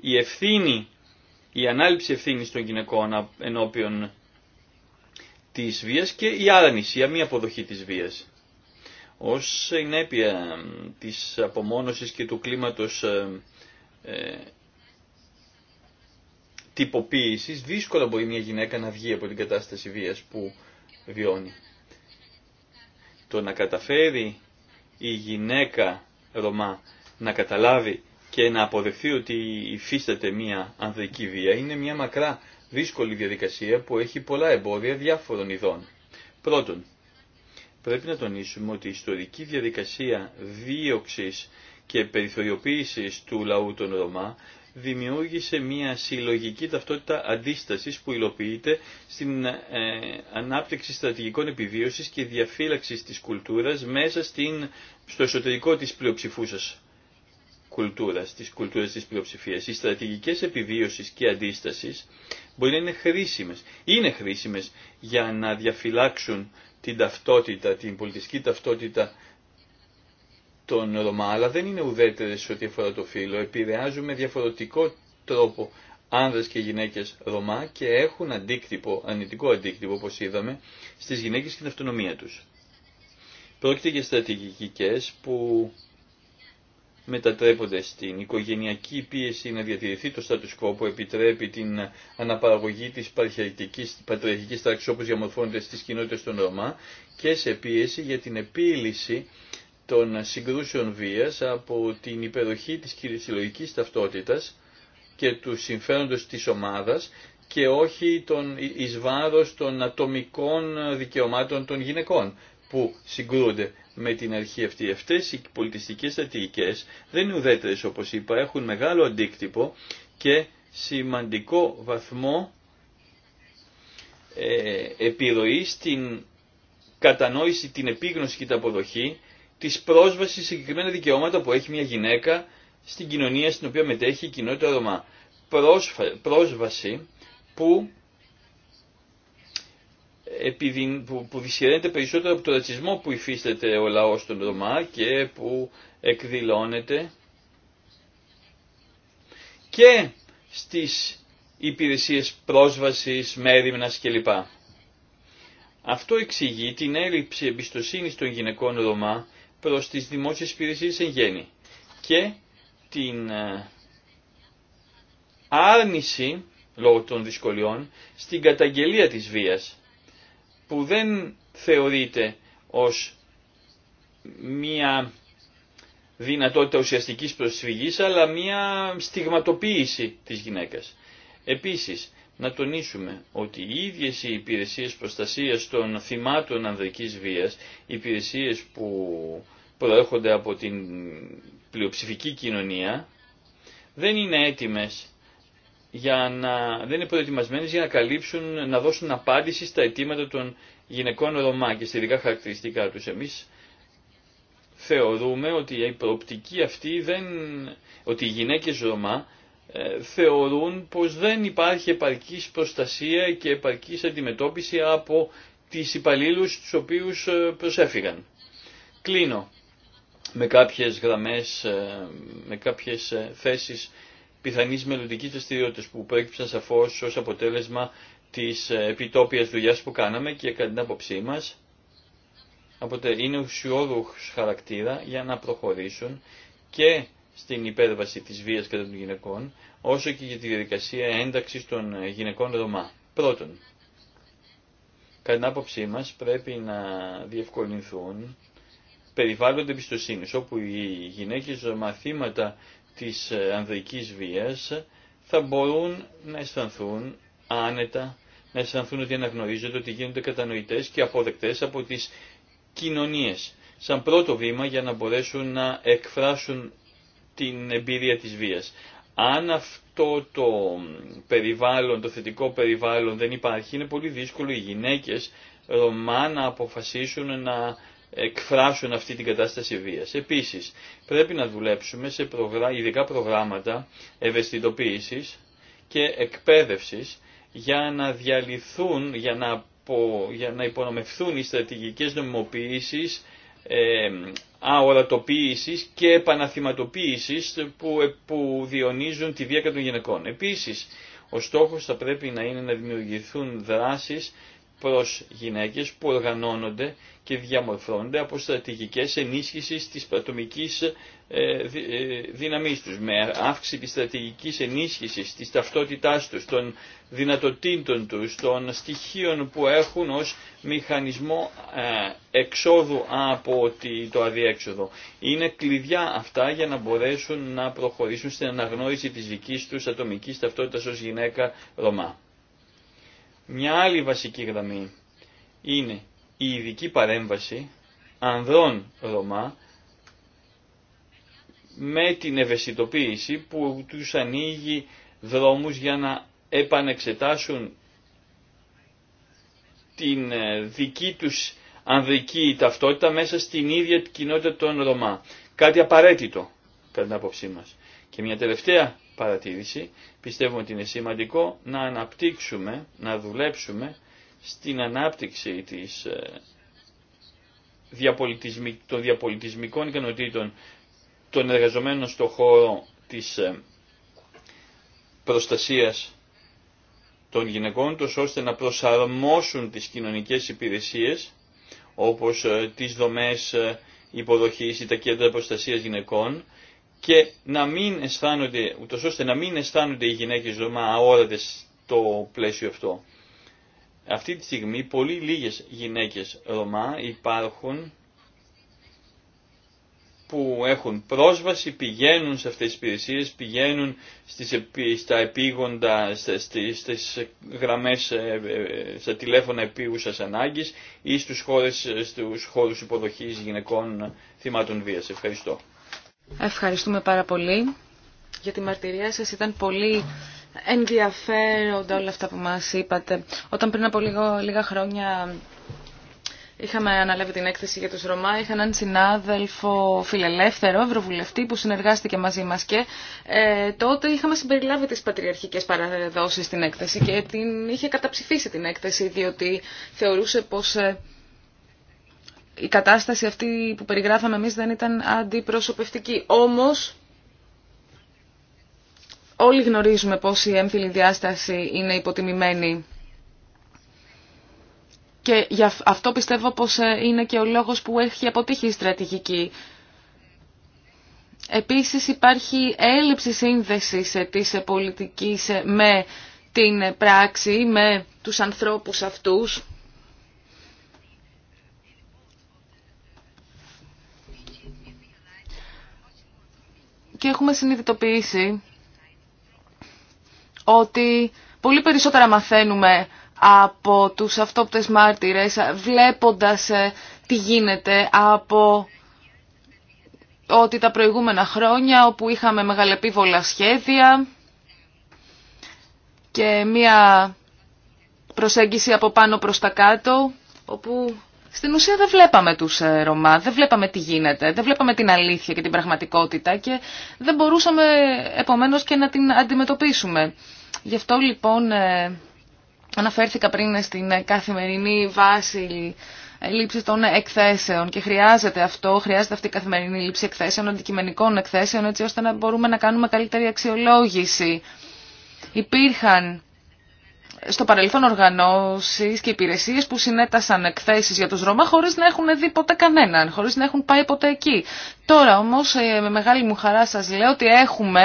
η ευθύνη, η ανάληψη ευθύνη των γυναικών ενώπιον της βίας και η άρνηση, η αμή αποδοχή της βίας. Ως συνέπεια της απομόνωσης και του κλίματος ε, ε, τυποποίησης, δύσκολα μπορεί μια γυναίκα να βγει από την κατάσταση βίας που βιώνει. Το να καταφέρει η γυναίκα Ρωμά να καταλάβει και να αποδεχθεί ότι υφίσταται μία ανδρική βία είναι μία μακρά δύσκολη διαδικασία που έχει πολλά εμπόδια διάφορων ειδών. Πρώτον, πρέπει να τονίσουμε ότι η ιστορική διαδικασία δίωξης και περιθωριοποίησης του λαού των Ρωμά δημιούργησε μια συλλογική ταυτότητα αντίστασης που υλοποιείται στην ε, ανάπτυξη στρατηγικών επιβίωσης και διαφύλαξης της κουλτούρας μέσα στην, στο εσωτερικό της πλειοψηφούσας κουλτούρας, της κουλτούρας της πλειοψηφίας. Οι στρατηγικές επιβίωσης και αντίστασης μπορεί να είναι χρήσιμες. Είναι χρήσιμες για να διαφυλάξουν την ταυτότητα, την πολιτιστική ταυτότητα των Ρωμά, αλλά δεν είναι ουδέτερες ό,τι αφορά το φύλλο. Επηρεάζουν με διαφορετικό τρόπο άνδρες και γυναίκες Ρωμά και έχουν αντίκτυπο, αρνητικό αντίκτυπο όπως είδαμε, στις γυναίκες και την αυτονομία τους. Πρόκειται για στρατηγικές που μετατρέπονται στην οικογενειακή πίεση να διατηρηθεί το status που επιτρέπει την αναπαραγωγή της πατριαρχικής τάξης όπως διαμορφώνεται στις κοινότητες των Ρωμά και σε πίεση για την επίλυση των συγκρούσεων βίας από την υπεροχή της κυριολογικής ταυτότητας και του συμφέροντος της ομάδας και όχι τον, εις των ατομικών δικαιωμάτων των γυναικών που συγκρούνται με την αρχή αυτή. Αυτές οι πολιτιστικές στρατηγικές δεν είναι ουδέτερες όπως είπα, έχουν μεγάλο αντίκτυπο και σημαντικό βαθμό ε, επιρροή στην κατανόηση, την επίγνωση και την αποδοχή της πρόσβασης σε συγκεκριμένα δικαιώματα που έχει μια γυναίκα στην κοινωνία στην οποία μετέχει η κοινότητα Ρωμά. Πρόσβαση που που δυσχεραίνεται περισσότερο από το ρατσισμό που υφίσταται ο λαός των Ρωμά και που εκδηλώνεται και στις υπηρεσίες πρόσβασης, μέρημνας κλπ. Αυτό εξηγεί την έλλειψη εμπιστοσύνης των γυναικών Ρωμά προς τις δημόσιες υπηρεσίες εν γέννη και την ε, άρνηση λόγω των δυσκολιών στην καταγγελία της βίας που δεν θεωρείται ως μία δυνατότητα ουσιαστικής προσφυγής, αλλά μία στιγματοποίηση της γυναίκας. Επίσης, να τονίσουμε ότι οι ίδιες οι υπηρεσίες προστασίας των θυμάτων ανδρικής βίας, οι υπηρεσίες που προέρχονται από την πλειοψηφική κοινωνία, δεν είναι έτοιμες για να, δεν είναι προετοιμασμένε για να καλύψουν, να δώσουν απάντηση στα αιτήματα των γυναικών Ρωμά και στα ειδικά χαρακτηριστικά τους. Εμείς θεωρούμε ότι η προοπτική αυτή δεν, ότι οι γυναίκε Ρωμά ε, θεωρούν πως δεν υπάρχει επαρκής προστασία και επαρκής αντιμετώπιση από τις υπαλλήλου τους οποίους ε, προσέφυγαν. Κλείνω με κάποιες γραμμές, ε, με κάποιες θέσεις πιθανής μελλοντική δραστηριότητα που προέκυψαν σαφώς ως αποτέλεσμα της ε, επιτόπιας δουλειά που κάναμε και κατά την άποψή μας είναι ουσιώδους χαρακτήρα για να προχωρήσουν και στην υπέρβαση της βίας κατά των γυναικών, όσο και για τη διαδικασία ένταξης των ε, γυναικών Ρωμά. Πρώτον, κατά την άποψή μας πρέπει να διευκολυνθούν περιβάλλονται εμπιστοσύνη, όπου οι γυναίκες μαθήματα της ε, ανδρικής βίας θα μπορούν να αισθανθούν άνετα, να αισθανθούν ότι αναγνωρίζονται, ότι γίνονται κατανοητές και αποδεκτές από τις κοινωνίες, σαν πρώτο βήμα για να μπορέσουν να εκφράσουν την εμπειρία της βίας. Αν αυτό το περιβάλλον, το θετικό περιβάλλον δεν υπάρχει, είναι πολύ δύσκολο οι γυναίκες Ρωμά να αποφασίσουν να εκφράσουν αυτή την κατάσταση βίας. Επίσης, πρέπει να δουλέψουμε σε προγρά... ειδικά προγράμματα ευαισθητοποίησης και εκπαίδευσης για να διαλυθούν, για να, για να υπονομευθούν οι στρατηγικές νομιμοποίησεις ε, και επαναθυματοποίησης που, που διονίζουν τη βία κατά των γυναικών. Επίσης, ο στόχος θα πρέπει να είναι να δημιουργηθούν δράσεις προς γυναίκες που οργανώνονται και διαμορφώνονται από στρατηγικές ενίσχυσης της ατομικής ε, ε, δύναμής τους, με αύξηση της στρατηγικής ενίσχυσης, της ταυτότητάς τους, των δυνατοτήτων τους, των στοιχείων που έχουν ως μηχανισμό ε, εξόδου από το αδιέξοδο. Είναι κλειδιά αυτά για να μπορέσουν να προχωρήσουν στην αναγνώριση της δικής τους ατομικής ταυτότητας ως γυναίκα Ρωμά. Μια άλλη βασική γραμμή είναι η ειδική παρέμβαση ανδρών Ρωμά με την ευαισθητοποίηση που τους ανοίγει δρόμους για να επανεξετάσουν την ε, δική τους ανδρική ταυτότητα μέσα στην ίδια κοινότητα των Ρωμά. Κάτι απαραίτητο, κατά την άποψή μας. Και μια τελευταία παρατήρηση. Πιστεύουμε ότι είναι σημαντικό να αναπτύξουμε, να δουλέψουμε στην ανάπτυξη της, ε, των διαπολιτισμικών ικανοτήτων των εργαζομένων στο χώρο της ε, προστασίας των γυναικών τους ώστε να προσαρμόσουν τις κοινωνικές υπηρεσίες όπως ε, τις δομές υποδοχής ή τα κέντρα προστασίας γυναικών και να μην αισθάνονται, ούτως ώστε να μην αισθάνονται οι γυναίκες Ρωμά αόρατες στο πλαίσιο αυτό. Αυτή τη στιγμή πολύ λίγες γυναίκες Ρωμά υπάρχουν που έχουν πρόσβαση, πηγαίνουν σε αυτές τις υπηρεσίες, πηγαίνουν στις, στα επίγοντα, στις, στις γραμμές, ε, ε, στα τηλέφωνα επίγουσας ανάγκης ή στους, χώρες, ε, στους χώρους υποδοχής γυναικών θυμάτων βίας. Ευχαριστώ. Ευχαριστούμε πάρα πολύ για τη μαρτυρία σας. Ήταν πολύ ενδιαφέροντα όλα αυτά που μας είπατε. Όταν πριν από λίγο, λίγα χρόνια είχαμε αναλάβει την έκθεση για τους Ρωμά, είχα έναν συνάδελφο φιλελεύθερο, ευρωβουλευτή, που συνεργάστηκε μαζί μας και ε, τότε είχαμε συμπεριλάβει τις πατριαρχικές παραδόσεις στην έκθεση και την είχε καταψηφίσει την έκθεση, διότι θεωρούσε πως... Ε, η κατάσταση αυτή που περιγράφαμε εμείς δεν ήταν αντιπροσωπευτική. Όμως, όλοι γνωρίζουμε πώς η έμφυλη διάσταση είναι υποτιμημένη. Και για αυτό πιστεύω πως ε, είναι και ο λόγος που έχει αποτύχει η στρατηγική. Επίσης υπάρχει έλλειψη σύνδεσης ε, της ε, πολιτικής με την πράξη, με τους ανθρώπους αυτούς και έχουμε συνειδητοποιήσει ότι πολύ περισσότερα μαθαίνουμε από τους αυτόπτες μάρτυρες βλέποντας ε, τι γίνεται από ότι τα προηγούμενα χρόνια όπου είχαμε μεγαλεπίβολα σχέδια και μία προσέγγιση από πάνω προς τα κάτω όπου στην ουσία δεν βλέπαμε τους ε, Ρωμά, δεν βλέπαμε τι γίνεται, δεν βλέπαμε την αλήθεια και την πραγματικότητα και δεν μπορούσαμε επομένως και να την αντιμετωπίσουμε. Γι' αυτό λοιπόν ε, αναφέρθηκα πριν στην ε, καθημερινή βάση λήψη των εκθέσεων και χρειάζεται αυτό, χρειάζεται αυτή η καθημερινή λήψη εκθέσεων, αντικειμενικών εκθέσεων έτσι ώστε να μπορούμε να κάνουμε καλύτερη αξιολόγηση. Υπήρχαν στο παρελθόν οργανώσεις και υπηρεσίες που συνέτασαν εκθέσεις για τους Ρώμα χωρί να έχουν δει ποτέ κανέναν, χωρίς να έχουν πάει ποτέ εκεί. Τώρα όμως ε, με μεγάλη μου χαρά σα λέω ότι έχουμε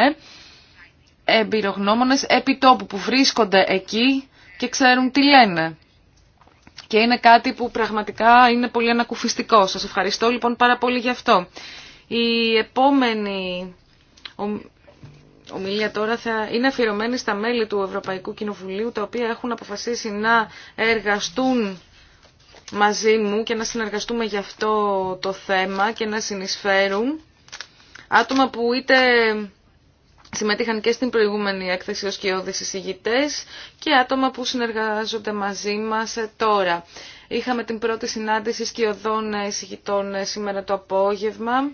επί τόπου που βρίσκονται εκεί και ξέρουν τι λένε. Και είναι κάτι που πραγματικά είναι πολύ ανακουφιστικό. Σας ευχαριστώ λοιπόν πάρα πολύ γι' αυτό. Η επόμενη ομιλία τώρα θα είναι αφιερωμένη στα μέλη του Ευρωπαϊκού Κοινοβουλίου, τα οποία έχουν αποφασίσει να εργαστούν μαζί μου και να συνεργαστούμε για αυτό το θέμα και να συνεισφέρουν άτομα που είτε συμμετείχαν και στην προηγούμενη έκθεση ως κοιόδης εισηγητές και άτομα που συνεργάζονται μαζί μας τώρα. Είχαμε την πρώτη συνάντηση σκιωδών εισηγητών σήμερα το απόγευμα.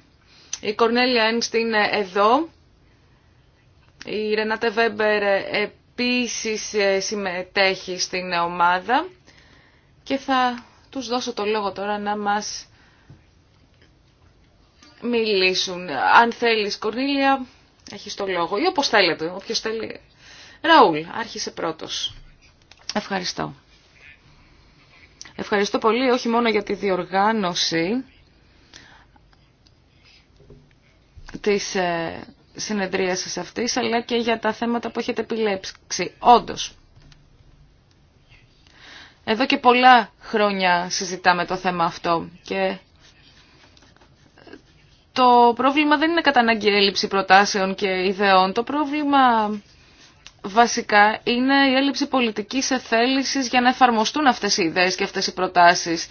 Η Κορνέλια Ένστη είναι εδώ η Ρενάτε Βέμπερ επίσης ε, συμμετέχει στην ομάδα και θα τους δώσω το λόγο τώρα να μας μιλήσουν. Αν θέλεις Κορνίλια, έχεις το λόγο ή όπως θέλετε, όποιος θέλει. Ραούλ, άρχισε πρώτος. Ευχαριστώ. Ευχαριστώ πολύ όχι μόνο για τη διοργάνωση της ε, συνεδρίασης αυτής, αλλά και για τα θέματα που έχετε επιλέξει. Όντως, εδώ και πολλά χρόνια συζητάμε το θέμα αυτό και το πρόβλημα δεν είναι κατά ανάγκη έλλειψη προτάσεων και ιδεών. Το πρόβλημα βασικά είναι η έλλειψη πολιτικής εθέλησης για να εφαρμοστούν αυτές οι ιδέες και αυτές οι προτάσεις.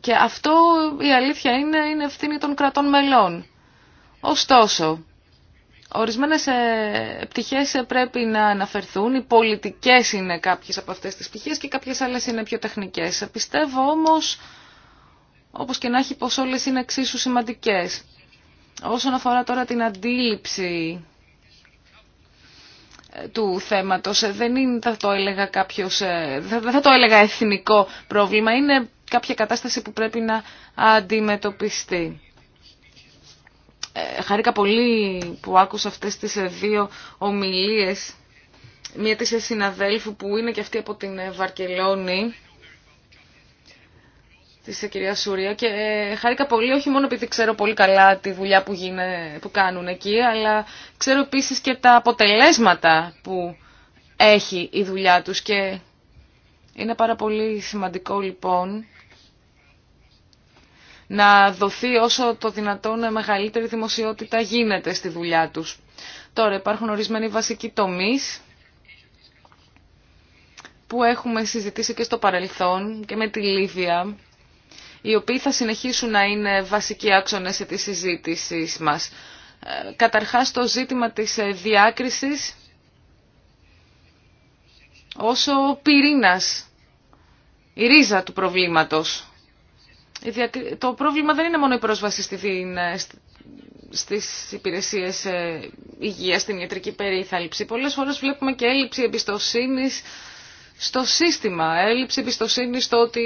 Και αυτό η αλήθεια είναι, είναι ευθύνη των κρατών μελών. Ωστόσο, Ορισμένες ε, πτυχές ε, πρέπει να αναφερθούν, οι πολιτικές είναι κάποιες από αυτές τις πτυχές και κάποιες άλλες είναι πιο τεχνικές. Πιστεύω όμως, όπως και να έχει, πως όλες είναι εξίσου σημαντικές. Όσον αφορά τώρα την αντίληψη ε, του θέματος, δεν είναι, θα το έλεγα κάποιος, δεν θα το έλεγα εθνικό πρόβλημα, είναι κάποια κατάσταση που πρέπει να αντιμετωπιστεί. Ε, Χαρήκα πολύ που άκουσα αυτές τις ε, δύο ομιλίες. Μία της ε, συναδέλφου που είναι και αυτή από την Βαρκελόνη, της κυρία Σουρία και χάρηκα πολύ όχι μόνο επειδή ξέρω πολύ καλά τη δουλειά που, γίνε, που κάνουν εκεί, αλλά ξέρω επίσης και τα αποτελέσματα που έχει η δουλειά τους και είναι πάρα πολύ σημαντικό λοιπόν να δοθεί όσο το δυνατόν μεγαλύτερη δημοσιότητα γίνεται στη δουλειά τους. Τώρα υπάρχουν ορισμένοι βασικοί τομείς που έχουμε συζητήσει και στο παρελθόν και με τη Λίβια, οι οποίοι θα συνεχίσουν να είναι βασικοί άξονες τη συζήτησή μας. Ε, καταρχάς το ζήτημα της ε, διάκρισης όσο πυρήνας, η ρίζα του προβλήματος το πρόβλημα δεν είναι μόνο η πρόσβαση ε, στις υπηρεσίες ε, υγείας, στην ιατρική περίθαλψη. Πολλές φορές βλέπουμε και έλλειψη εμπιστοσύνης στο σύστημα, έλλειψη εμπιστοσύνη στο ότι,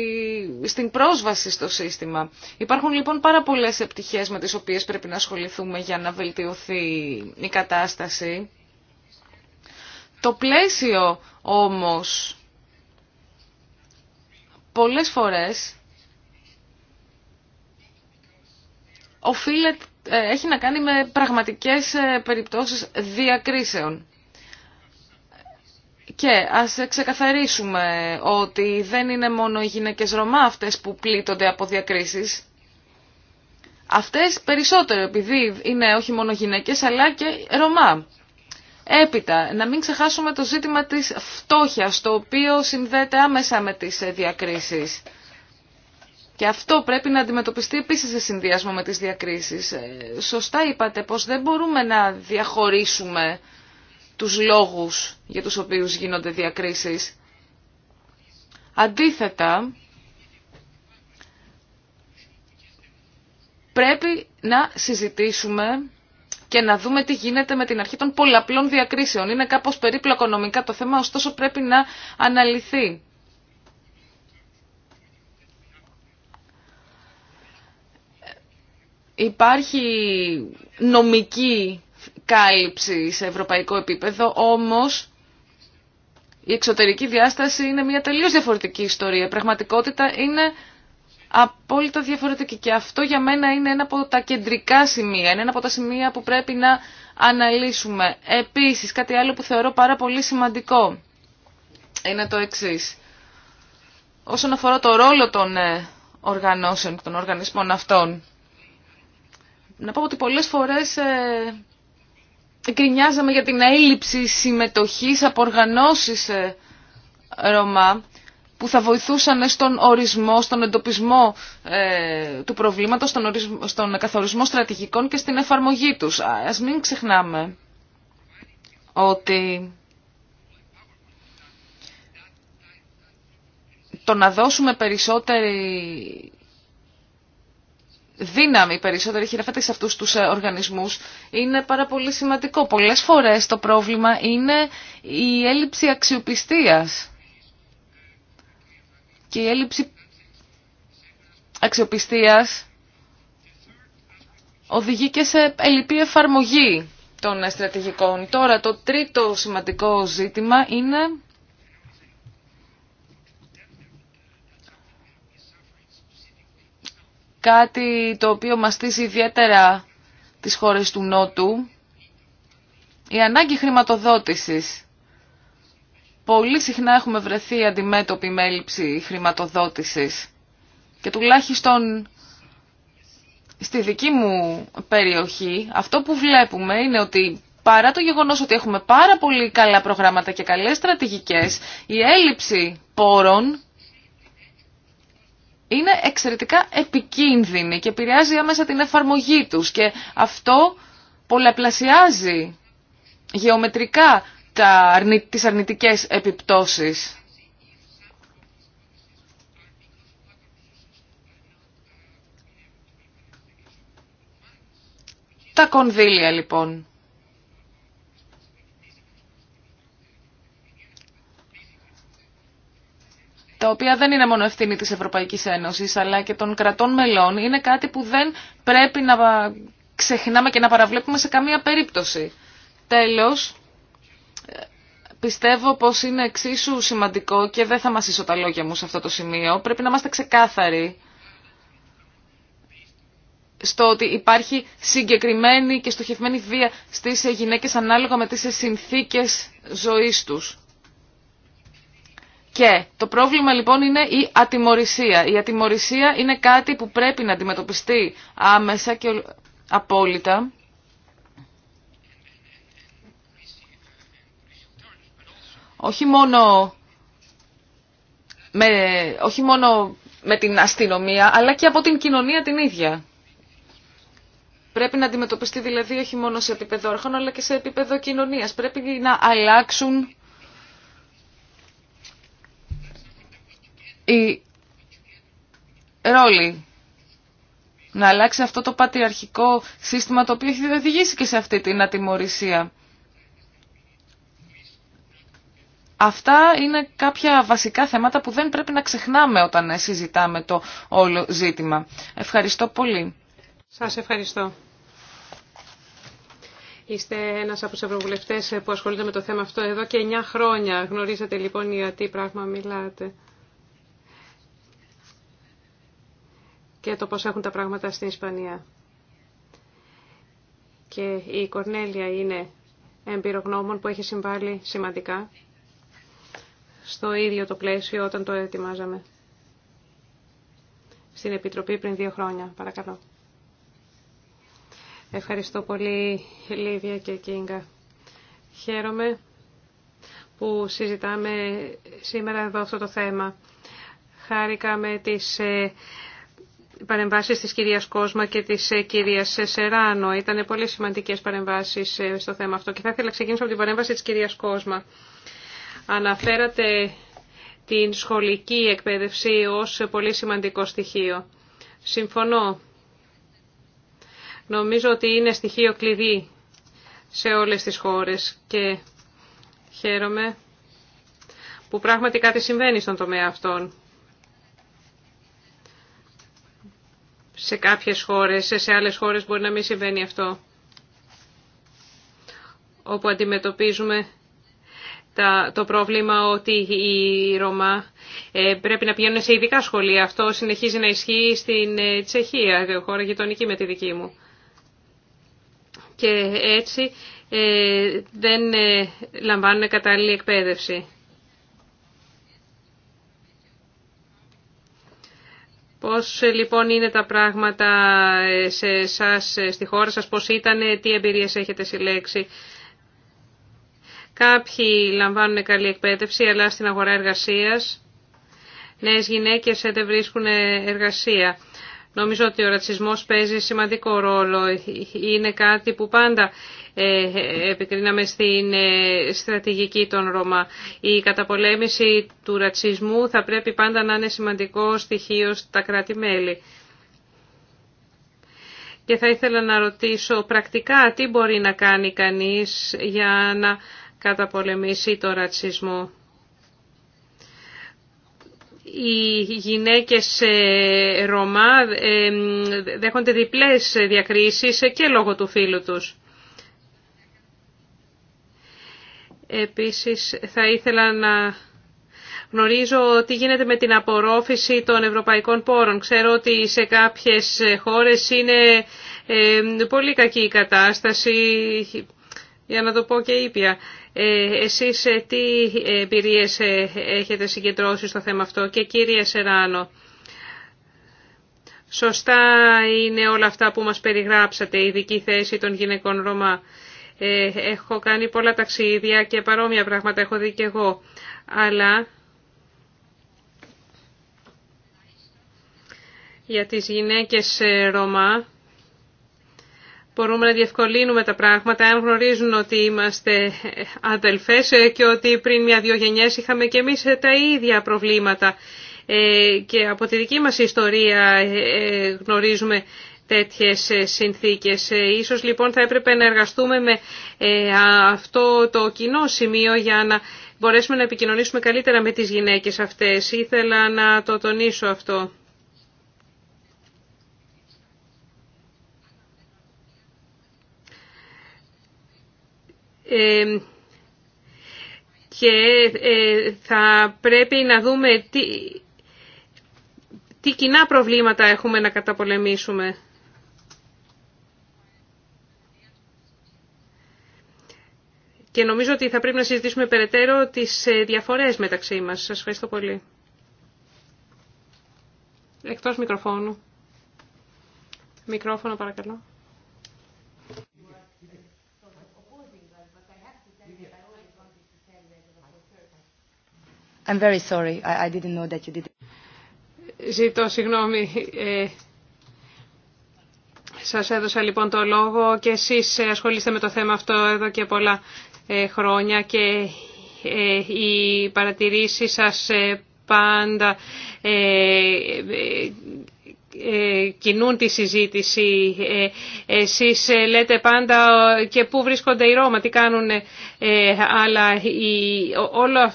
στην πρόσβαση στο σύστημα. Υπάρχουν λοιπόν πάρα πολλές επιτυχίες με τις οποίες πρέπει να ασχοληθούμε για να βελτιωθεί η κατάσταση. Το πλαίσιο όμως πολλές φορές οφείλεται, ε, έχει να κάνει με πραγματικές ε, περιπτώσεις διακρίσεων. Και ας ξεκαθαρίσουμε ότι δεν είναι μόνο οι γυναίκες Ρωμά αυτές που πλήττονται από διακρίσεις. Αυτές περισσότερο επειδή είναι όχι μόνο γυναίκες αλλά και Ρωμά. Έπειτα, να μην ξεχάσουμε το ζήτημα της φτώχειας, το οποίο συνδέεται άμεσα με τις ε, διακρίσεις. Και αυτό πρέπει να αντιμετωπιστεί επίσης σε συνδυασμό με τις διακρίσεις. Ε, σωστά είπατε πως δεν μπορούμε να διαχωρίσουμε τους λόγους για τους οποίους γίνονται διακρίσεις. Αντίθετα, πρέπει να συζητήσουμε και να δούμε τι γίνεται με την αρχή των πολλαπλών διακρίσεων. Είναι κάπως περίπλοκο νομικά το θέμα, ωστόσο πρέπει να αναλυθεί. Υπάρχει νομική κάλυψη σε ευρωπαϊκό επίπεδο, όμως η εξωτερική διάσταση είναι μια τελείως διαφορετική ιστορία. Η πραγματικότητα είναι απόλυτα διαφορετική και αυτό για μένα είναι ένα από τα κεντρικά σημεία, είναι ένα από τα σημεία που πρέπει να αναλύσουμε. Επίσης, κάτι άλλο που θεωρώ πάρα πολύ σημαντικό είναι το εξής. Όσον αφορά το ρόλο των ε, οργανώσεων, των οργανισμών αυτών, να πω ότι πολλές φορές ε, γκρινιάζαμε για την έλλειψη συμμετοχής από οργανώσεις ε, Ρωμά που θα βοηθούσαν στον ορισμό, στον εντοπισμό ε, του προβλήματος, στον, ορισμό, στον καθορισμό στρατηγικών και στην εφαρμογή τους. Ας μην ξεχνάμε ότι το να δώσουμε περισσότερη δύναμη περισσότερη χειραφέτη σε αυτούς τους ε, οργανισμούς είναι πάρα πολύ σημαντικό. Πολλές φορές το πρόβλημα είναι η έλλειψη αξιοπιστίας και η έλλειψη αξιοπιστίας οδηγεί και σε ελλειπή εφαρμογή των ε, στρατηγικών. Τώρα το τρίτο σημαντικό ζήτημα είναι κάτι το οποίο μαστίζει ιδιαίτερα τις χώρες του Νότου, η ανάγκη χρηματοδότησης. Πολύ συχνά έχουμε βρεθεί αντιμέτωποι με έλλειψη χρηματοδότησης και τουλάχιστον στη δική μου περιοχή αυτό που βλέπουμε είναι ότι παρά το γεγονός ότι έχουμε πάρα πολύ καλά προγράμματα και καλές στρατηγικές, η έλλειψη πόρων είναι εξαιρετικά επικίνδυνη και επηρεάζει άμεσα την εφαρμογή τους και αυτό πολλαπλασιάζει γεωμετρικά τα, τις αρνητικές επιπτώσεις. Τα κονδύλια λοιπόν. τα οποία δεν είναι μόνο ευθύνη της Ευρωπαϊκής Ένωσης, αλλά και των κρατών μελών, είναι κάτι που δεν πρέπει να ξεχνάμε και να παραβλέπουμε σε καμία περίπτωση. Τέλος, πιστεύω πως είναι εξίσου σημαντικό και δεν θα ίσω τα λόγια μου σε αυτό το σημείο, πρέπει να είμαστε ξεκάθαροι στο ότι υπάρχει συγκεκριμένη και στοχευμένη βία στις γυναίκες ανάλογα με τις συνθήκες ζωής τους. Και το πρόβλημα λοιπόν είναι η ατιμορρησία. Η ατιμορρησία είναι κάτι που πρέπει να αντιμετωπιστεί άμεσα και απόλυτα. Όχι μόνο με, όχι μόνο με την αστυνομία, αλλά και από την κοινωνία την ίδια. Πρέπει να αντιμετωπιστεί δηλαδή όχι μόνο σε επίπεδο αρχών, αλλά και σε επίπεδο κοινωνίας. Πρέπει να αλλάξουν η ρόλη να αλλάξει αυτό το πατριαρχικό σύστημα το οποίο έχει οδηγήσει και σε αυτή την ατιμορρησία. Αυτά είναι κάποια βασικά θέματα που δεν πρέπει να ξεχνάμε όταν συζητάμε το όλο ζήτημα. Ευχαριστώ πολύ. Σας ευχαριστώ. Είστε ένας από τους ευρωβουλευτές που ασχολείται με το θέμα αυτό εδώ και εννιά χρόνια. Γνωρίζετε λοιπόν για τι πράγμα μιλάτε. και το πώς έχουν τα πράγματα στην Ισπανία. Και η Κορνέλια είναι εμπειρογνώμων που έχει συμβάλει σημαντικά στο ίδιο το πλαίσιο όταν το ετοιμάζαμε στην Επιτροπή πριν δύο χρόνια. Παρακαλώ. Ευχαριστώ πολύ Λίβια και Κίνγκα. Χαίρομαι που συζητάμε σήμερα εδώ αυτό το θέμα. Χάρηκα με τις ε, παρεμβάσεις της κυρίας Κόσμα και της ε, κυρίας Σεράνο. Ήταν πολύ σημαντικές παρεμβάσεις ε, στο θέμα αυτό και θα ήθελα να ξεκινήσω από την παρέμβαση της κυρίας Κόσμα. Αναφέρατε την σχολική εκπαίδευση ως πολύ σημαντικό στοιχείο. Συμφωνώ. Νομίζω ότι είναι στοιχείο κλειδί σε όλες τις χώρες και χαίρομαι που πράγματι κάτι συμβαίνει στον τομέα αυτών. σε κάποιες χώρες, σε άλλες χώρες μπορεί να μην συμβαίνει αυτό. Όπου αντιμετωπίζουμε το πρόβλημα ότι οι Ρωμά ε, πρέπει να πηγαίνουν σε ειδικά σχολεία. Αυτό συνεχίζει να ισχύει στην ε, Τσεχία, χώρα γειτονική με τη δική μου. Και έτσι ε, δεν λαμβάνουν κατάλληλη εκπαίδευση. Πώς ε, λοιπόν είναι τα πράγματα ε, σε εσάς, ε, στη χώρα σας, πώς ήταν, τι εμπειρίες έχετε συλλέξει. Κάποιοι λαμβάνουν καλή εκπαίδευση, αλλά στην αγορά εργασίας νέες γυναίκες δεν βρίσκουν εργασία. Νομίζω ότι ο ρατσισμός παίζει σημαντικό ρόλο. Είναι κάτι που πάντα ε, επικρίναμε στην ε, στρατηγική των Ρωμά. Η καταπολέμηση του ρατσισμού θα πρέπει πάντα να είναι σημαντικό στοιχείο στα κράτη-μέλη. Και θα ήθελα να ρωτήσω πρακτικά τι μπορεί να κάνει κανείς για να καταπολεμήσει το ρατσισμό οι γυναίκες Ρωμά ε, δέχονται διπλές διακρίσεις και λόγω του φίλου τους. Επίσης θα ήθελα να γνωρίζω τι γίνεται με την απορρόφηση των ευρωπαϊκών πόρων. Ξέρω ότι σε κάποιες χώρες είναι ε, πολύ κακή η κατάσταση, για να το πω και ήπια. Ε, εσείς ε, τι εμπειρίες ε, έχετε συγκεντρώσει στο θέμα αυτό και κύριε Σεράνο. Σωστά είναι όλα αυτά που μας περιγράψατε, η ειδική θέση των γυναικών Ρωμά. έχω κάνει πολλά ταξίδια και παρόμοια πράγματα έχω δει και εγώ. Αλλά για τις γυναίκες Ρωμά μπορούμε να διευκολύνουμε τα πράγματα αν γνωρίζουν ότι είμαστε αδελφές και ότι πριν μια-δυο γενιές είχαμε και εμείς τα ίδια προβλήματα. Ε, και από τη δική μας ιστορία ε, γνωρίζουμε τέτοιες συνθήκες. Ε, ίσως λοιπόν θα έπρεπε να εργαστούμε με αυτό το κοινό σημείο για να μπορέσουμε να επικοινωνήσουμε καλύτερα με τις γυναίκες αυτές. Ήθελα να το τονίσω αυτό. Ε, και ε, θα πρέπει να δούμε τι, τι κοινά προβλήματα έχουμε να καταπολεμήσουμε. Και νομίζω ότι θα πρέπει να συζητήσουμε περαιτέρω τις ε, διαφορές μεταξύ μας. Σας ευχαριστώ πολύ. Εκτός μικροφώνου. Μικρόφωνο παρακαλώ. I'm very sorry. I, didn't know that you did. Ζήτω συγγνώμη. Ε, σας έδωσα λοιπόν το λόγο και εσείς ε, ασχολείστε με το θέμα αυτό εδώ και πολλά ε, χρόνια και ε, οι παρατηρήσεις σας ε, πάντα κινούν τη συζήτηση. Εσείς λέτε πάντα και πού βρίσκονται οι Ρώμα, τι κάνουν, αλλά η, όλο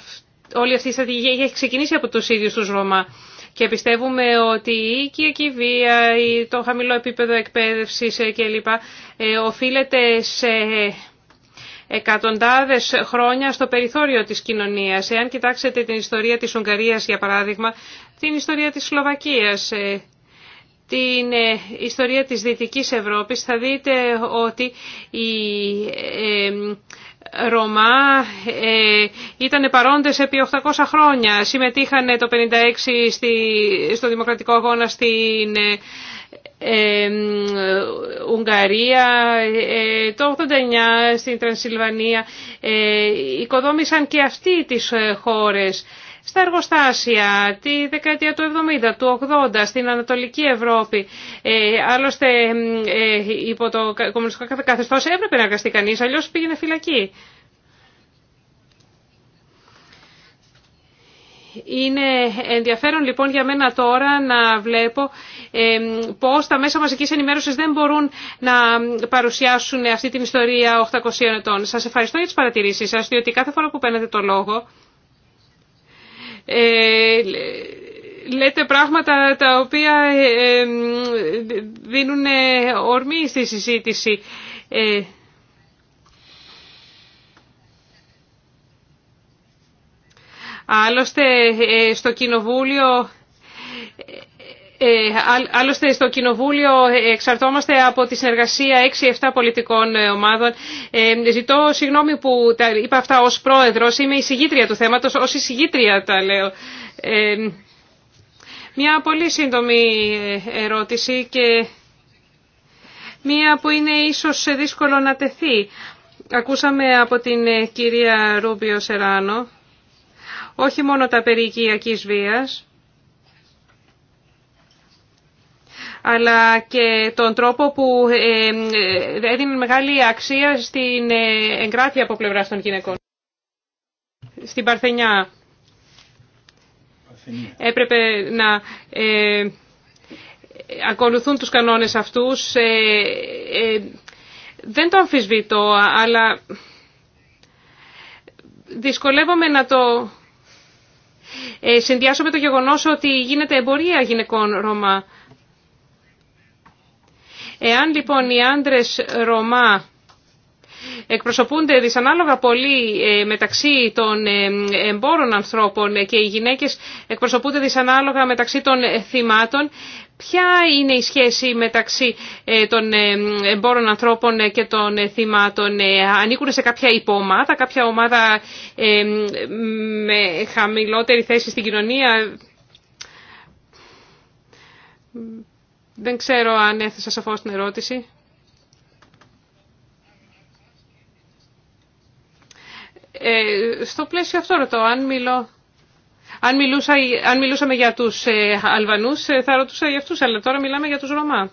όλη αυτή η στρατηγική έχει ξεκινήσει από τους ίδιους του Ρωμά. Και πιστεύουμε ότι η οικιακή βία, το χαμηλό επίπεδο εκπαίδευσης ε, κλπ. Ε, οφείλεται σε εκατοντάδες χρόνια στο περιθώριο της κοινωνίας. Εάν κοιτάξετε την ιστορία της Ουγγαρίας, για παράδειγμα, την ιστορία της Σλοβακίας, ε, την ιστορία της Δυτικής Ευρώπης, θα δείτε ότι η Ρωμά ε, ήταν παρόντες επί 800 χρόνια. Συμμετείχαν το 1956 στη, στο δημοκρατικό αγώνα στην ε, Ουγγαρία, ε, το 89 στην Τρανσιλβανία. Ε, οικοδόμησαν και αυτοί τις χώρες στα εργοστάσια τη δεκαετία του 70, του 80, στην Ανατολική Ευρώπη. Ε, άλλωστε ε, υπό το κομμουνιστικό καθεστώς έπρεπε να εργαστεί κανείς, αλλιώς πήγαινε φυλακή. Είναι ενδιαφέρον λοιπόν για μένα τώρα να βλέπω πώς τα μέσα μαζικής ενημέρωσης δεν μπορούν να παρουσιάσουν αυτή την ιστορία 800 ετών. Σας ευχαριστώ για τις παρατηρήσεις σας, διότι κάθε φορά που παίρνετε το λόγο ε, λέτε πράγματα τα οποία ε, δίνουν ε, ορμή στη συζήτηση. Άλλωστε στο Κοινοβούλιο ε, άλλωστε στο Κοινοβούλιο ε, εξαρτώμαστε από τη συνεργασία 6-7 πολιτικών ε, ομάδων. Ζητώ συγγνώμη που τα είπα αυτά ως πρόεδρος, είμαι η συγγήτρια του θέματος, ως η συγγήτρια τα λέω. Μια πολύ σύντομη ερώτηση και μία που είναι ίσως δύσκολο να τεθεί. Ακούσαμε από την κυρία Ρούμπιο Σεράνο όχι μόνο τα περί οικιακής βίας, αλλά και τον τρόπο που ε, ε, έδινε μεγάλη αξία στην ε, εγκράτεια από πλευρά των γυναικών. Στην Παρθενιά. Έπρεπε να ακολουθούν τους κανόνες αυτούς. δεν το αμφισβητώ, αλλά δυσκολεύομαι να το συνδυάσω με το γεγονός ότι γίνεται εμπορία γυναικών Ρωμά. Εάν λοιπόν οι άντρες Ρωμά εκπροσωπούνται δυσανάλογα πολύ ε, μεταξύ των ε, εμπόρων ανθρώπων ε, και οι γυναίκες εκπροσωπούνται δυσανάλογα μεταξύ των θυμάτων, ποια είναι η σχέση μεταξύ των εμπόρων ανθρώπων και των θυμάτων. Ανήκουν σε κάποια υπομάδα, κάποια ομάδα με χαμηλότερη θέση στην κοινωνία. Δεν ξέρω αν έθεσα σαφώ την ερώτηση. Ε, στο πλαίσιο αυτό ρωτώ, αν, μιλούσαμε για τους ε, Αλβανούς ε, θα ρωτούσα για αυτούς, αλλά τώρα μιλάμε για τους Ρωμά.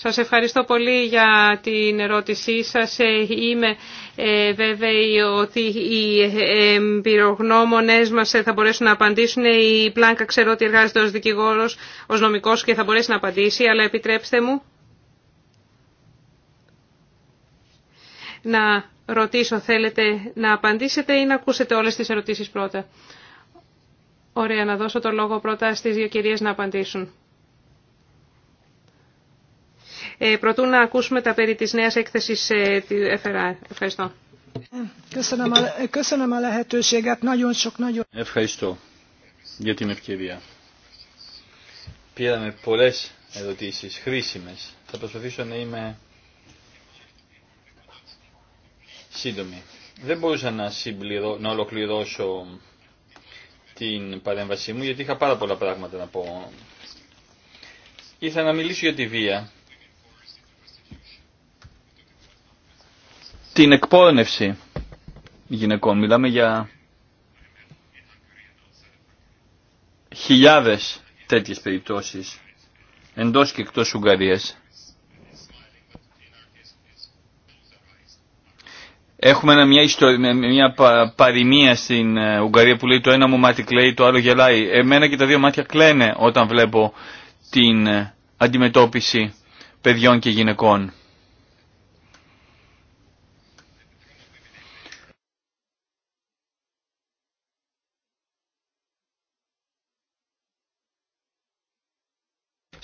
Σας ευχαριστώ πολύ για την ερώτησή σας. Ε, είμαι ε, βέβαιη ότι οι ε, εμπειρογνώμονες μας θα μπορέσουν να απαντήσουν. Η Πλάνκα ξέρω ότι εργάζεται ως δικηγόρος, ως νομικός και θα μπορέσει να απαντήσει, αλλά επιτρέψτε μου να ρωτήσω, θέλετε να απαντήσετε ή να ακούσετε όλες τις ερωτήσεις πρώτα. Ωραία, να δώσω το λόγο πρώτα στις δύο κυρίες να απαντήσουν. Ε, προτού να ακούσουμε τα περί της νέας έκθεσης ε, τη ΕΦΡΑ. Ευχαριστώ. Ευχαριστώ για την ευκαιρία. Πήραμε πολλές ερωτήσεις χρήσιμες. Θα προσπαθήσω να είμαι σύντομη. Δεν μπορούσα να, συμπληρω... να ολοκληρώσω την παρέμβασή μου γιατί είχα πάρα πολλά πράγματα να πω. Ήθελα να μιλήσω για τη βία την εκπόρνευση γυναικών. Μιλάμε για χιλιάδες τέτοιες περιπτώσεις εντός και εκτός Ουγγαρίας. Έχουμε μια, ιστορία, μια παροιμία στην ε, Ουγγαρία που λέει το ένα μου μάτι κλαίει, το άλλο γελάει. Εμένα και τα δύο μάτια κλαίνε όταν βλέπω την ε, αντιμετώπιση παιδιών και γυναικών.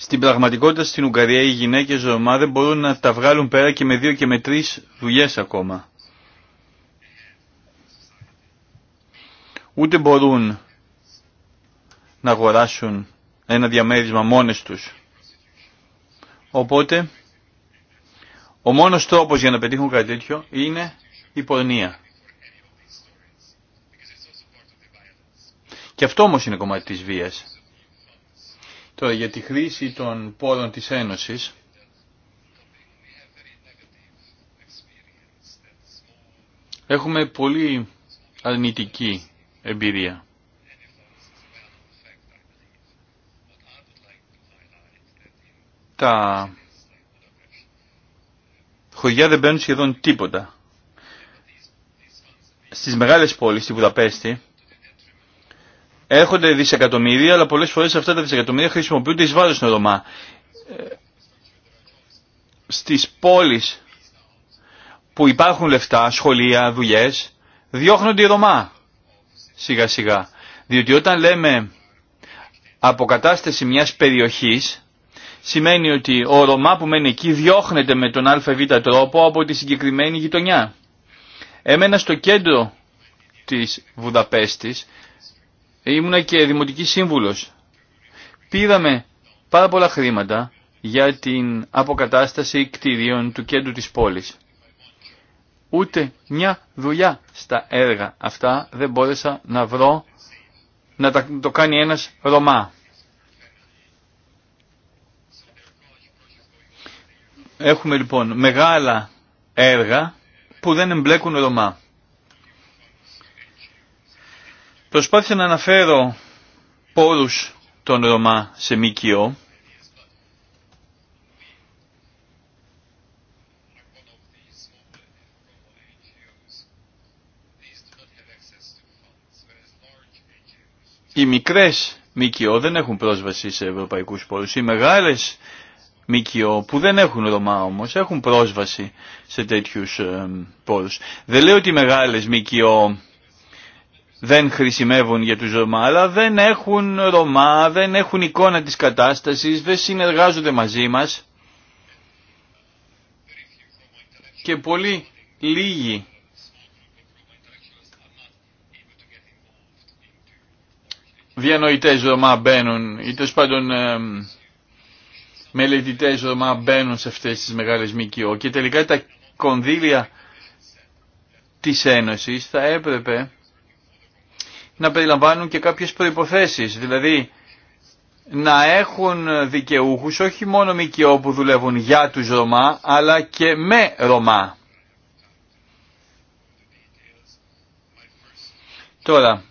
Στην πραγματικότητα στην Ουγγαρία οι γυναίκες Ρωμά δεν μπορούν να τα βγάλουν πέρα και με δύο και με τρεις δουλειές ακόμα. Ούτε μπορούν να αγοράσουν ένα διαμέρισμα μόνες τους. Οπότε, ο μόνος τρόπος για να πετύχουν κάτι τέτοιο είναι η πορνεία. Και αυτό όμως είναι κομμάτι της βίας. Τώρα για τη χρήση των πόρων της Ένωσης, έχουμε πολύ αρνητική εμπειρία. Τα χωριά δεν παίρνουν σχεδόν τίποτα. Στις μεγάλες πόλεις, στη Βουδαπέστη, Έρχονται δισεκατομμύρια, αλλά πολλές φορές αυτά τα δισεκατομμύρια χρησιμοποιούνται εις βάρος των Ρωμά. Ε, στις πόλεις που υπάρχουν λεφτά, σχολεία, δουλειές, διώχνονται οι Ρωμά σιγά σιγά. Διότι όταν λέμε αποκατάσταση μιας περιοχής, σημαίνει ότι ο Ρωμά που μένει εκεί διώχνεται με τον ΑΒ τρόπο από τη συγκεκριμένη γειτονιά. Έμενα στο κέντρο της Βουδαπέστης ήμουνα και δημοτική σύμβουλος. Πήραμε πάρα πολλά χρήματα για την αποκατάσταση κτηρίων του κέντρου της πόλης. Ούτε μια δουλειά στα έργα αυτά δεν μπόρεσα να βρω να το κάνει ένας Ρωμά. Έχουμε λοιπόν μεγάλα έργα που δεν εμπλέκουν Ρωμά. Προσπάθησα να αναφέρω πόρους των Ρωμά σε ΜΚΟ. Οι μικρές ΜΚΟ δεν έχουν πρόσβαση σε ευρωπαϊκούς πόρους. Οι μεγάλες ΜΚΟ που δεν έχουν Ρωμά όμως έχουν πρόσβαση σε τέτοιους ε, πόρους. Δεν λέω ότι οι μεγάλες ΜΚΟ δεν χρησιμεύουν για τους Ρωμά, αλλά δεν έχουν Ρωμά, δεν έχουν εικόνα της κατάστασης, δεν συνεργάζονται μαζί μας και πολύ λίγοι διανοητές Ρωμά μπαίνουν ή τέλο πάντων ε, μελετητές Ρωμά μπαίνουν σε αυτές τις μεγάλες ΜΚΟ και τελικά τα κονδύλια της Ένωσης θα έπρεπε να περιλαμβάνουν και κάποιες προϋποθέσεις, δηλαδή να έχουν δικαιούχους όχι μόνο ΜΚΟ που δουλεύουν για τους Ρωμά, αλλά και με Ρωμά. Τώρα,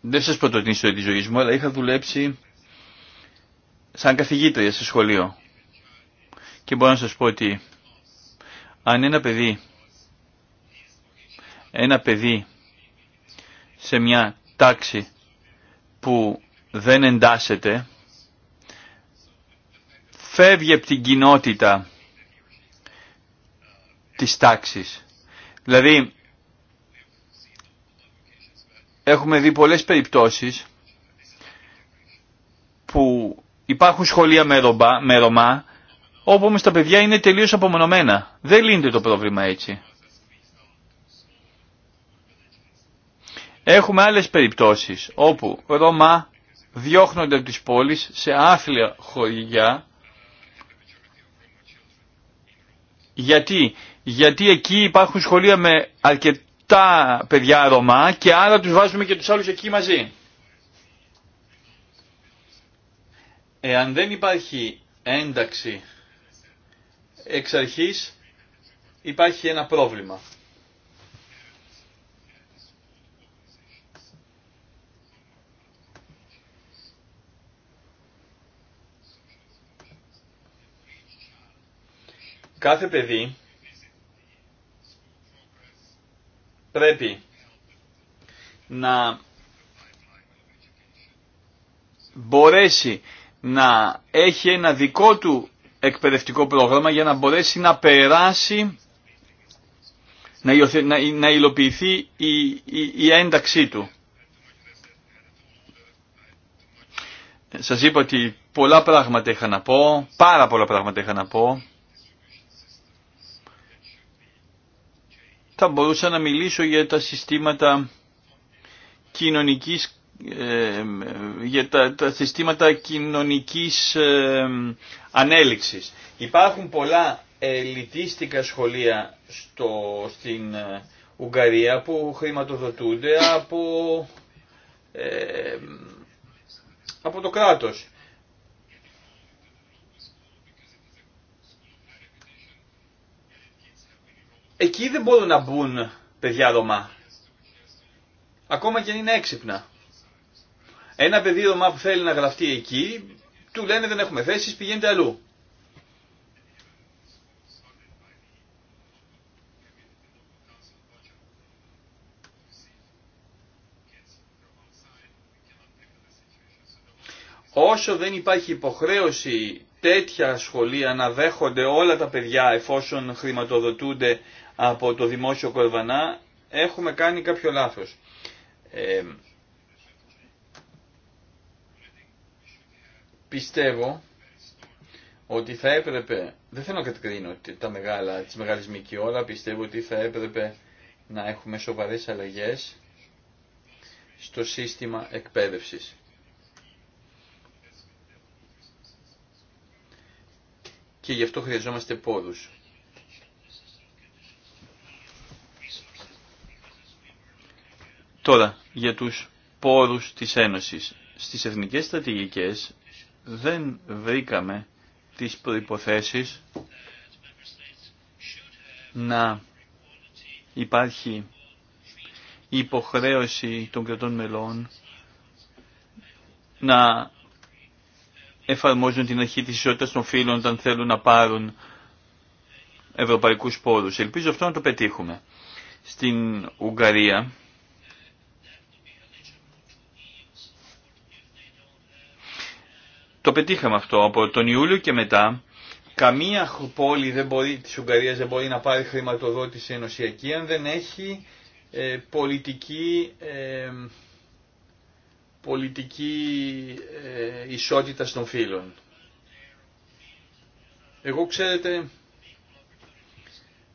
δεν σας πω την ιστορία της ζωής μου, αλλά είχα δουλέψει σαν καθηγήτρια σε σχολείο. Και μπορώ να σας πω ότι αν ένα παιδί, ένα παιδί σε μια τάξη που δεν εντάσσεται, φεύγει από την κοινότητα της τάξης. Δηλαδή, έχουμε δει πολλές περιπτώσεις που υπάρχουν σχολεία με, ρομπά, με Ρωμά όπου όμως τα παιδιά είναι τελείως απομονωμένα. Δεν λύνεται το πρόβλημα έτσι. Έχουμε άλλες περιπτώσεις όπου Ρωμά διώχνονται από τις πόλεις σε άθλια χωριά γιατί, γιατί εκεί υπάρχουν σχολεία με αρκετά παιδιά Ρωμά και άρα τους βάζουμε και τους άλλους εκεί μαζί. Εάν δεν υπάρχει ένταξη εξ αρχής υπάρχει ένα πρόβλημα. Κάθε παιδί πρέπει να μπορέσει να έχει ένα δικό του εκπαιδευτικό πρόγραμμα για να μπορέσει να περάσει, να υλοποιηθεί η, η, η ένταξή του. Σας είπα ότι πολλά πράγματα είχα να πω, πάρα πολλά πράγματα είχα να πω. Θα μπορούσα να μιλήσω για τα συστήματα κοινωνικής ε, για τα, τα συστήματα κοινωνικής ε, ανέλυξης. Υπάρχουν πολλά ελιτίστικα σχολεία στο, στην ε, Ουγγαρία που χρηματοδοτούνται από, ε, από το κράτος. Εκεί δεν μπορούν να μπουν παιδιά Ρωμά. Ακόμα και αν είναι έξυπνα. Ένα παιδί δωμά που θέλει να γραφτεί εκεί του λένε δεν έχουμε θέσεις, πηγαίνετε αλλού. Όσο δεν υπάρχει υποχρέωση τέτοια σχολεία να δέχονται όλα τα παιδιά εφόσον χρηματοδοτούνται από το δημόσιο κορβανά, έχουμε κάνει κάποιο λάθος. Ε, Πιστεύω ότι θα έπρεπε, δεν θέλω να κατακρίνω τα μεγάλα, τις μεγάλες ΜΚΟ, πιστεύω ότι θα έπρεπε να έχουμε σοβαρές αλλαγές στο σύστημα εκπαίδευσης. Και γι' αυτό χρειαζόμαστε πόδους. Τώρα, για τους πόρους της Ένωσης. Στις εθνικές στρατηγικές δεν βρήκαμε τις προϋποθέσεις να υπάρχει υποχρέωση των κρατών μελών να εφαρμόζουν την αρχή της ισότητας των φύλων όταν θέλουν να πάρουν ευρωπαϊκούς πόρους. Ελπίζω αυτό να το πετύχουμε. Στην Ουγγαρία Το πετύχαμε αυτό. Από τον Ιούλιο και μετά καμία πόλη δεν μπορεί, της Ουγγαρίας δεν μπορεί να πάρει χρηματοδότηση ενωσιακή αν δεν έχει ε, πολιτική, ε, πολιτική ε, ισότητα των φίλων. Εγώ ξέρετε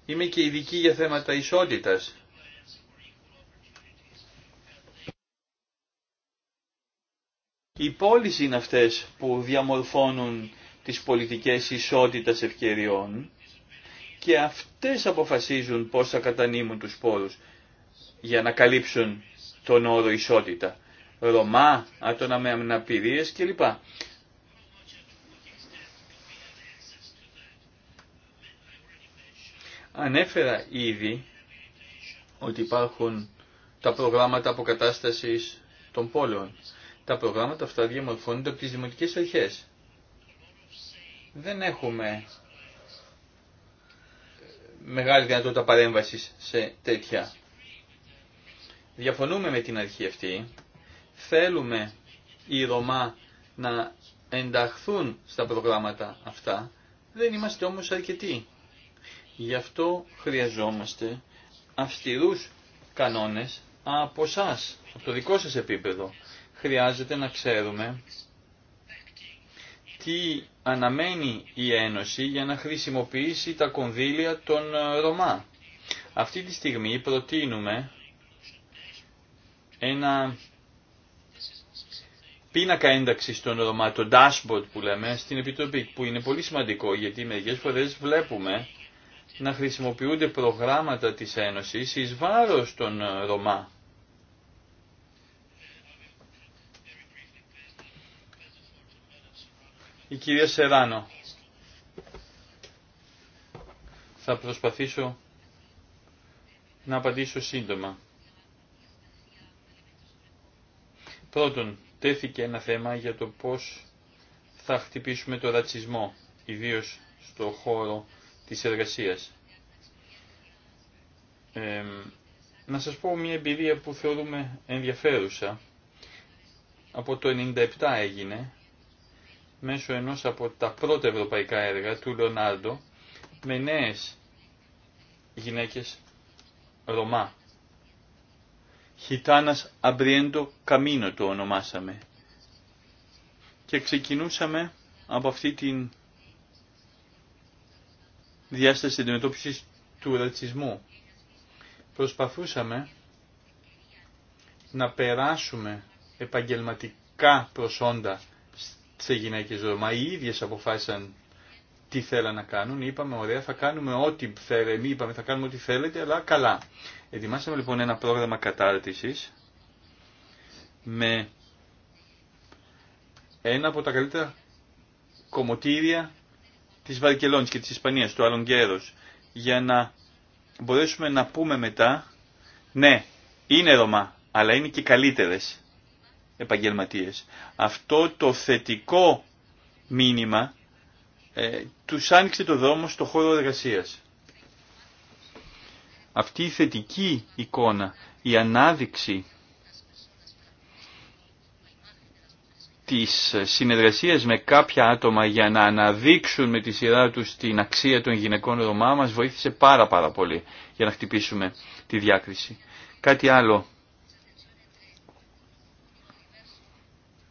είμαι και ειδική για θέματα ισότητας Οι πόλεις είναι αυτές που διαμορφώνουν τις πολιτικές ισότητας ευκαιριών και αυτές αποφασίζουν πώς θα κατανείμουν τους πόρους για να καλύψουν τον όρο ισότητα. Ρωμά, άτομα με αναπηρίες κλπ. Ανέφερα ήδη ότι υπάρχουν τα προγράμματα αποκατάστασης των πόλεων τα προγράμματα αυτά διαμορφώνονται από τις δημοτικές αρχές. Δεν έχουμε μεγάλη δυνατότητα παρέμβασης σε τέτοια. Διαφωνούμε με την αρχή αυτή. Θέλουμε οι Ρωμά να ενταχθούν στα προγράμματα αυτά. Δεν είμαστε όμως αρκετοί. Γι' αυτό χρειαζόμαστε αυστηρούς κανόνες από εσά, από το δικό σας επίπεδο χρειάζεται να ξέρουμε τι αναμένει η Ένωση για να χρησιμοποιήσει τα κονδύλια των ε, Ρωμά. Αυτή τη στιγμή προτείνουμε ένα πίνακα ένταξη των Ρωμά, το dashboard που λέμε, στην Επιτροπή, που είναι πολύ σημαντικό γιατί μερικέ φορέ βλέπουμε να χρησιμοποιούνται προγράμματα της Ένωσης εις βάρος των ε, Ρωμά. η κυρία Σεράνο. Θα προσπαθήσω να απαντήσω σύντομα. Πρώτον, τέθηκε ένα θέμα για το πώς θα χτυπήσουμε το ρατσισμό, ιδίως στο χώρο της εργασίας. να σας πω μια εμπειρία που θεωρούμε ενδιαφέρουσα. Από το 97 έγινε μέσω ενός από τα πρώτα ευρωπαϊκά έργα του Λεωνάρντο με νέες γυναίκες Ρωμά. Χιτάνας Αμπριέντο Καμίνο το ονομάσαμε. Και ξεκινούσαμε από αυτή την διάσταση αντιμετώπιση του ρατσισμού. Προσπαθούσαμε να περάσουμε επαγγελματικά προσόντα σε γυναίκες Ρωμά. Οι ίδιε αποφάσισαν τι θέλαν να κάνουν. Είπαμε, ωραία, θα κάνουμε ό,τι θέλετε. Είπαμε, θα κάνουμε ό,τι θέλετε, αλλά καλά. Ετοιμάσαμε λοιπόν ένα πρόγραμμα κατάρτιση με ένα από τα καλύτερα κομμωτήρια τη Βαρκελόνη και της Ισπανίας, του Αλονγκέρος, για να μπορέσουμε να πούμε μετά, ναι, είναι Ρωμά, αλλά είναι και καλύτερες επαγγελματίες. Αυτό το θετικό μήνυμα ε, τους άνοιξε το δρόμο στο χώρο εργασίας. Αυτή η θετική εικόνα, η ανάδειξη της συνεργασίας με κάποια άτομα για να αναδείξουν με τη σειρά τους την αξία των γυναικών Ρωμά μας βοήθησε πάρα πάρα πολύ για να χτυπήσουμε τη διάκριση. Κάτι άλλο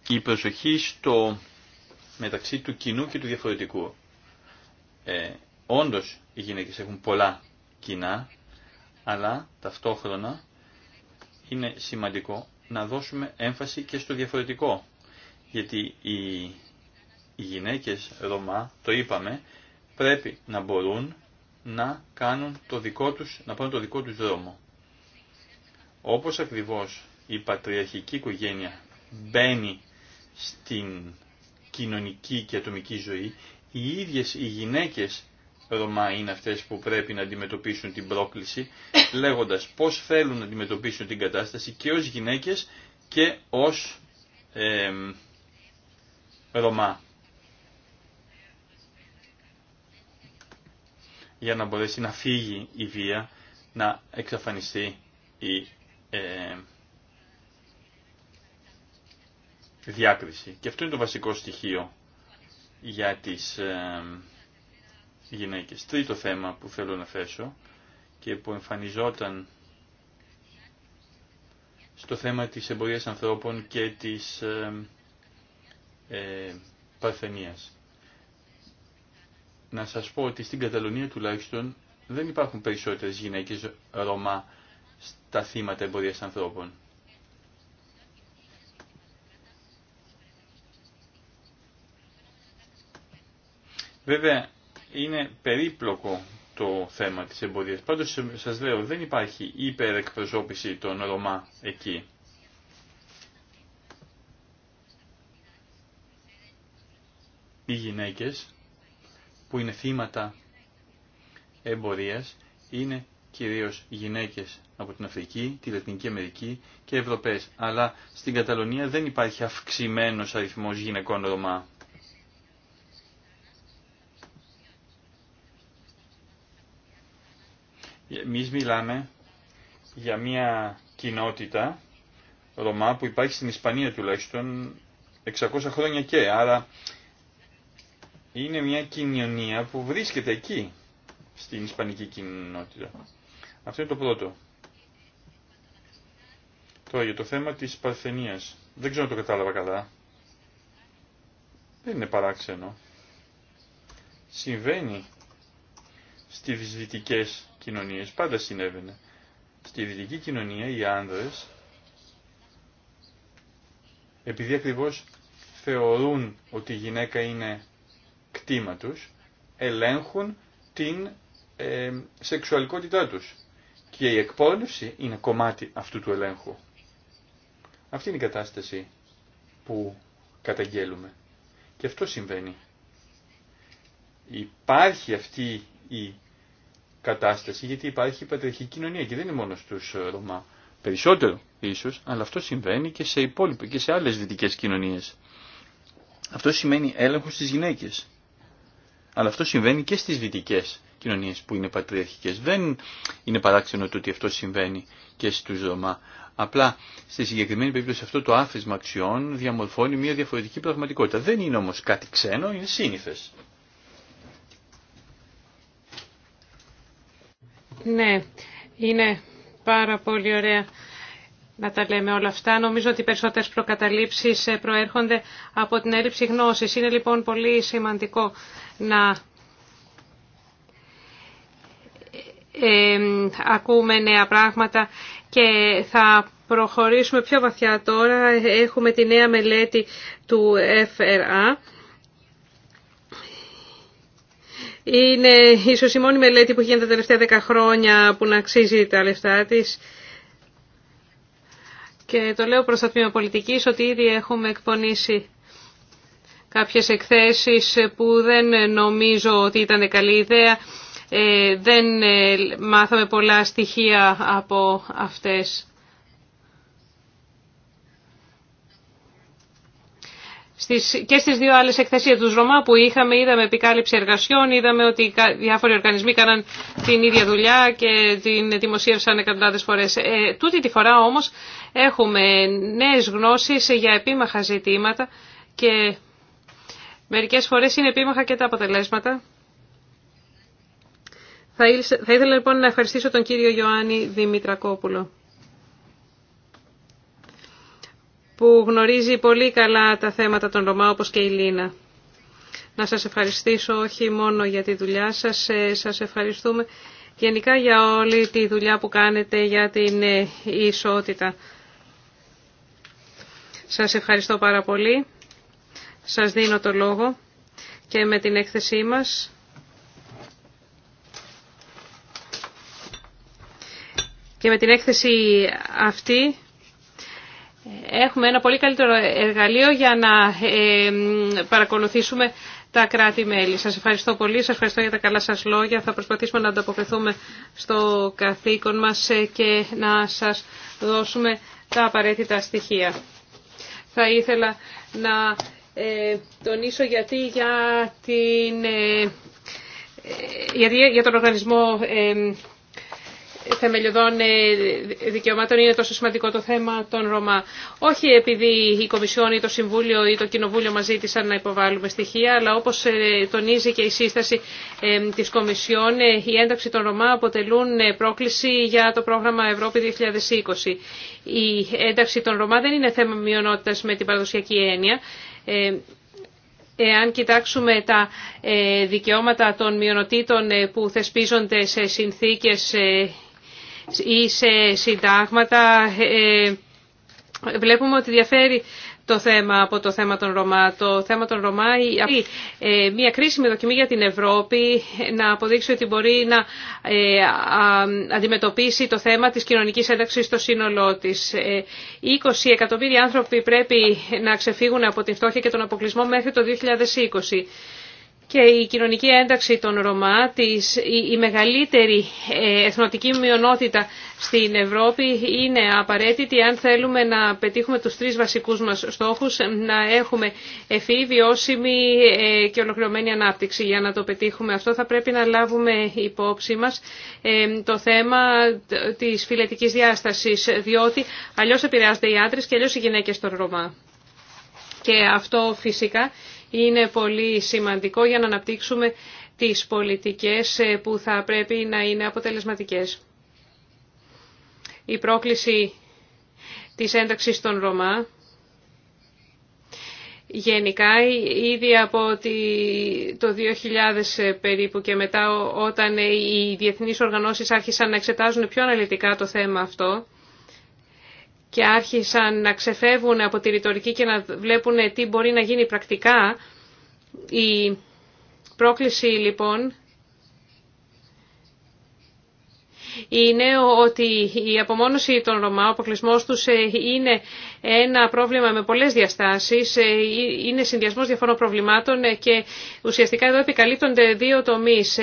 η προσοχή στο μεταξύ του κοινού και του διαφορετικού. Ε, όντως οι γυναίκες έχουν πολλά κοινά, αλλά ταυτόχρονα είναι σημαντικό να δώσουμε έμφαση και στο διαφορετικό. Γιατί οι, οι γυναίκες Ρωμά, το είπαμε, πρέπει να μπορούν να κάνουν το δικό τους, να πάρουν το δικό τους δρόμο. Όπως ακριβώς η πατριαρχική οικογένεια μπαίνει στην κοινωνική και ατομική ζωή, οι ίδιες οι γυναίκες Ρωμά είναι αυτές που πρέπει να αντιμετωπίσουν την πρόκληση, λέγοντας πώς θέλουν να αντιμετωπίσουν την κατάσταση και ως γυναίκες και ως ε, Ρωμά. Για να μπορέσει να φύγει η βία, να εξαφανιστεί η ε, διάκριση. Και αυτό είναι το βασικό στοιχείο για τις ε, γυναίκες. Τρίτο θέμα που θέλω να θέσω και που εμφανιζόταν στο θέμα της εμπορίας ανθρώπων και της ε, ε παρθενίας. Να σας πω ότι στην Καταλωνία τουλάχιστον δεν υπάρχουν περισσότερες γυναίκες Ρωμά στα θύματα εμπορίας ανθρώπων. Βέβαια, είναι περίπλοκο το θέμα της εμπορίας. Πάντως σας λέω, δεν υπάρχει υπερεκπροσώπηση των Ρωμά εκεί. Οι γυναίκες που είναι θύματα εμπορίας είναι κυρίως γυναίκες από την Αφρική, τη Λατινική Αμερική και Ευρωπαίες. Αλλά στην Καταλωνία δεν υπάρχει αυξημένος αριθμός γυναικών Ρωμά. Εμεί μιλάμε για μια κοινότητα Ρωμά που υπάρχει στην Ισπανία τουλάχιστον 600 χρόνια και, άρα είναι μια κοινωνία που βρίσκεται εκεί, στην Ισπανική κοινότητα. Αυτό είναι το πρώτο. Τώρα για το θέμα της Παρθενίας. Δεν ξέρω αν το κατάλαβα καλά. Δεν είναι παράξενο. Συμβαίνει στις δυτικές κοινωνίες πάντα συνέβαινε. Στη δυτική κοινωνία οι άνδρες, επειδή ακριβώς θεωρούν ότι η γυναίκα είναι κτήμα τους, ελέγχουν την ε, σεξουαλικότητά τους. Και η εκπόλευση είναι κομμάτι αυτού του ελέγχου. Αυτή είναι η κατάσταση που καταγγέλουμε. Και αυτό συμβαίνει. Υπάρχει αυτή η κατάσταση γιατί υπάρχει η πατριαρχική κοινωνία και δεν είναι μόνο στου ε, Ρωμά. Περισσότερο ίσω, αλλά αυτό συμβαίνει και σε υπόλοιπε και σε άλλε δυτικέ κοινωνίε. Αυτό σημαίνει έλεγχο στι γυναίκε, Αλλά αυτό συμβαίνει και στι δυτικέ κοινωνίε που είναι πατριαρχικέ. Δεν είναι παράξενο το ότι αυτό συμβαίνει και στου Ρωμά. Απλά στη συγκεκριμένη περίπτωση αυτό το άφησμα αξιών διαμορφώνει μια διαφορετική πραγματικότητα. Δεν είναι όμω κάτι ξένο, είναι σύνηθε. Ναι, είναι πάρα πολύ ωραία να τα λέμε όλα αυτά. Νομίζω ότι οι περισσότερες προκαταλήψεις ε, προέρχονται από την έλλειψη γνώσης. Είναι λοιπόν πολύ σημαντικό να ε, ε, ακούμε νέα πράγματα και θα προχωρήσουμε πιο βαθιά τώρα. Έχουμε τη νέα μελέτη του FRA Είναι ίσως η μόνη μελέτη που έχει τα τελευταία δέκα χρόνια που να αξίζει τα λεφτά της. Και το λέω προς τα τμήμα πολιτικής ότι ήδη έχουμε εκπονήσει κάποιες εκθέσεις που δεν νομίζω ότι ήταν καλή ιδέα. Ε, δεν ε, μάθαμε πολλά στοιχεία από αυτές. Στις, και στις δύο άλλες εκθέσεις του Ρωμά που είχαμε, είδαμε επικάλυψη εργασιών, είδαμε ότι διάφοροι οργανισμοί κάναν την ίδια δουλειά και την δημοσίευσαν εκατοντάδες φορές. Ε, τούτη τη φορά όμως έχουμε νέες γνώσεις για επίμαχα ζητήματα και μερικές φορές είναι επίμαχα και τα αποτελέσματα. Θα ήθελα λοιπόν να ευχαριστήσω τον κύριο Ιωάννη Δημητρακόπουλο. που γνωρίζει πολύ καλά τα θέματα των Ρωμά όπως και η Λίνα. Να σας ευχαριστήσω όχι μόνο για τη δουλειά σας, ε, σας ευχαριστούμε γενικά για όλη τη δουλειά που κάνετε για την ε, ισότητα. Σας ευχαριστώ πάρα πολύ. Σας δίνω το λόγο και με την έκθεσή μας. Και με την έκθεση αυτή Έχουμε ένα πολύ καλύτερο εργαλείο για να ε, παρακολουθήσουμε τα κράτη-μέλη. Σας ευχαριστώ πολύ, σας ευχαριστώ για τα καλά σας λόγια. Θα προσπαθήσουμε να ανταποκριθούμε στο καθήκον μας ε, και να σας δώσουμε τα απαραίτητα στοιχεία. Θα ήθελα να ε, τονίσω γιατί για, την, για τον οργανισμό θεμελιωδών ε, δικαιωμάτων είναι τόσο σημαντικό το θέμα των Ρωμά. Όχι επειδή η Κομισιόν ή το Συμβούλιο ή το Κοινοβούλιο μας ζήτησαν να υποβάλουμε στοιχεία, αλλά όπως ε, τονίζει και η σύσταση ε, της Κομισιόν, η ένταξη των Ρωμά αποτελούν πρόκληση για το πρόγραμμα Ευρώπη 2020. Η ένταξη των Ρωμά δεν είναι θέμα μειονότητας με την παραδοσιακή έννοια. Εάν κοιτάξουμε τα δικαιώματα των μειονοτήτων που θεσπίζονται σε συνθήκες ή σε συντάγματα. Ε, βλέπουμε ότι διαφέρει το θέμα από το θέμα των Ρωμά. Το θέμα των Ρωμά είναι μια κρίσιμη δοκιμή για την Ευρώπη να αποδείξει ότι μπορεί να ε, αντιμετωπίσει το θέμα της κοινωνικής ένταξης στο σύνολό της. 20 ε, εκατομμύρια άνθρωποι πρέπει να ξεφύγουν από την φτώχεια και τον αποκλεισμό μέχρι το 2020 και η κοινωνική ένταξη των Ρωμά, της, η, μεγαλύτερη ε, εθνοτική μειονότητα στην Ευρώπη, είναι απαραίτητη αν θέλουμε να πετύχουμε τους τρεις βασικούς μας στόχους, να έχουμε ευφύ, βιώσιμη ε, και ολοκληρωμένη ανάπτυξη. Για να το πετύχουμε αυτό θα πρέπει να λάβουμε υπόψη μας ε, το θέμα της φιλετικής διάστασης, διότι αλλιώς επηρεάζονται οι άντρες και αλλιώς οι γυναίκες των Ρωμά. Και αυτό φυσικά είναι πολύ σημαντικό για να αναπτύξουμε τις πολιτικές ε, που θα πρέπει να είναι αποτελεσματικές. Η πρόκληση της ένταξης των Ρωμά γενικά ήδη από το 2000 περίπου και μετά όταν οι διεθνείς οργανώσεις άρχισαν να εξετάζουν πιο αναλυτικά το θέμα αυτό και άρχισαν να ξεφεύγουν από τη ρητορική και να βλέπουν τι μπορεί να γίνει πρακτικά. Η πρόκληση λοιπόν είναι ότι η απομόνωση των Ρωμά, ο αποκλεισμό του ε, είναι ένα πρόβλημα με πολλές διαστάσεις, ε, είναι συνδυασμός διαφόρων προβλημάτων ε, και ουσιαστικά εδώ επικαλύπτονται δύο τομείς,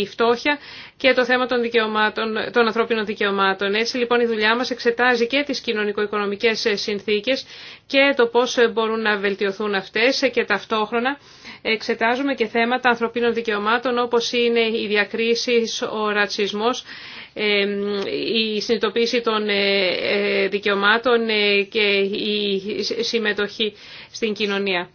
η φτώχεια και το θέμα των, δικαιωμάτων, των ανθρώπινων δικαιωμάτων. Έτσι λοιπόν η δουλειά μας εξετάζει και τις κοινωνικο-οικονομικές συνθήκες και το πώς μπορούν να βελτιωθούν αυτές και ταυτόχρονα εξετάζουμε και θέματα ανθρωπίνων δικαιωμάτων όπως είναι οι διακρίσεις, ο ρατσισμός, η συνειδητοποίηση των ε, ε, δικαιωμάτων ε, και η συμμετοχή στην κοινωνία.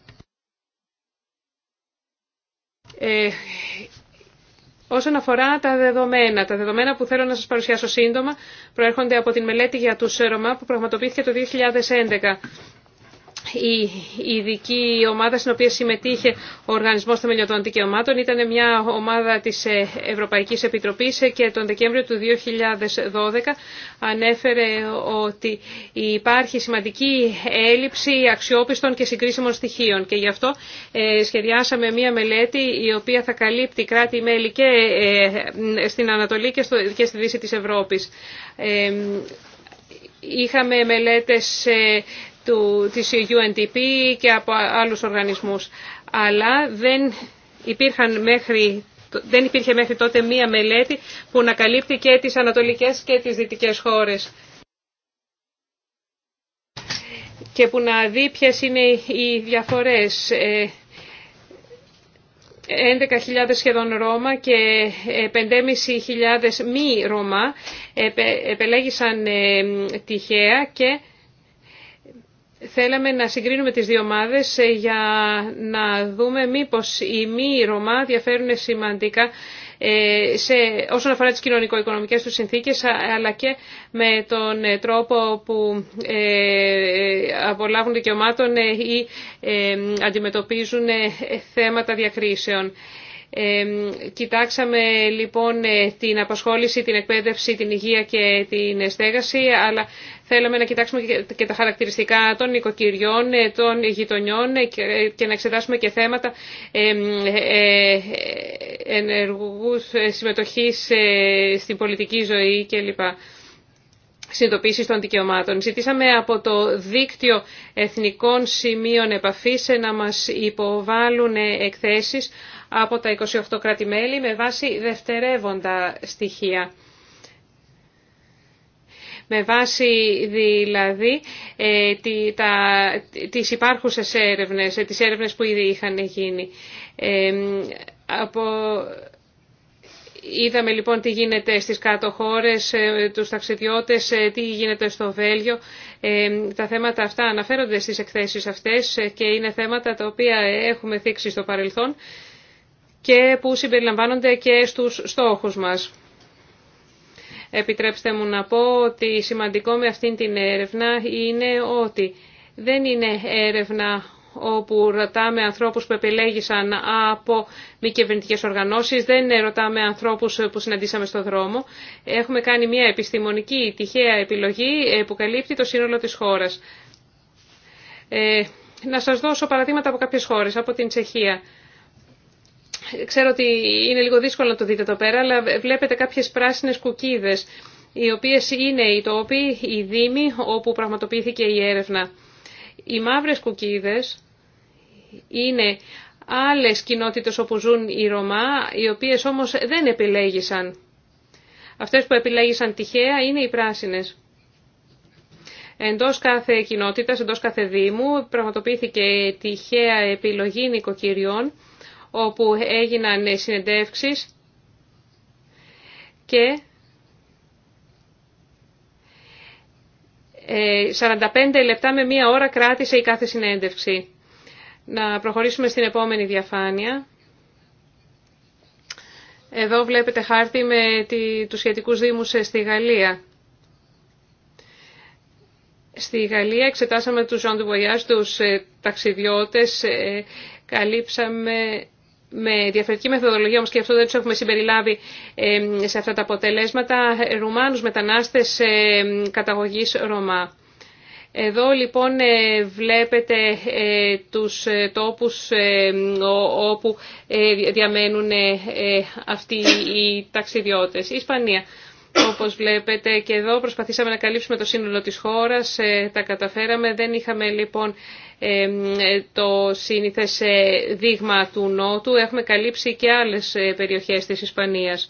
Όσον αφορά τα δεδομένα, τα δεδομένα που θέλω να σας παρουσιάσω σύντομα προέρχονται από την μελέτη για τους ΣΕΡΟΜΑ που πραγματοποιήθηκε το 2011 η ειδική ομάδα στην οποία συμμετείχε ο Οργανισμός Θεμελιωτών Δικαιωμάτων. Ήταν μια ομάδα της ε, Ευρωπαϊκής Επιτροπής ε, και τον Δεκέμβριο του 2012 ανέφερε ότι υπάρχει σημαντική έλλειψη αξιόπιστων και συγκρίσιμων στοιχείων και γι' αυτό ε, σχεδιάσαμε μια μελέτη η οποία θα καλύπτει κράτη-μέλη και στην Ανατολή και στη Δύση της Ευρώπης. Είχαμε μελέτες του, της UNDP και από άλλους οργανισμούς. Αλλά δεν, υπήρχαν μέχρι, δεν υπήρχε μέχρι τότε μία μελέτη που να καλύπτει και τις ανατολικές και τις δυτικές χώρες. Και που να δει ποιες είναι οι διαφορές. 11.000 ε, σχεδόν Ρώμα και 5.500 ε, μη Ρώμα επελέγησαν ε, τυχαία και Θέλαμε να συγκρίνουμε τις δύο ομάδες ε, για να δούμε μήπως οι μη Ρωμά διαφέρουν σημαντικά ε, σε, όσον αφορά τις κοινωνικο-οικονομικές τους συνθήκες αλλά και με τον ε, τρόπο που απολάβουν δικαιωμάτων ή αντιμετωπίζουν θέματα διακρίσεων κοιτάξαμε λοιπόν ε, την απασχόληση, την εκπαίδευση, την υγεία και την στέγαση, αλλά θέλαμε να κοιτάξουμε και τα χαρακτηριστικά των οικοκυριών, ε, των γειτονιών ε, και να εξετάσουμε και θέματα ενεργού συμμετοχής στην πολιτική ζωή κλπ συντοποίηση των δικαιωμάτων. Ζητήσαμε από το δίκτυο εθνικών σημείων επαφής να μας υποβάλουν εκθέσεις από τα 28 κράτη-μέλη με βάση δευτερεύοντα στοιχεία. Με βάση δηλαδή ε, τι, τα, τις υπάρχουσες έρευνες, ε, τις έρευνες που ήδη είχαν γίνει. Ε, από... Είδαμε λοιπόν τι γίνεται στις κάτω χώρες, τους ταξιδιώτες, τι γίνεται στο Βέλγιο. Τα θέματα αυτά αναφέρονται στις εκθέσεις αυτές και είναι θέματα τα οποία έχουμε θίξει στο παρελθόν και που συμπεριλαμβάνονται και στους στόχους μας. Επιτρέψτε μου να πω ότι σημαντικό με αυτήν την έρευνα είναι ότι δεν είναι έρευνα όπου ρωτάμε ανθρώπους που επιλέγησαν από μη κυβερνητικέ οργανώσεις, δεν ρωτάμε ανθρώπους που συναντήσαμε στο δρόμο. Έχουμε κάνει μια επιστημονική τυχαία επιλογή ε, που καλύπτει το σύνολο της χώρας. Ε, να σας δώσω παραδείγματα από κάποιες χώρες, από την Τσεχία. Ξέρω ότι είναι λίγο δύσκολο να το δείτε εδώ πέρα, αλλά βλέπετε κάποιες πράσινες κουκίδες, οι οποίες είναι οι τόποι, οι δήμοι όπου πραγματοποιήθηκε η έρευνα. Οι μαύρες κουκίδες είναι άλλες κοινότητες όπου ζουν οι Ρωμά, οι οποίες όμως δεν επιλέγησαν. Αυτές που επιλέγησαν τυχαία είναι οι πράσινες. Εντός κάθε κοινότητας, εντός κάθε δήμου, πραγματοποιήθηκε τυχαία επιλογή νοικοκυριών, όπου έγιναν συνεντεύξεις και 45 ε, λεπτά με μία ώρα κράτησε η κάθε συνέντευξη. Να προχωρήσουμε στην επόμενη διαφάνεια. Εδώ βλέπετε χάρτη με τους σχετικούς δήμους ε, στη Γαλλία. Στη Γαλλία εξετάσαμε τους gens de voyage, τους ε, ταξιδιώτες, καλύψαμε με διαφορετική μεθοδολογία όμως και αυτό δεν τους έχουμε συμπεριλάβει σε αυτά τα αποτελέσματα, Ρουμάνους μετανάστες καταγωγής Ρωμά. Εδώ λοιπόν ε, βλέπετε ε, τους ε, τόπους όπου διαμένουν αυτοί οι ταξιδιώτες. Η Ισπανία. Όπως βλέπετε και εδώ προσπαθήσαμε να καλύψουμε το σύνολο της χώρας, τα καταφέραμε, δεν είχαμε λοιπόν το σύνηθες ε, δείγμα του Νότου. Έχουμε καλύψει και άλλες ε, περιοχές της Ισπανίας.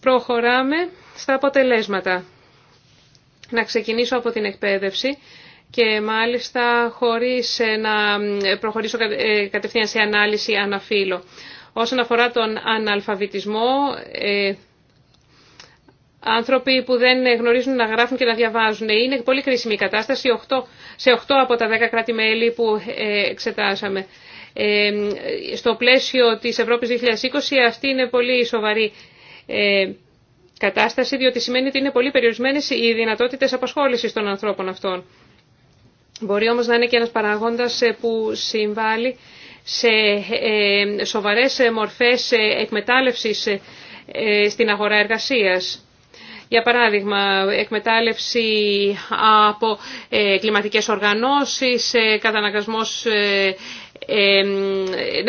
Προχωράμε στα αποτελέσματα. Να ξεκινήσω από την εκπαίδευση και μάλιστα χωρίς ε, να προχωρήσω κατευθείαν σε ανάλυση αναφύλο. Όσον αφορά τον αναλφαβητισμό, άνθρωποι που δεν γνωρίζουν να γράφουν και να διαβάζουν. Είναι πολύ κρίσιμη η κατάσταση σε 8 από τα 10 κράτη-μέλη που ε, εξετάσαμε. Ε, στο πλαίσιο της Ευρώπης 2020 αυτή είναι πολύ σοβαρή ε, κατάσταση, διότι σημαίνει ότι είναι πολύ περιορισμένες οι δυνατότητες απασχόλησης των ανθρώπων αυτών. Μπορεί όμως να είναι και ένας παραγόντας που συμβάλλει σε σοβαρές μορφές εκμετάλλευσης στην αγορά εργασίας. Για παράδειγμα, εκμετάλλευση από ε, κλιματικές οργανώσεις, ε, καταναγκασμός ε,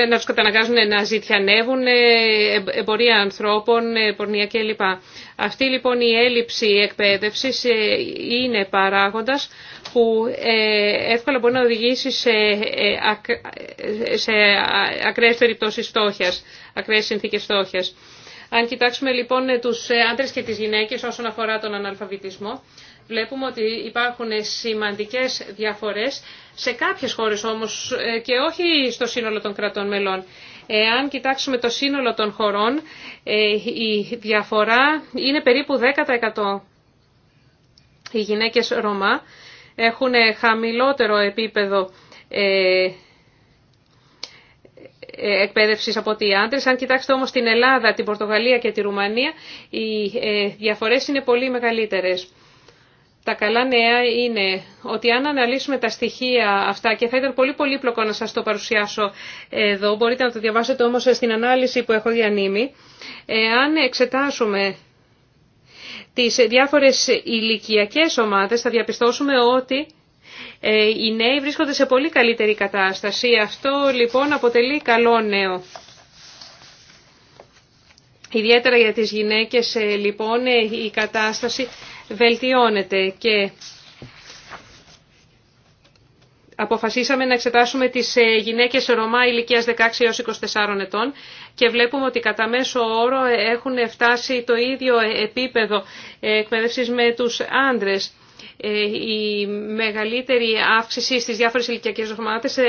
να τους καταναγκάζουν να ζητιανεύουν, εμπορία ανθρώπων, πορνεία κλπ. Αυτή λοιπόν η έλλειψη εκπαίδευσης είναι παράγοντας που εύκολα μπορεί να οδηγήσει σε, ακ... σε ακραίες περιπτώσεις στόχιας, ακραίες συνθήκες στόχιας. Αν κοιτάξουμε λοιπόν τους ε, άντρες και τις γυναίκες όσον αφορά τον αναλφαβητισμό, βλέπουμε ότι υπάρχουν σημαντικές διαφορές σε κάποιες χώρες όμως ε, και όχι στο σύνολο των κρατών μελών. Εάν κοιτάξουμε το σύνολο των χωρών, ε, η διαφορά είναι περίπου 10%. Οι γυναίκες Ρωμά έχουν χαμηλότερο επίπεδο εκπαίδευσης από ότι οι άντρες. Αν κοιτάξετε όμως την Ελλάδα, την Πορτογαλία και τη Ρουμανία, οι ε, διαφορές είναι πολύ μεγαλύτερες. Τα καλά νέα είναι ότι αν αναλύσουμε τα στοιχεία αυτά και θα ήταν πολύ πολύπλοκο να σας το παρουσιάσω εδώ, μπορείτε να το διαβάσετε όμως στην ανάλυση που έχω διανύμει, ε, αν εξετάσουμε τις διάφορες ηλικιακές ομάδες θα διαπιστώσουμε ότι ε, οι νέοι βρίσκονται σε πολύ καλύτερη κατάσταση. Αυτό λοιπόν αποτελεί καλό νέο. Ιδιαίτερα για τις γυναίκες ε, λοιπόν ε, η κατάσταση βελτιώνεται και αποφασίσαμε να εξετάσουμε τις γυναίκες Ρωμά ηλικίας 16 έως 24 ετών και βλέπουμε ότι κατά μέσο όρο έχουν φτάσει το ίδιο επίπεδο εκπαίδευσης με τους άντρες. Ε, η μεγαλύτερη αύξηση στις διάφορες ηλικιακές δοχμάτες ε,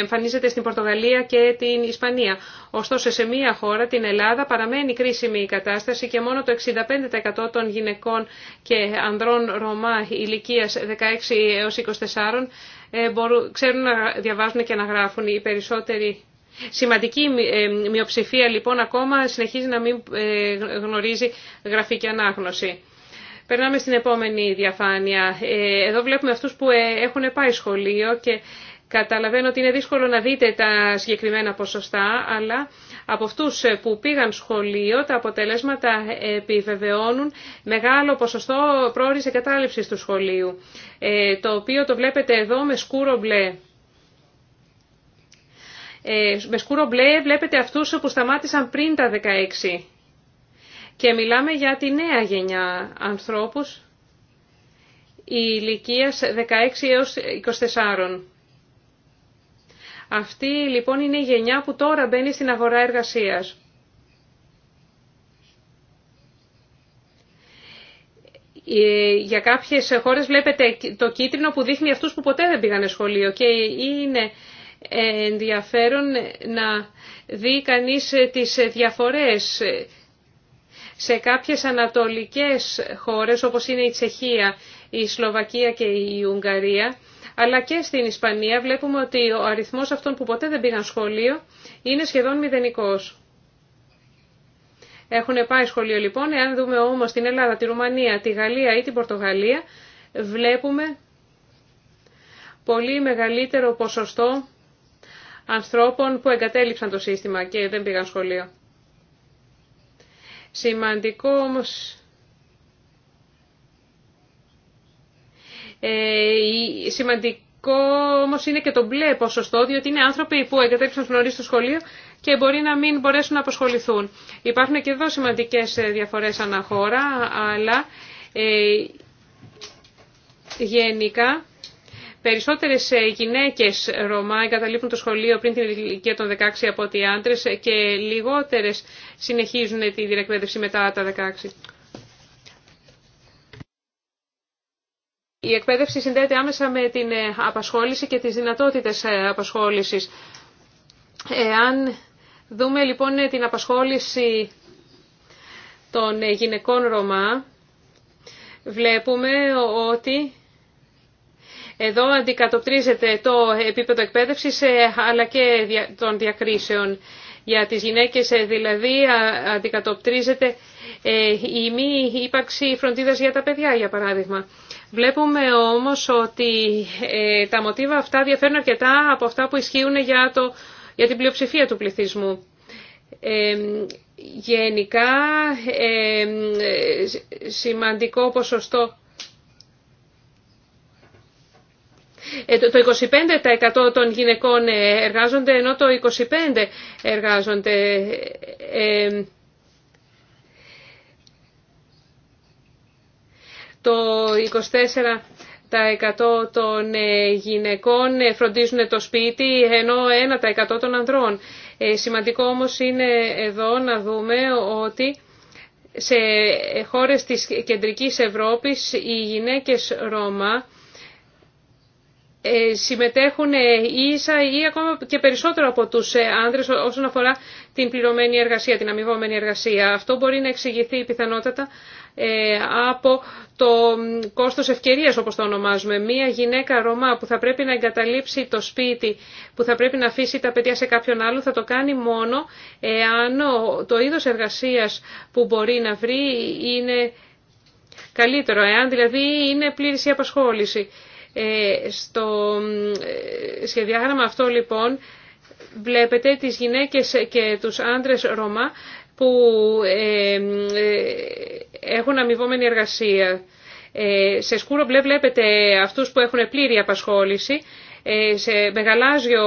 εμφανίζεται στην Πορτογαλία και την Ισπανία. Ωστόσο σε μία χώρα, την Ελλάδα, παραμένει κρίσιμη η κατάσταση και μόνο το 65% των γυναικών και ανδρών Ρωμά ηλικίας 16 έως 24 ε, μπορούν, ξέρουν να διαβάζουν και να γράφουν οι περισσότεροι. Σημαντική μειοψηφία λοιπόν ακόμα συνεχίζει να μην γνωρίζει και ανάγνωση. Περνάμε στην επόμενη διαφάνεια. Ε, εδώ βλέπουμε αυτούς που ε, έχουν πάει σχολείο και καταλαβαίνω ότι είναι δύσκολο να δείτε τα συγκεκριμένα ποσοστά, αλλά από αυτούς ε, που πήγαν σχολείο τα αποτελέσματα επιβεβαιώνουν μεγάλο ποσοστό πρόορης εγκατάλειψης του σχολείου, το οποίο το βλέπετε εδώ με σκούρο μπλε. Με σκούρο μπλε βλέπετε αυτούς που σταμάτησαν πριν τα 16. Και μιλάμε για τη νέα γενιά ανθρώπους ηλικία 16 έως 24. Αυτή λοιπόν είναι η γενιά που τώρα μπαίνει στην αγορά εργασίας. Ε, για κάποιες χώρες βλέπετε το κίτρινο που δείχνει αυτούς που ποτέ δεν πήγανε σχολείο και είναι ενδιαφέρον να δει κανείς τις διαφορές σε κάποιες ανατολικές χώρες όπως είναι η Τσεχία, η Σλοβακία και η Ουγγαρία, αλλά και στην Ισπανία βλέπουμε ότι ο αριθμός αυτών που ποτέ δεν πήγαν σχολείο είναι σχεδόν μηδενικός. Έχουν πάει σχολείο λοιπόν, εάν δούμε όμως την Ελλάδα, τη Ρουμανία, τη Γαλλία ή την Πορτογαλία, βλέπουμε πολύ μεγαλύτερο ποσοστό ανθρώπων που εγκατέλειψαν το σύστημα και δεν πήγαν σχολείο. Σημαντικό όμως ε, σημαντικό είναι και το μπλε ποσοστό, διότι είναι άνθρωποι που εγκατέλειψαν νωρίς το σχολείο και μπορεί να μην μπορέσουν να αποσχοληθούν. Υπάρχουν και εδώ σημαντικές ε, διαφορές αναχώρα, αλλά ε, γενικά Περισσότερες ε, γυναίκε Ρωμά εγκαταλείπουν το σχολείο πριν την ηλικία των 16 από ότι άντρες και λιγότερε συνεχίζουν τη διεκπαίδευση μετά τα 16. Η εκπαίδευση συνδέεται άμεσα με την ε, απασχόληση και τις δυνατότητες ε, απασχόλησης. Εάν δούμε λοιπόν την απασχόληση των γυναικών Ρωμά, βλέπουμε ότι εδώ αντικατοπτρίζεται το επίπεδο εκπαίδευσης ε, αλλά και των διακρίσεων. Για τις γυναίκες ε, δηλαδή αντικατοπτρίζεται ε, η μη ύπαρξη φροντίδας για τα παιδιά, για παράδειγμα. Βλέπουμε όμως ότι τα μοτίβα αυτά διαφέρουν αρκετά από αυτά που ισχύουν για, το, την πλειοψηφία του πληθυσμού. Ε, γενικά, ε, σημαντικό ποσοστό Ε, το 25% των γυναικών ε, εργάζονται, ενώ το 25% εργάζονται. Ε, το 24% των γυναικών φροντίζουν το σπίτι, ενώ 1% των ανδρών. Σημαντικό όμως είναι εδώ να δούμε ότι σε χώρες της κεντρικής Ευρώπης οι γυναίκες Ρώμα ε, συμμετέχουν ε, ίσα ή ακόμα και περισσότερο από τους ε, άνδρες όσον αφορά την πληρωμένη εργασία, την αμοιβόμενη εργασία. Αυτό μπορεί να εξηγηθεί πιθανότατα από το κόστος ευκαιρίας όπως το ονομάζουμε. Μία γυναίκα Ρωμά που θα πρέπει να εγκαταλείψει το σπίτι, που θα πρέπει να αφήσει τα παιδιά σε κάποιον άλλο, θα το κάνει μόνο εάν το είδος εργασίας που μπορεί να βρει είναι καλύτερο, εάν δηλαδή είναι πλήρης η απασχόληση. Ε, στο ε, σχεδιάγραμμα αυτό λοιπόν βλέπετε τις γυναίκες και τους άντρες Ρωμά που ε, έχουν αμοιβόμενη εργασία. Σε σκούρο μπλε βλέπετε αυτούς που έχουν πλήρη απασχόληση, σε μεγαλάζιο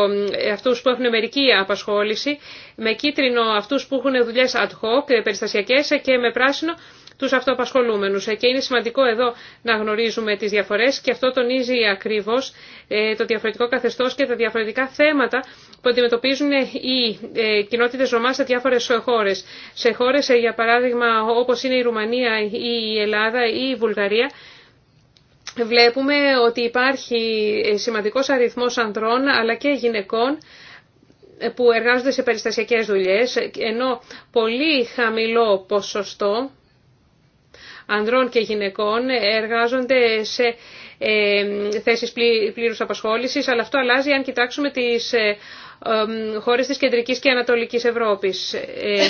αυτούς που έχουν μερική απασχόληση, με κίτρινο αυτούς που έχουν δουλειές ad hoc, περιστασιακές και με πράσινο του αυτοαπασχολούμενου. Ε, και είναι σημαντικό εδώ να γνωρίζουμε τι διαφορέ, και αυτό τονίζει ακριβώς ε, το διαφορετικό καθεστώ και τα διαφορετικά θέματα που αντιμετωπίζουν ε, οι κοινότητε Ρωμά σε διάφορε χώρε. Σε χώρες, για παράδειγμα, όπω είναι η Ρουμανία, η Ελλάδα ή η Βουλγαρία, βλέπουμε ότι υπάρχει σημαντικός αριθμός ανδρών αλλά και γυναικών που εργάζονται σε περιστασιακές δουλειές, ενώ πολύ χαμηλό ποσοστό ανδρών και γυναικών εργάζονται σε ε, θέσεις πλήρους απασχόλησης, αλλά αυτό αλλάζει αν κοιτάξουμε τις ε, χώρες της Κεντρικής και Ανατολικής Ευρώπης. Ε,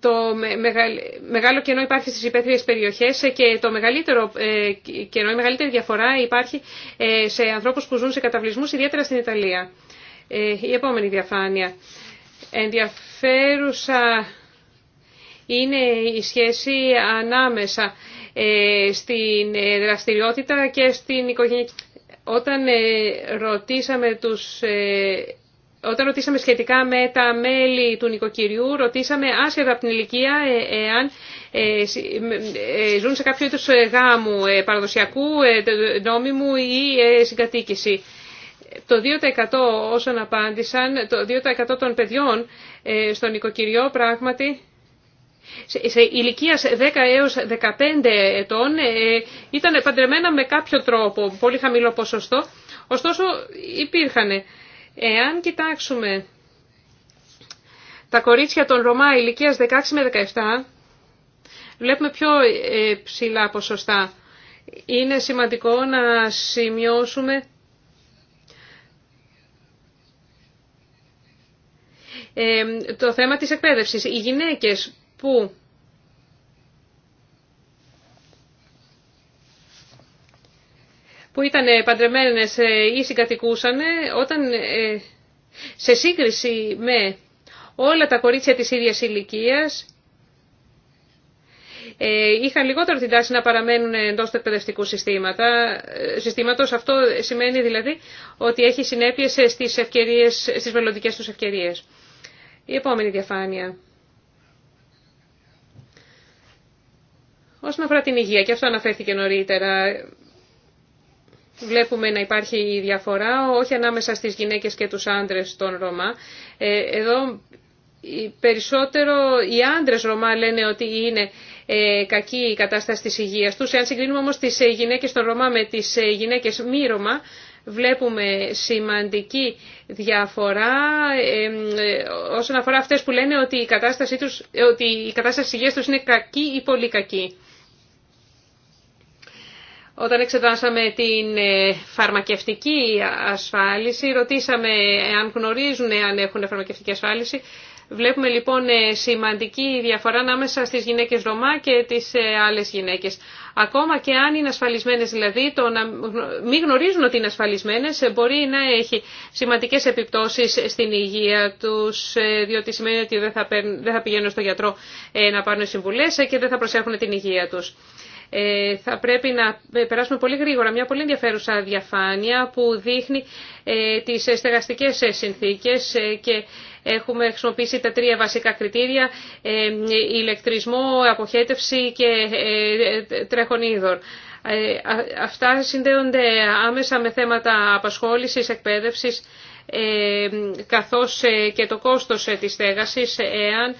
το μεγάλο κενό υπάρχει στις υπαίθριες περιοχές και το μεγαλύτερο κενό, η μεγαλύτερη διαφορά υπάρχει σε ανθρώπους που ζουν σε καταβλισμούς, ιδιαίτερα στην Ιταλία. Η επόμενη διαφάνεια. Ενδιαφέρουσα είναι η σχέση ανάμεσα ε, στην ε, δραστηριότητα και στην οικογένεια. Όταν ε, ρωτήσαμε τους όταν ρωτήσαμε σχετικά με τα μέλη του νοικοκυριού, ρωτήσαμε άσχετα από την ηλικία εάν ζουν σε κάποιο είδους γάμου παραδοσιακού, νόμιμου ή συγκατοίκηση το 2% όσων απάντησαν, το 2% των παιδιών ε, στον οικοκυριό πράγματι σε ηλικίας 10 έως 15 ετών ε, ήταν παντρεμένα με κάποιο τρόπο, πολύ χαμηλό ποσοστό, ωστόσο υπήρχαν. Εάν κοιτάξουμε τα κορίτσια των Ρωμά ηλικίας 16 με 17, βλέπουμε πιο ε, ψηλά ποσοστά. Είναι σημαντικό να σημειώσουμε το θέμα της εκπαίδευσης. Οι γυναίκες που που ήταν ε, παντρεμένες ε, ή συγκατοικούσαν όταν ε, σε σύγκριση με όλα τα κορίτσια της ίδιας ηλικίας είχαν λιγότερο την τάση να παραμένουν εντός του εκπαιδευτικού συστήματα, συστήματος. Αυτό σημαίνει δηλαδή ότι έχει συνέπειες στις, ευκαιρίες, στις μελλοντικές τους ευκαιρίες. Η επόμενη διαφάνεια. Όσον αφορά την υγεία, και αυτό αναφέρθηκε νωρίτερα, βλέπουμε να υπάρχει διαφορά, όχι ανάμεσα στις γυναίκες και τους άντρες των Ρωμά. Ε, εδώ περισσότερο οι άντρες Ρωμά λένε ότι είναι ε, κακή η κατάσταση της υγείας τους. Εάν συγκρίνουμε όμως τις ε, γυναίκες των Ρωμά με τις γυναίκες μη Ρωμά, βλέπουμε σημαντική διαφορά όσον αφορά αυτές που λένε ότι η κατάστασή, τους, ότι η κατάσταση της υγείας τους είναι κακή ή πολύ κακή. Όταν εξετάσαμε την ε, φαρμακευτική ασφάλιση, ρωτήσαμε αν γνωρίζουν αν έχουν φαρμακευτική ασφάλιση. Βλέπουμε λοιπόν ε, σημαντική διαφορά ανάμεσα στις γυναίκες Ρωμά και τις ε, άλλες γυναίκες. Ακόμα και αν είναι ασφαλισμένες δηλαδή, το να μην γνωρίζουν ότι είναι ασφαλισμένες μπορεί να έχει σημαντικές επιπτώσεις στην υγεία τους, ε, διότι σημαίνει ότι δεν θα, δεν θα πηγαίνουν στο γιατρό ε, να πάρουν συμβουλές ε, και δεν θα προσέχουν την υγεία τους. Θα πρέπει να περάσουμε πολύ γρήγορα μια πολύ ενδιαφέρουσα διαφάνεια που δείχνει τις στεγαστικές συνθήκες και Έχουμε χρησιμοποιήσει τα τρία βασικά κριτήρια, ε, ηλεκτρισμό, αποχέτευση και ε, τρέχον είδωρ. Ε, αυτά συνδέονται άμεσα με θέματα απασχόλησης, εκπαίδευσης, καθώς και το κόστος της στέγασης. Εάν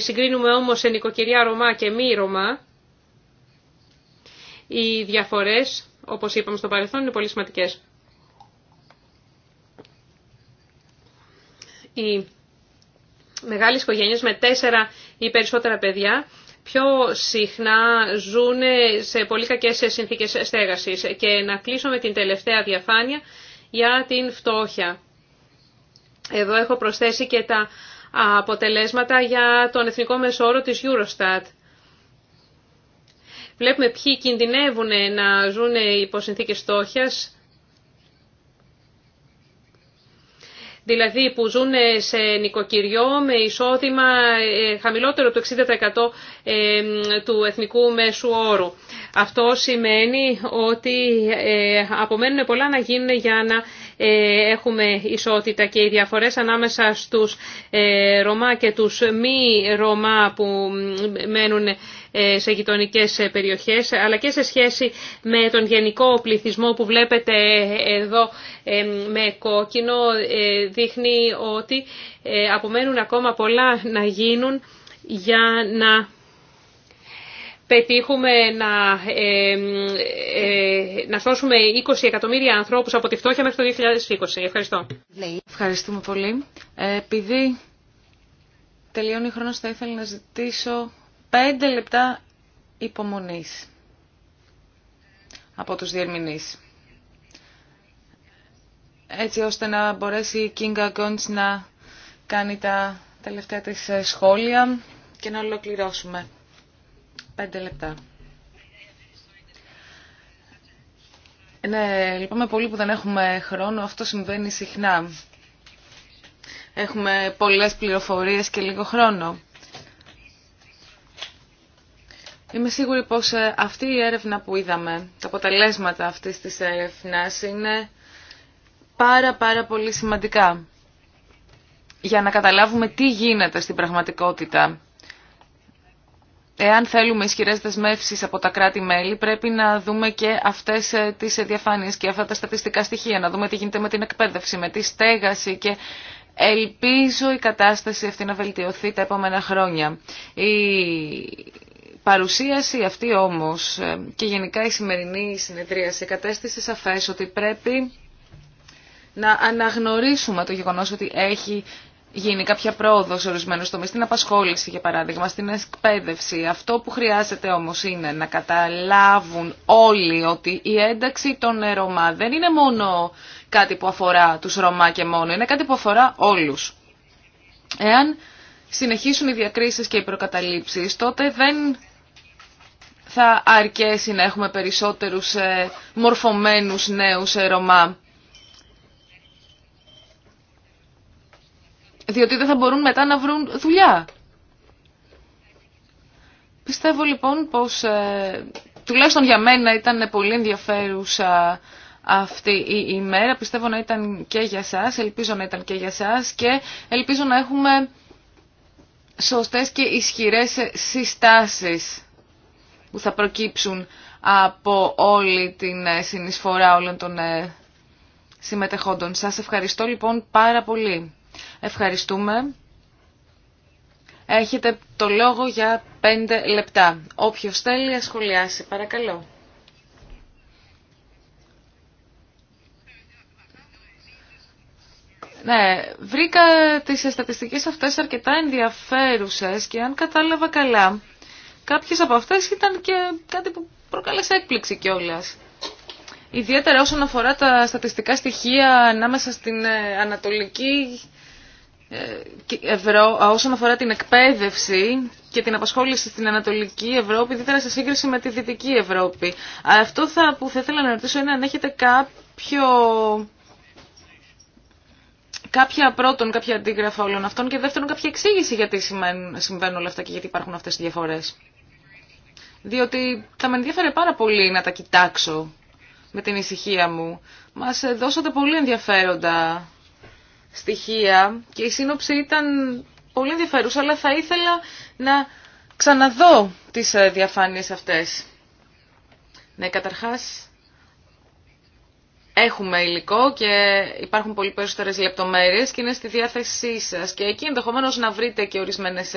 συγκρίνουμε όμως νοικοκυριά Ρωμά και μη Ρωμά, οι διαφορές, όπως είπαμε στο παρελθόν, είναι πολύ σημαντικές μεγάλες οικογένειες με τέσσερα ή περισσότερα παιδιά πιο συχνά ζουν σε πολύ κακές συνθήκες στέγασης. Και να κλείσω με την τελευταία διαφάνεια για την φτώχεια. Εδώ έχω προσθέσει και τα αποτελέσματα για τον Εθνικό Μεσόρο της Eurostat. Βλέπουμε ποιοι κινδυνεύουν να ζουν υπό συνθήκες στόχιας δηλαδή που ζουν ε, σε νοικοκυριό με εισόδημα ε, χαμηλότερο του 60% ε, του εθνικού μέσου όρου. Αυτό σημαίνει ότι απομένουν πολλά να γίνουν για να ε, έχουμε ισότητα και οι διαφορές ανάμεσα στους ε, Ρωμά και τους μη Ρωμά που μένουν ε, σε γειτονικέ περιοχές, αλλά και σε σχέση με τον γενικό πληθυσμό που βλέπετε εδώ με κόκκινο, δείχνει ότι απομένουν ακόμα πολλά να γίνουν για να πετύχουμε να, ε, ε να σώσουμε 20 εκατομμύρια ανθρώπους από τη φτώχεια μέχρι το 2020. Ευχαριστώ. Ευχαριστούμε πολύ. Ε, επειδή τελειώνει ο χρόνος θα ήθελα να ζητήσω 5 λεπτά υπομονής από τους διερμηνείς. Έτσι ώστε να μπορέσει η Κίνγκα Γκόντς να κάνει τα τελευταία της ε, σχόλια και να ολοκληρώσουμε. Πέντε λεπτά. Ναι, λυπάμαι πολύ που δεν έχουμε χρόνο. Αυτό συμβαίνει συχνά. Έχουμε πολλές πληροφορίες και λίγο χρόνο. Είμαι σίγουρη πως ε, αυτή η έρευνα που είδαμε, τα αποτελέσματα αυτής της έρευνας είναι πάρα πάρα πολύ σημαντικά για να καταλάβουμε τι γίνεται στην πραγματικότητα Εάν θέλουμε ισχυρέ δεσμεύσει από τα κράτη-μέλη, πρέπει να δούμε και αυτέ ε, τι διαφάνειε και αυτά τα στατιστικά στοιχεία, να δούμε τι γίνεται με την εκπαίδευση, με τη στέγαση και ελπίζω η κατάσταση αυτή να βελτιωθεί τα επόμενα χρόνια. Η παρουσίαση αυτή όμως ε, και γενικά η σημερινή συνεδρίαση κατέστησε σαφέ ότι πρέπει να αναγνωρίσουμε το γεγονός ότι έχει γίνει κάποια πρόοδο σε ορισμένου τομεί, στην απασχόληση για παράδειγμα, στην εκπαίδευση. Αυτό που χρειάζεται όμω είναι να καταλάβουν όλοι ότι η ένταξη των Ρωμά δεν είναι μόνο κάτι που αφορά του Ρωμά και μόνο, είναι κάτι που αφορά όλου. Εάν συνεχίσουν οι διακρίσει και οι προκαταλήψει, τότε δεν θα αρκέσει να έχουμε περισσότερους ε, μορφωμένους νέους ε, Ρωμά διότι δεν θα μπορούν μετά να βρουν δουλειά. Πιστεύω λοιπόν πως ε, τουλάχιστον για μένα ήταν πολύ ενδιαφέρουσα αυτή η ημέρα. Πιστεύω να ήταν και για σας, ελπίζω να ήταν και για σας και ελπίζω να έχουμε σωστές και ισχυρές συστάσεις που θα προκύψουν από όλη την ε, συνεισφορά όλων των ε, συμμετεχόντων. Σας ευχαριστώ λοιπόν πάρα πολύ. Ευχαριστούμε. Έχετε το λόγο για πέντε λεπτά. Όποιος θέλει, να σχολιάσει. Παρακαλώ. Ναι, βρήκα τις στατιστικές αυτές αρκετά ενδιαφέρουσες και αν κατάλαβα καλά, κάποιες από αυτές ήταν και κάτι που προκάλεσε έκπληξη κιόλα. Ιδιαίτερα όσον αφορά τα στατιστικά στοιχεία ανάμεσα στην ε, Ανατολική ε, ευρώ όσον αφορά την εκπαίδευση και την απασχόληση στην Ανατολική Ευρώπη, ιδιαίτερα σε σύγκριση με τη Δυτική Ευρώπη. Αυτό θα, που θα ήθελα να ρωτήσω είναι αν έχετε κάποιο... Κάποια πρώτον, κάποια αντίγραφα όλων αυτών και δεύτερον κάποια εξήγηση γιατί συμβαίνουν όλα αυτά και γιατί υπάρχουν αυτές οι διαφορές. Διότι θα με ενδιαφέρε πάρα πολύ να τα κοιτάξω με την ησυχία μου. Μας ε, δώσατε πολύ ενδιαφέροντα στοιχεία και η σύνοψη ήταν πολύ ενδιαφέρουσα, αλλά θα ήθελα να ξαναδώ τις ε, διαφάνειες αυτές. Ναι, καταρχάς έχουμε υλικό και υπάρχουν πολύ περισσότερες λεπτομέρειες και είναι στη διάθεσή σας. Και εκεί ενδεχομένω να βρείτε και ορισμένες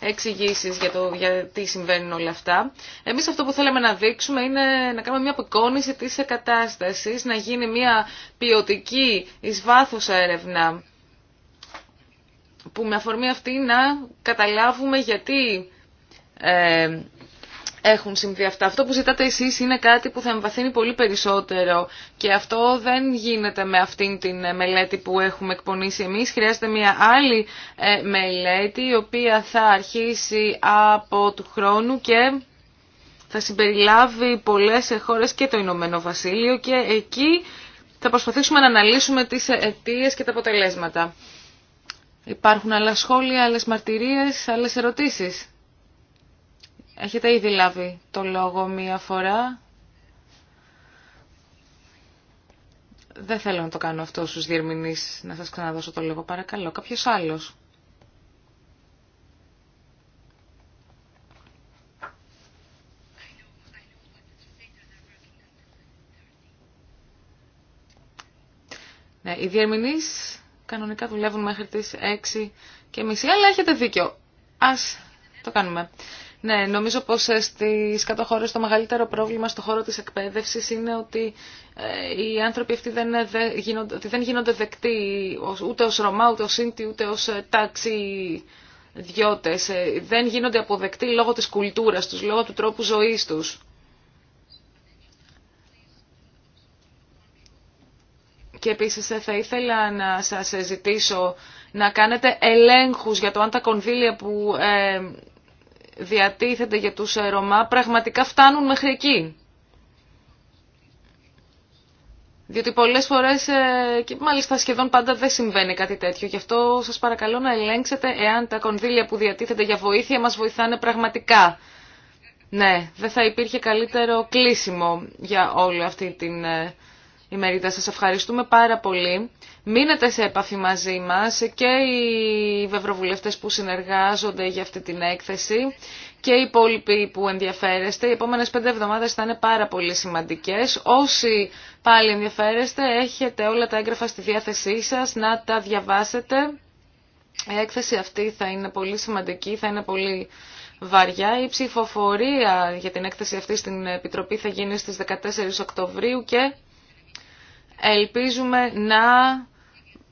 εξηγήσει για το γιατί συμβαίνουν όλα αυτά. Εμείς αυτό που θέλαμε να δείξουμε είναι να κάνουμε μια απεικόνιση της κατάσταση, να γίνει μια ποιοτική ει βάθο έρευνα που με αφορμή αυτή να καταλάβουμε γιατί ε, έχουν συμβεί αυτά. Αυτό που ζητάτε εσείς είναι κάτι που θα εμβαθύνει πολύ περισσότερο και αυτό δεν γίνεται με αυτήν την ε, μελέτη που έχουμε εκπονήσει εμείς. Χρειάζεται μια άλλη ε, μελέτη η οποία θα αρχίσει από του χρόνου και θα συμπεριλάβει πολλές χώρες και το Ηνωμένο Βασίλειο και εκεί θα προσπαθήσουμε να αναλύσουμε τις αιτίε και τα αποτελέσματα. Υπάρχουν άλλα σχόλια, άλλες μαρτυρίες, άλλες ερωτήσεις. Έχετε ήδη λάβει το λόγο μία φορά. Δεν θέλω να το κάνω αυτό στους διερμηνείς, να σας ξαναδώσω το λόγο. Παρακαλώ, κάποιος άλλος. Ναι, οι διερμηνείς κανονικά δουλεύουν μέχρι τις 6 και μισή, αλλά έχετε δίκιο. Ας το κάνουμε. Ναι, νομίζω πως ε, στις κάτω το μεγαλύτερο πρόβλημα στο χώρο της εκπαίδευσης είναι ότι ε, οι άνθρωποι αυτοί δεν, ε, γίνονται, δεν γίνονται δεκτοί ούτε ως Ρωμά, ούτε ως Σύντη, ούτε ως τάξη διώτες. Δεν γίνονται αποδεκτοί λόγω της κουλτούρας τους, λόγω του τρόπου ζωής τους. Και επίσης θα ήθελα να σας ζητήσω να κάνετε ελέγχους για το αν τα κονδύλια που διατίθεται για τους ε, Ρωμά πραγματικά φτάνουν μέχρι εκεί. Διότι πολλές φορές ε, και μάλιστα σχεδόν πάντα δεν συμβαίνει κάτι τέτοιο. Γι' αυτό σας παρακαλώ να ελέγξετε εάν τα κονδύλια που διατίθεται για βοήθεια μας βοηθάνε πραγματικά. Ναι, δεν θα υπήρχε καλύτερο κλείσιμο για όλη αυτή την ε, η Μερίδα. Σας ευχαριστούμε πάρα πολύ. Μείνετε σε επαφή μαζί μας και οι βευροβουλευτές που συνεργάζονται για αυτή την έκθεση και οι υπόλοιποι που ενδιαφέρεστε. Οι επόμενες πέντε εβδομάδες θα είναι πάρα πολύ σημαντικές. Όσοι πάλι ενδιαφέρεστε, έχετε όλα τα έγγραφα στη διάθεσή σας να τα διαβάσετε. Η έκθεση αυτή θα είναι πολύ σημαντική, θα είναι πολύ βαριά. Η ψηφοφορία για την έκθεση αυτή στην Επιτροπή θα γίνει στις 14 Οκτωβρίου και Ελπίζουμε να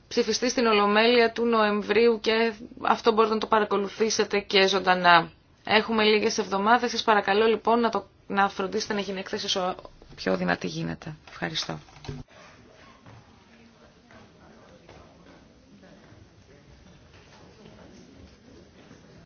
ψηφιστεί στην Ολομέλεια του Νοεμβρίου και αυτό μπορείτε να το παρακολουθήσετε και ζωντανά. Έχουμε λίγες εβδομάδες, σας παρακαλώ λοιπόν να, το, να φροντίσετε να γίνει εκθέσεις πιο δυνατή γίνεται. Ευχαριστώ.